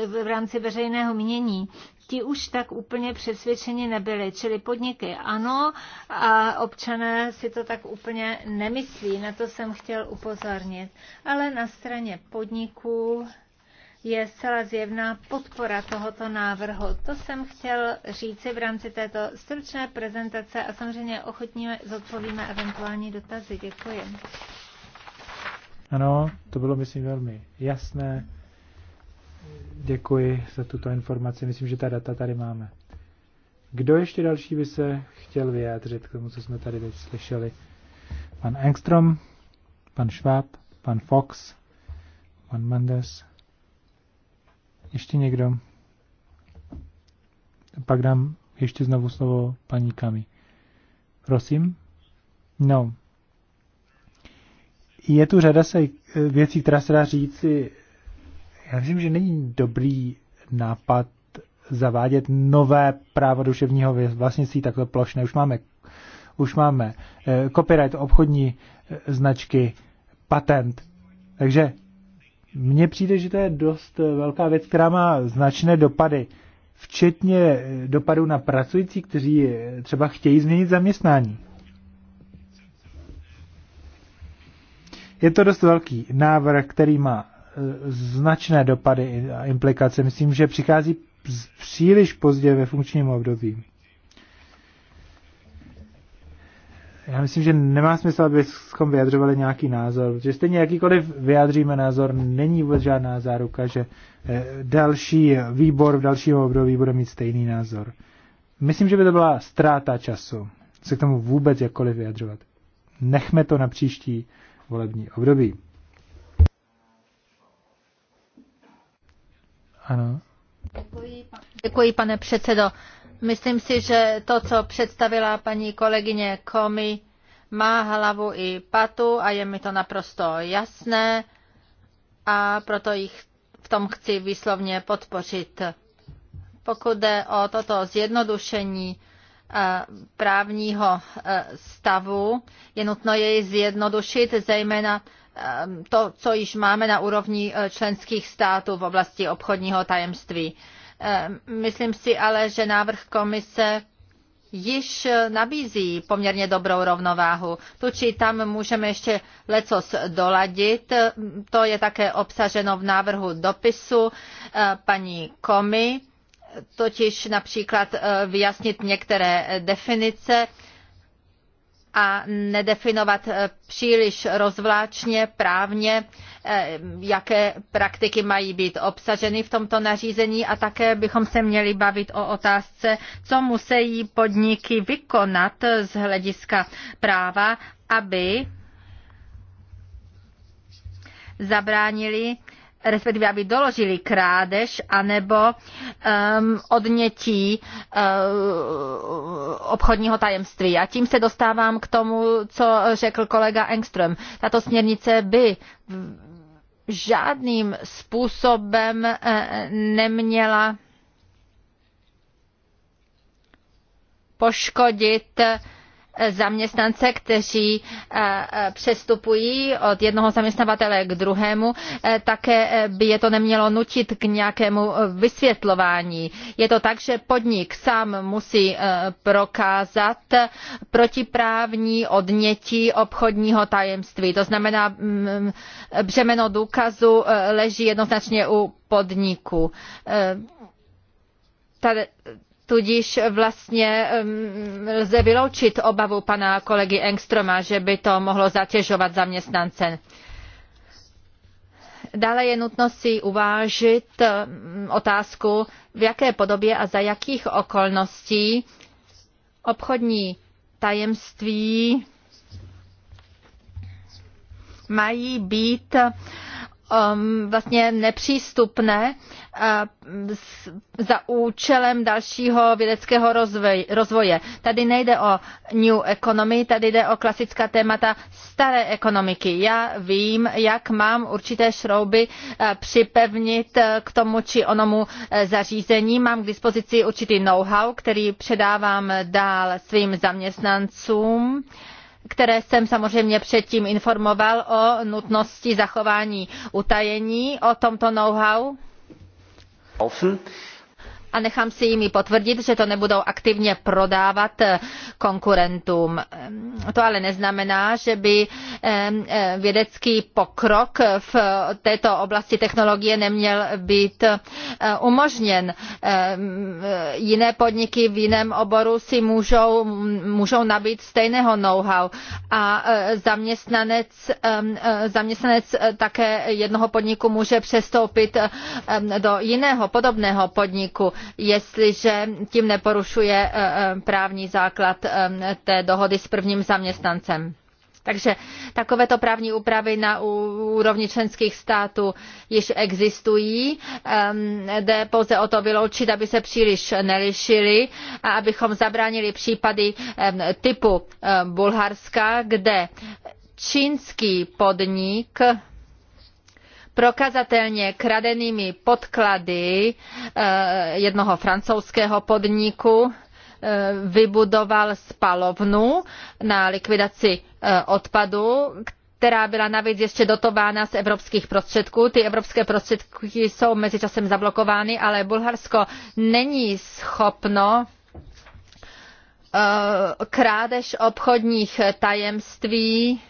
v rámci veřejného mínění ti už tak úplně přesvědčeni nebyli. Čili podniky ano a občané si to tak úplně nemyslí. Na to jsem chtěl upozornit. Ale na straně podniků je zcela zjevná podpora tohoto návrhu. To jsem chtěl říci v rámci této stručné prezentace a samozřejmě ochotníme zodpovíme eventuální dotazy. Děkuji. Ano, to bylo, myslím, velmi jasné. Děkuji za tuto informaci. Myslím, že ta data tady máme. Kdo ještě další by se chtěl vyjádřit k tomu, co jsme tady teď slyšeli? Pan Engstrom, pan Schwab, pan Fox, pan Mendes. Ještě někdo? Pak dám ještě znovu slovo paní Kami. Prosím? No. Je tu řada se věcí, která se dá říci já myslím, že není dobrý nápad zavádět nové právo duševního vlastnictví takhle plošné. Už máme, už máme eh, copyright, obchodní eh, značky, patent. Takže mně přijde, že to je dost eh, velká věc, která má značné dopady, včetně dopadů na pracující, kteří třeba chtějí změnit zaměstnání. Je to dost velký návrh, který má značné dopady a implikace. Myslím, že přichází příliš pozdě ve funkčním období. Já myslím, že nemá smysl, abychom vyjadřovali nějaký názor, protože stejně jakýkoliv vyjádříme názor, není vůbec žádná záruka, že eh, další výbor v dalším období bude mít stejný názor. Myslím, že by to byla ztráta času se k tomu vůbec jakkoliv vyjadřovat. Nechme to na příští volební období. Ano. Děkuji, pane předsedo. Myslím si, že to, co představila paní kolegyně Komi, má hlavu i patu a je mi to naprosto jasné a proto jich v tom chci výslovně podpořit. Pokud jde o toto zjednodušení eh, právního eh, stavu, je nutno jej zjednodušit, zejména Ehm, to, co již máme na úrovni e, členských států v oblasti obchodního tajemství. Ehm, myslím si ale, že návrh komise již e, nabízí poměrně dobrou rovnováhu. Tu či tam můžeme ještě lecos doladit. Ehm, to je také obsaženo v návrhu dopisu e, paní Komy, totiž například vyjasnit některé definice a nedefinovat eh, příliš rozvláčně právně, eh, jaké praktiky mají být obsaženy v tomto nařízení a také bychom se měli bavit o otázce, co musí podniky vykonat z hlediska práva, aby zabránili respektive aby doložili krádež anebo um, odnětí um, obchodního tajemství. A tím se dostávám k tomu, co řekl kolega Engström. Tato směrnice by žádným způsobem eh, neměla poškodit zaměstnance, kteří eh, eh, přestupují od jednoho zaměstnavatele k druhému, eh, také by je to nemělo nutit k nějakému vysvětlování. Je to tak, že podnik sám musí prokázat protiprávní odnětí obchodního tajemství. To znamená, mm, břemeno důkazu leží jednoznačně u podniku. Tady, Tudíž vlastně lze vyloučit obavu pana kolegy Engstroma, že by to mohlo zatěžovat zaměstnance. Dále je nutno si uvážit otázku, v jaké podobě a za jakých okolností obchodní tajemství mají být um, vlastně nepřístupné uh, za účelem dalšího vědeckého rozvoje. Tady nejde o new economy, tady jde o klasická témata staré ekonomiky. Já vím, jak mám určité šrouby uh, připevnit uh, k tomu či onomu zařízení. Mám k dispozici určitý know-how, který předávám dál svým zaměstnancům které jsem samozřejmě předtím informoval o nutnosti zachování utajení o tomto know how a nechám si jimi potvrdit, že to nebudou aktivně prodávat eh, konkurentům. Ehm, to ale neznamená, že by ehm, eh, vědecký pokrok v této oblasti technologie neměl být eh, umožněn. Ehm, jiné podniky v jiném oboru si můžou, můžou nabít stejného know-how a zaměstnanec, zaměstnanec také jednoho podniku může přestoupit do jiného podobného podniku jestliže tím neporušuje eh, eh, právní základ eh, té dohody s prvním zaměstnancem. Takže takovéto právní úpravy na úrovni členských států již existují. Ehm, jde pouze o to vyloučit, aby se příliš nelišily a abychom zabránili případy ehm, typu Bulharska, kde čínský podnik prokazatelně kradenými podklady eh, jednoho francouzského podniku eh, vybudoval spalovnu na likvidaci eh, odpadu, která byla navíc ještě dotována z evropských prostředků. Ty evropské prostředky jsou mezičasem zablokovány, ale Bulharsko není schopno krádež obchodních tajemství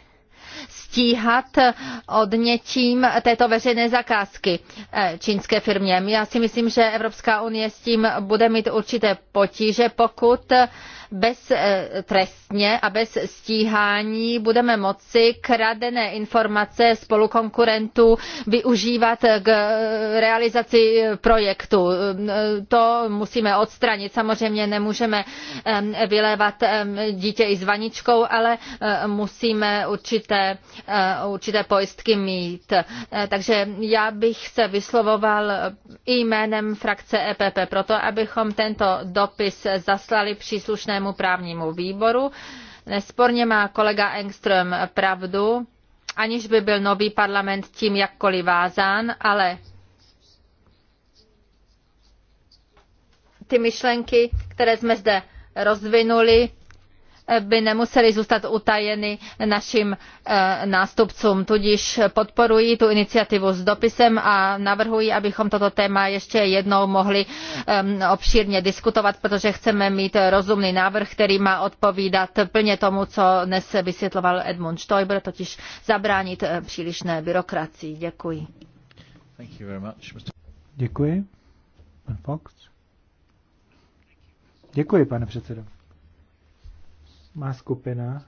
s stíhat odnětím této veřejné zakázky eh, čínské firmě. Já si myslím, že Evropská unie s tím bude mít určité potíže, pokud eh, bez eh, trestně a bez stíhání budeme moci kradené informace spolukonkurentů využívat k realizaci projektu. To musíme odstranit. Samozřejmě nemůžeme vylévat dítě i s vaničkou, ale musíme určité Eh, určité pojistky mít. Eh, takže já bych se vyslovoval jménem frakce EPP proto, abychom tento dopis zaslali příslušnému právnímu výboru. Nesporně má kolega Engström pravdu, aniž by byl nový parlament tím jakkoliv vázán, ale ty myšlenky, které jsme zde rozvinuli, by nemusely zůstat utajeny našim eh, nástupcům. Tudíž podporuji tu iniciativu s dopisem a navrhuji, abychom toto téma ještě jednou mohli obšírně diskutovat, protože chceme mít rozumný návrh, který má odpovídat plně tomu, co dnes vysvětloval Edmund Stoiber, totiž zabránit eh, přílišné byrokracii. Děkuji. Děkuji. Pan Fox. Děkuji, pane předsedo. Má skupina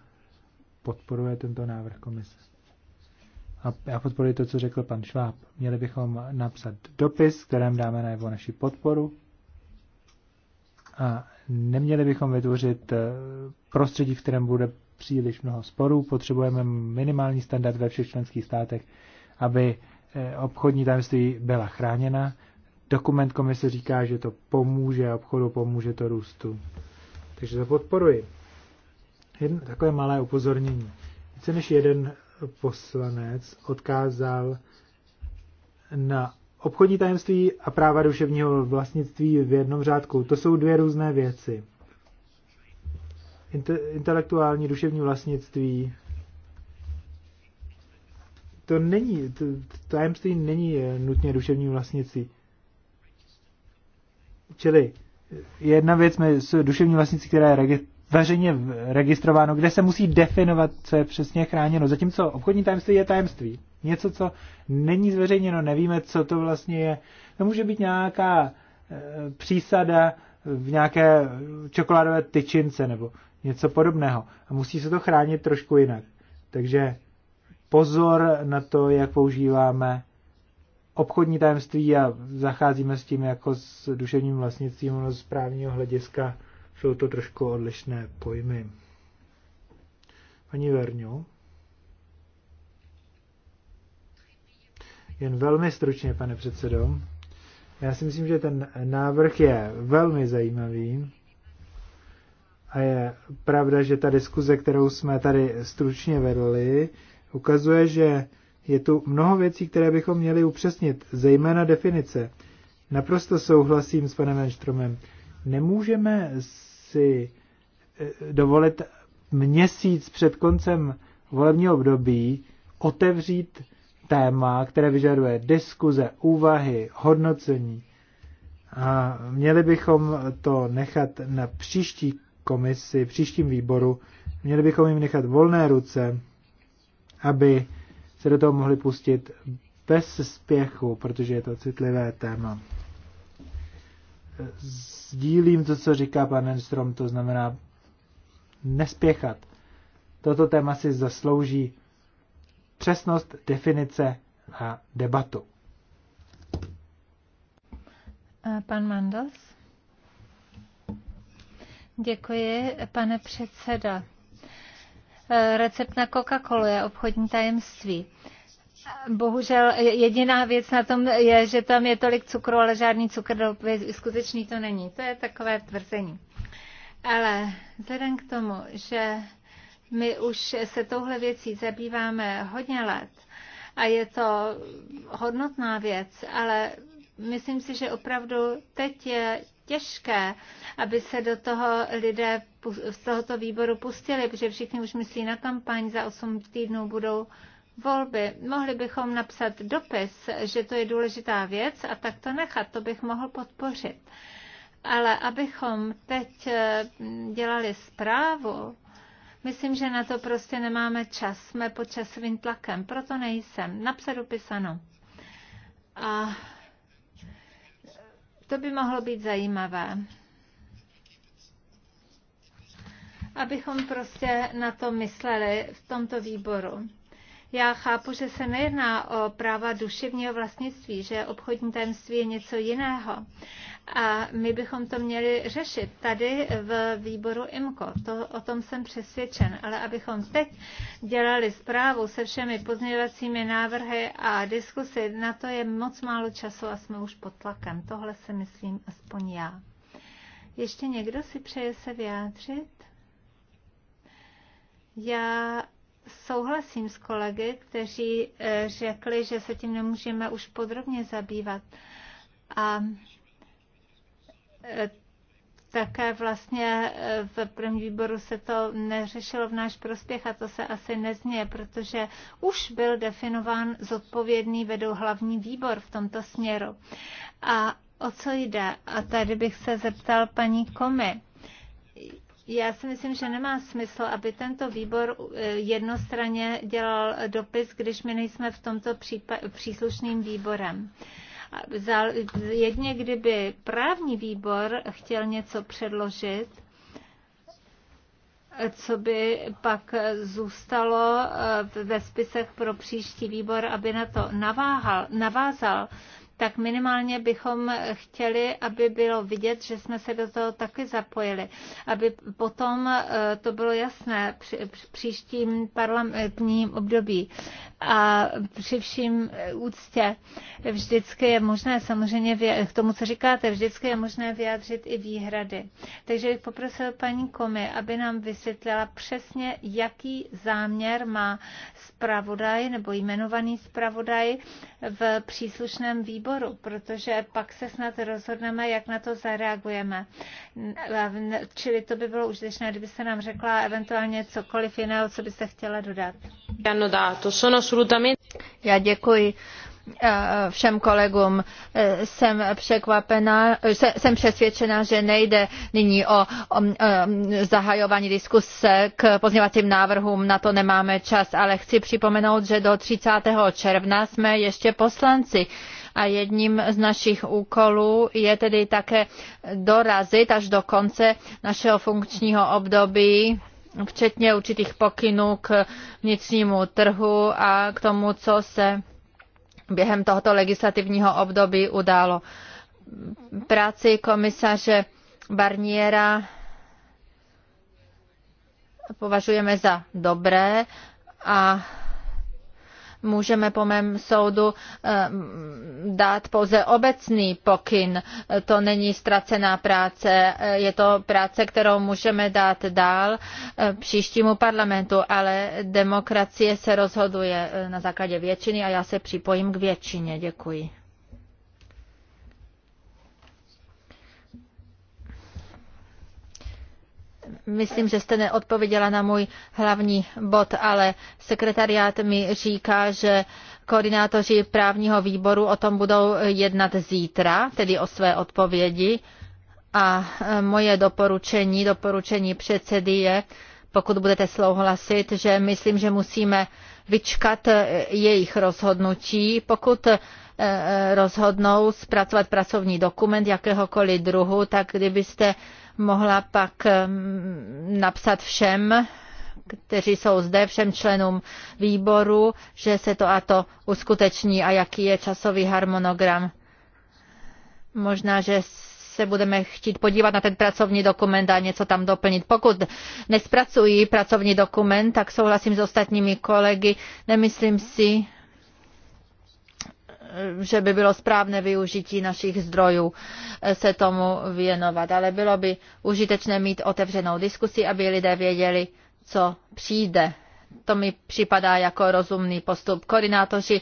podporuje tento návrh komise. A já podporuji to, co řekl pan Šváb. Měli bychom napsat dopis, kterém dáme najevo naši podporu a neměli bychom vytvořit eh, prostředí, v kterém bude příliš mnoho sporů. Potřebujeme minimální standard ve všech členských státech, aby eh, obchodní tajemství byla chráněna. Dokument komise říká, že to pomůže obchodu, pomůže to růstu. Takže to podporuji. Jedno, takové malé upozornění. Více než jeden poslanec odkázal na obchodní tajemství a práva duševního vlastnictví v jednom řádku. To jsou dvě různé věci. Inte, intelektuální duševní vlastnictví to není, to, tajemství není nutně duševní vlastnictví. Čili jedna věc je duševní vlastnictví, která je veřejně registrováno, kde se musí definovat, co je přesně chráněno. Zatímco obchodní tajemství je tajemství. Něco, co není zveřejněno, nevíme, co to vlastně je. To může být nějaká e, přísada v nějaké čokoládové tyčince nebo něco podobného. A musí se to chránit trošku jinak. Takže pozor na to, jak používáme obchodní tajemství a zacházíme s tím jako s duševním vlastnictvím z právního hlediska jsou to trošku odlišné pojmy. Paní Verňu. Jen velmi stručně, pane předsedo. Já si myslím, že ten návrh je velmi zajímavý. A je pravda, že ta diskuze, kterou jsme tady stručně vedli, ukazuje, že je tu mnoho věcí, které bychom měli upřesnit, zejména definice. Naprosto souhlasím s panem Enstromem. Nemůžeme si eh, dovolit měsíc před koncem volebního období otevřít téma, které vyžaduje diskuze, úvahy, hodnocení. A měli bychom to nechat na příští komisi, příštím výboru, měli bychom jim nechat volné ruce, aby se do toho mohli pustit bez spěchu, protože je to citlivé téma. Z sdílím to, co říká pan Enstrom, to znamená nespěchat. Toto téma si zaslouží přesnost definice a debatu. Pan Mandels. Děkuji, pane předseda. Recept na coca cola je obchodní tajemství. Bohužel jediná věc na tom je, že tam je tolik cukru, ale žádný cukr skutečný to není. To je takové tvrzení. Ale vzhledem k tomu, že my už se touhle věcí zabýváme hodně let a je to hodnotná věc, ale myslím si, že opravdu teď je těžké, aby se do toho lidé z tohoto výboru pustili, protože všichni už myslí na kampaň, za 8 týdnů budou volby. Mohli bychom napsat dopis, že to je důležitá věc a tak to nechat, to bych mohl podpořit. Ale abychom teď eh, dělali zprávu, myslím, že na to prostě nemáme čas, jsme pod časovým tlakem, proto nejsem. Napsat dopis ano. A to by mohlo být zajímavé. Abychom prostě na to mysleli v tomto výboru. Já chápu, že se nejedná o práva duševního vlastnictví, že obchodní tajemství je něco jiného. A my bychom to měli řešit tady v výboru IMCO. To, o tom jsem přesvědčen. Ale abychom teď dělali zprávu se všemi pozměňovacími návrhy a diskusy, na to je moc málo času a jsme už pod tlakem. Tohle se myslím aspoň já. Ještě někdo si přeje se vyjádřit? Já souhlasím s kolegy, kteří eh, řekli, že se tím nemůžeme už podrobně zabývat. A eh, také vlastně eh, v prvním výboru se to neřešilo v náš prospěch a to se asi nezměje, protože už byl definován zodpovědný vedou hlavní výbor v tomto směru. A o co jde? A tady bych se zeptal paní Komy já si myslím, že nemá smysl, aby tento výbor eh, jednostranně dělal dopis, když my nejsme v tomto příslušným výborem. Jedně kdyby právní výbor chtěl něco předložit, eh, co by pak eh, zůstalo ve spisech pro příští výbor, aby na to naváhal, navázal, tak minimálně bychom chtěli, aby bylo vidět, že jsme se do toho taky zapojili, aby potom eh, to bylo jasné při příštím parlamentním období a při vším e, úctě vždycky je možné, samozřejmě k tomu, co říkáte, vždycky je možné vyjádřit i výhrady. Takže bych poprosil paní Komi, aby nám vysvětlila přesně, jaký záměr má zpravodaj nebo jmenovaný zpravodaj v příslušném výboru, protože pak se snad rozhodneme, jak na to zareagujeme. Čili to by bylo užitečné, kdyby se nám řekla eventuálně cokoliv jiného, co byste chtěla dodat. ano, to Sono já děkuji eh, všem kolegům. Eh, jsem překvapená, eh, jsem přesvědčena, že nejde nyní o, o, o mm, zahajování diskuse k pozněvacím návrhům, na to nemáme čas, ale chci připomenout, že do 30. června jsme ještě poslanci a jedním z našich úkolů je tedy také dorazit až do konce našeho funkčního období včetně určitých pokynů k vnitřnímu trhu a k tomu, co se během tohoto legislativního období událo. Práci komisaře Barniera považujeme za dobré a můžeme po mém soudu eh, dát pouze obecný pokyn. To není ztracená práce, eh, je to práce, kterou můžeme dát dál eh, příštímu parlamentu, ale demokracie se rozhoduje na základě většiny a já se připojím k většině. Děkuji. Myslím, že jste neodpověděla na můj hlavní bod, ale sekretariát mi říká, že koordinátoři právního výboru o tom budou jednat zítra, tedy o své odpovědi. A e, moje doporučení, doporučení předsedy je, pokud budete souhlasit, že myslím, že musíme vyčkat e, jejich rozhodnutí. Pokud e, rozhodnou zpracovat pracovní dokument jakéhokoliv druhu, tak kdybyste mohla pak napsat všem, kteří jsou zde, všem členům výboru, že se to a to uskuteční a jaký je časový harmonogram. Možná, že se budeme chtít podívat na ten pracovní dokument a něco tam doplnit. Pokud nespracují pracovní dokument, tak souhlasím s ostatními kolegy. Nemyslím si, že by bylo správné využití našich zdrojů eh, se tomu věnovat. Ale bylo by užitečné mít otevřenou diskusi, aby lidé věděli, co přijde. To mi připadá jako rozumný postup. Koordinátoři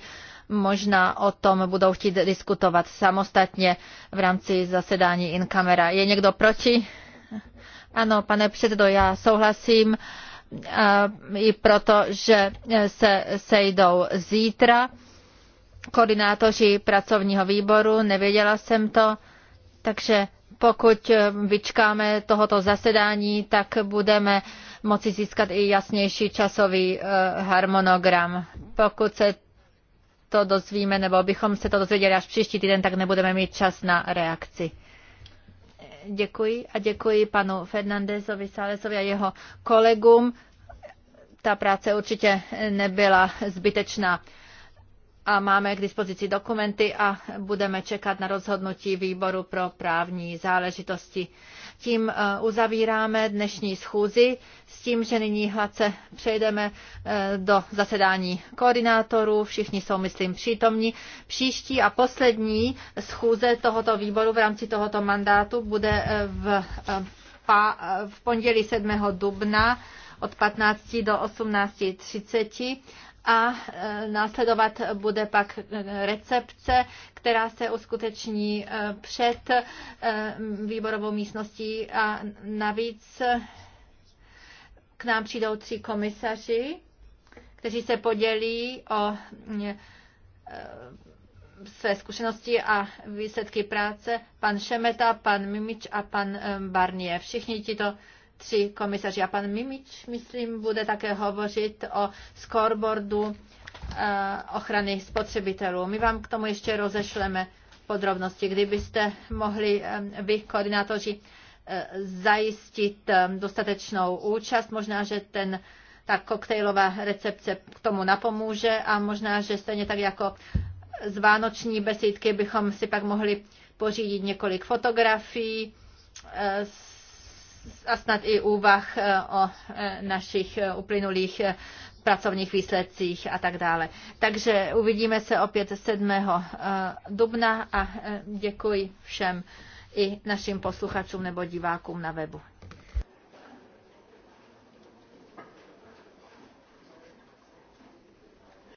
možná o tom budou chtít diskutovat samostatně v rámci zasedání in camera. Je někdo proti? Ano, pane předsedo, já souhlasím eh, i proto, že se sejdou zítra koordinátoři pracovního výboru, nevěděla jsem to, takže pokud vyčkáme tohoto zasedání, tak budeme moci získat i jasnější časový eh, harmonogram. Pokud se to dozvíme, nebo bychom se to dozvěděli až příští týden, tak nebudeme mít čas na reakci. Děkuji a děkuji panu Fernandezovi Sálezovi a jeho kolegům. Ta práce určitě nebyla zbytečná a máme k dispozici dokumenty a budeme čekat na rozhodnutí výboru pro právní záležitosti. Tím eh, uzavíráme dnešní schůzi s tím, že nyní hladce přejdeme eh, do zasedání koordinátorů. Všichni jsou, myslím, přítomní. Příští a poslední schůze tohoto výboru v rámci tohoto mandátu bude eh, v, v pondělí 7. dubna od 15 do 18.30 a e, následovat bude pak e, recepce, která se uskuteční e, před výborovou místností a navíc k nám přijdou tři komisaři, kteří se podělí o své zkušenosti a výsledky práce, pan Šemeta, pan Mimič a pan Barnier. Všichni tito tři komisaři. A pan Mimič, myslím, bude také hovořit o scoreboardu eh, ochrany spotřebitelů. My vám k tomu ještě rozešleme podrobnosti. Kdybyste mohli eh, vy, koordinátoři, eh, zajistit dostatečnou účast, možná, že ten ta koktejlová recepce k tomu napomůže a možná, že stejně tak jako z vánoční besídky bychom si pak mohli pořídit několik fotografií z a snad i úvah eh, o eh, našich eh, uplynulých pracovních výsledcích a tak dále. Takže uvidíme se opět 7. dubna a děkuji všem i našim posluchačům nebo divákům na webu.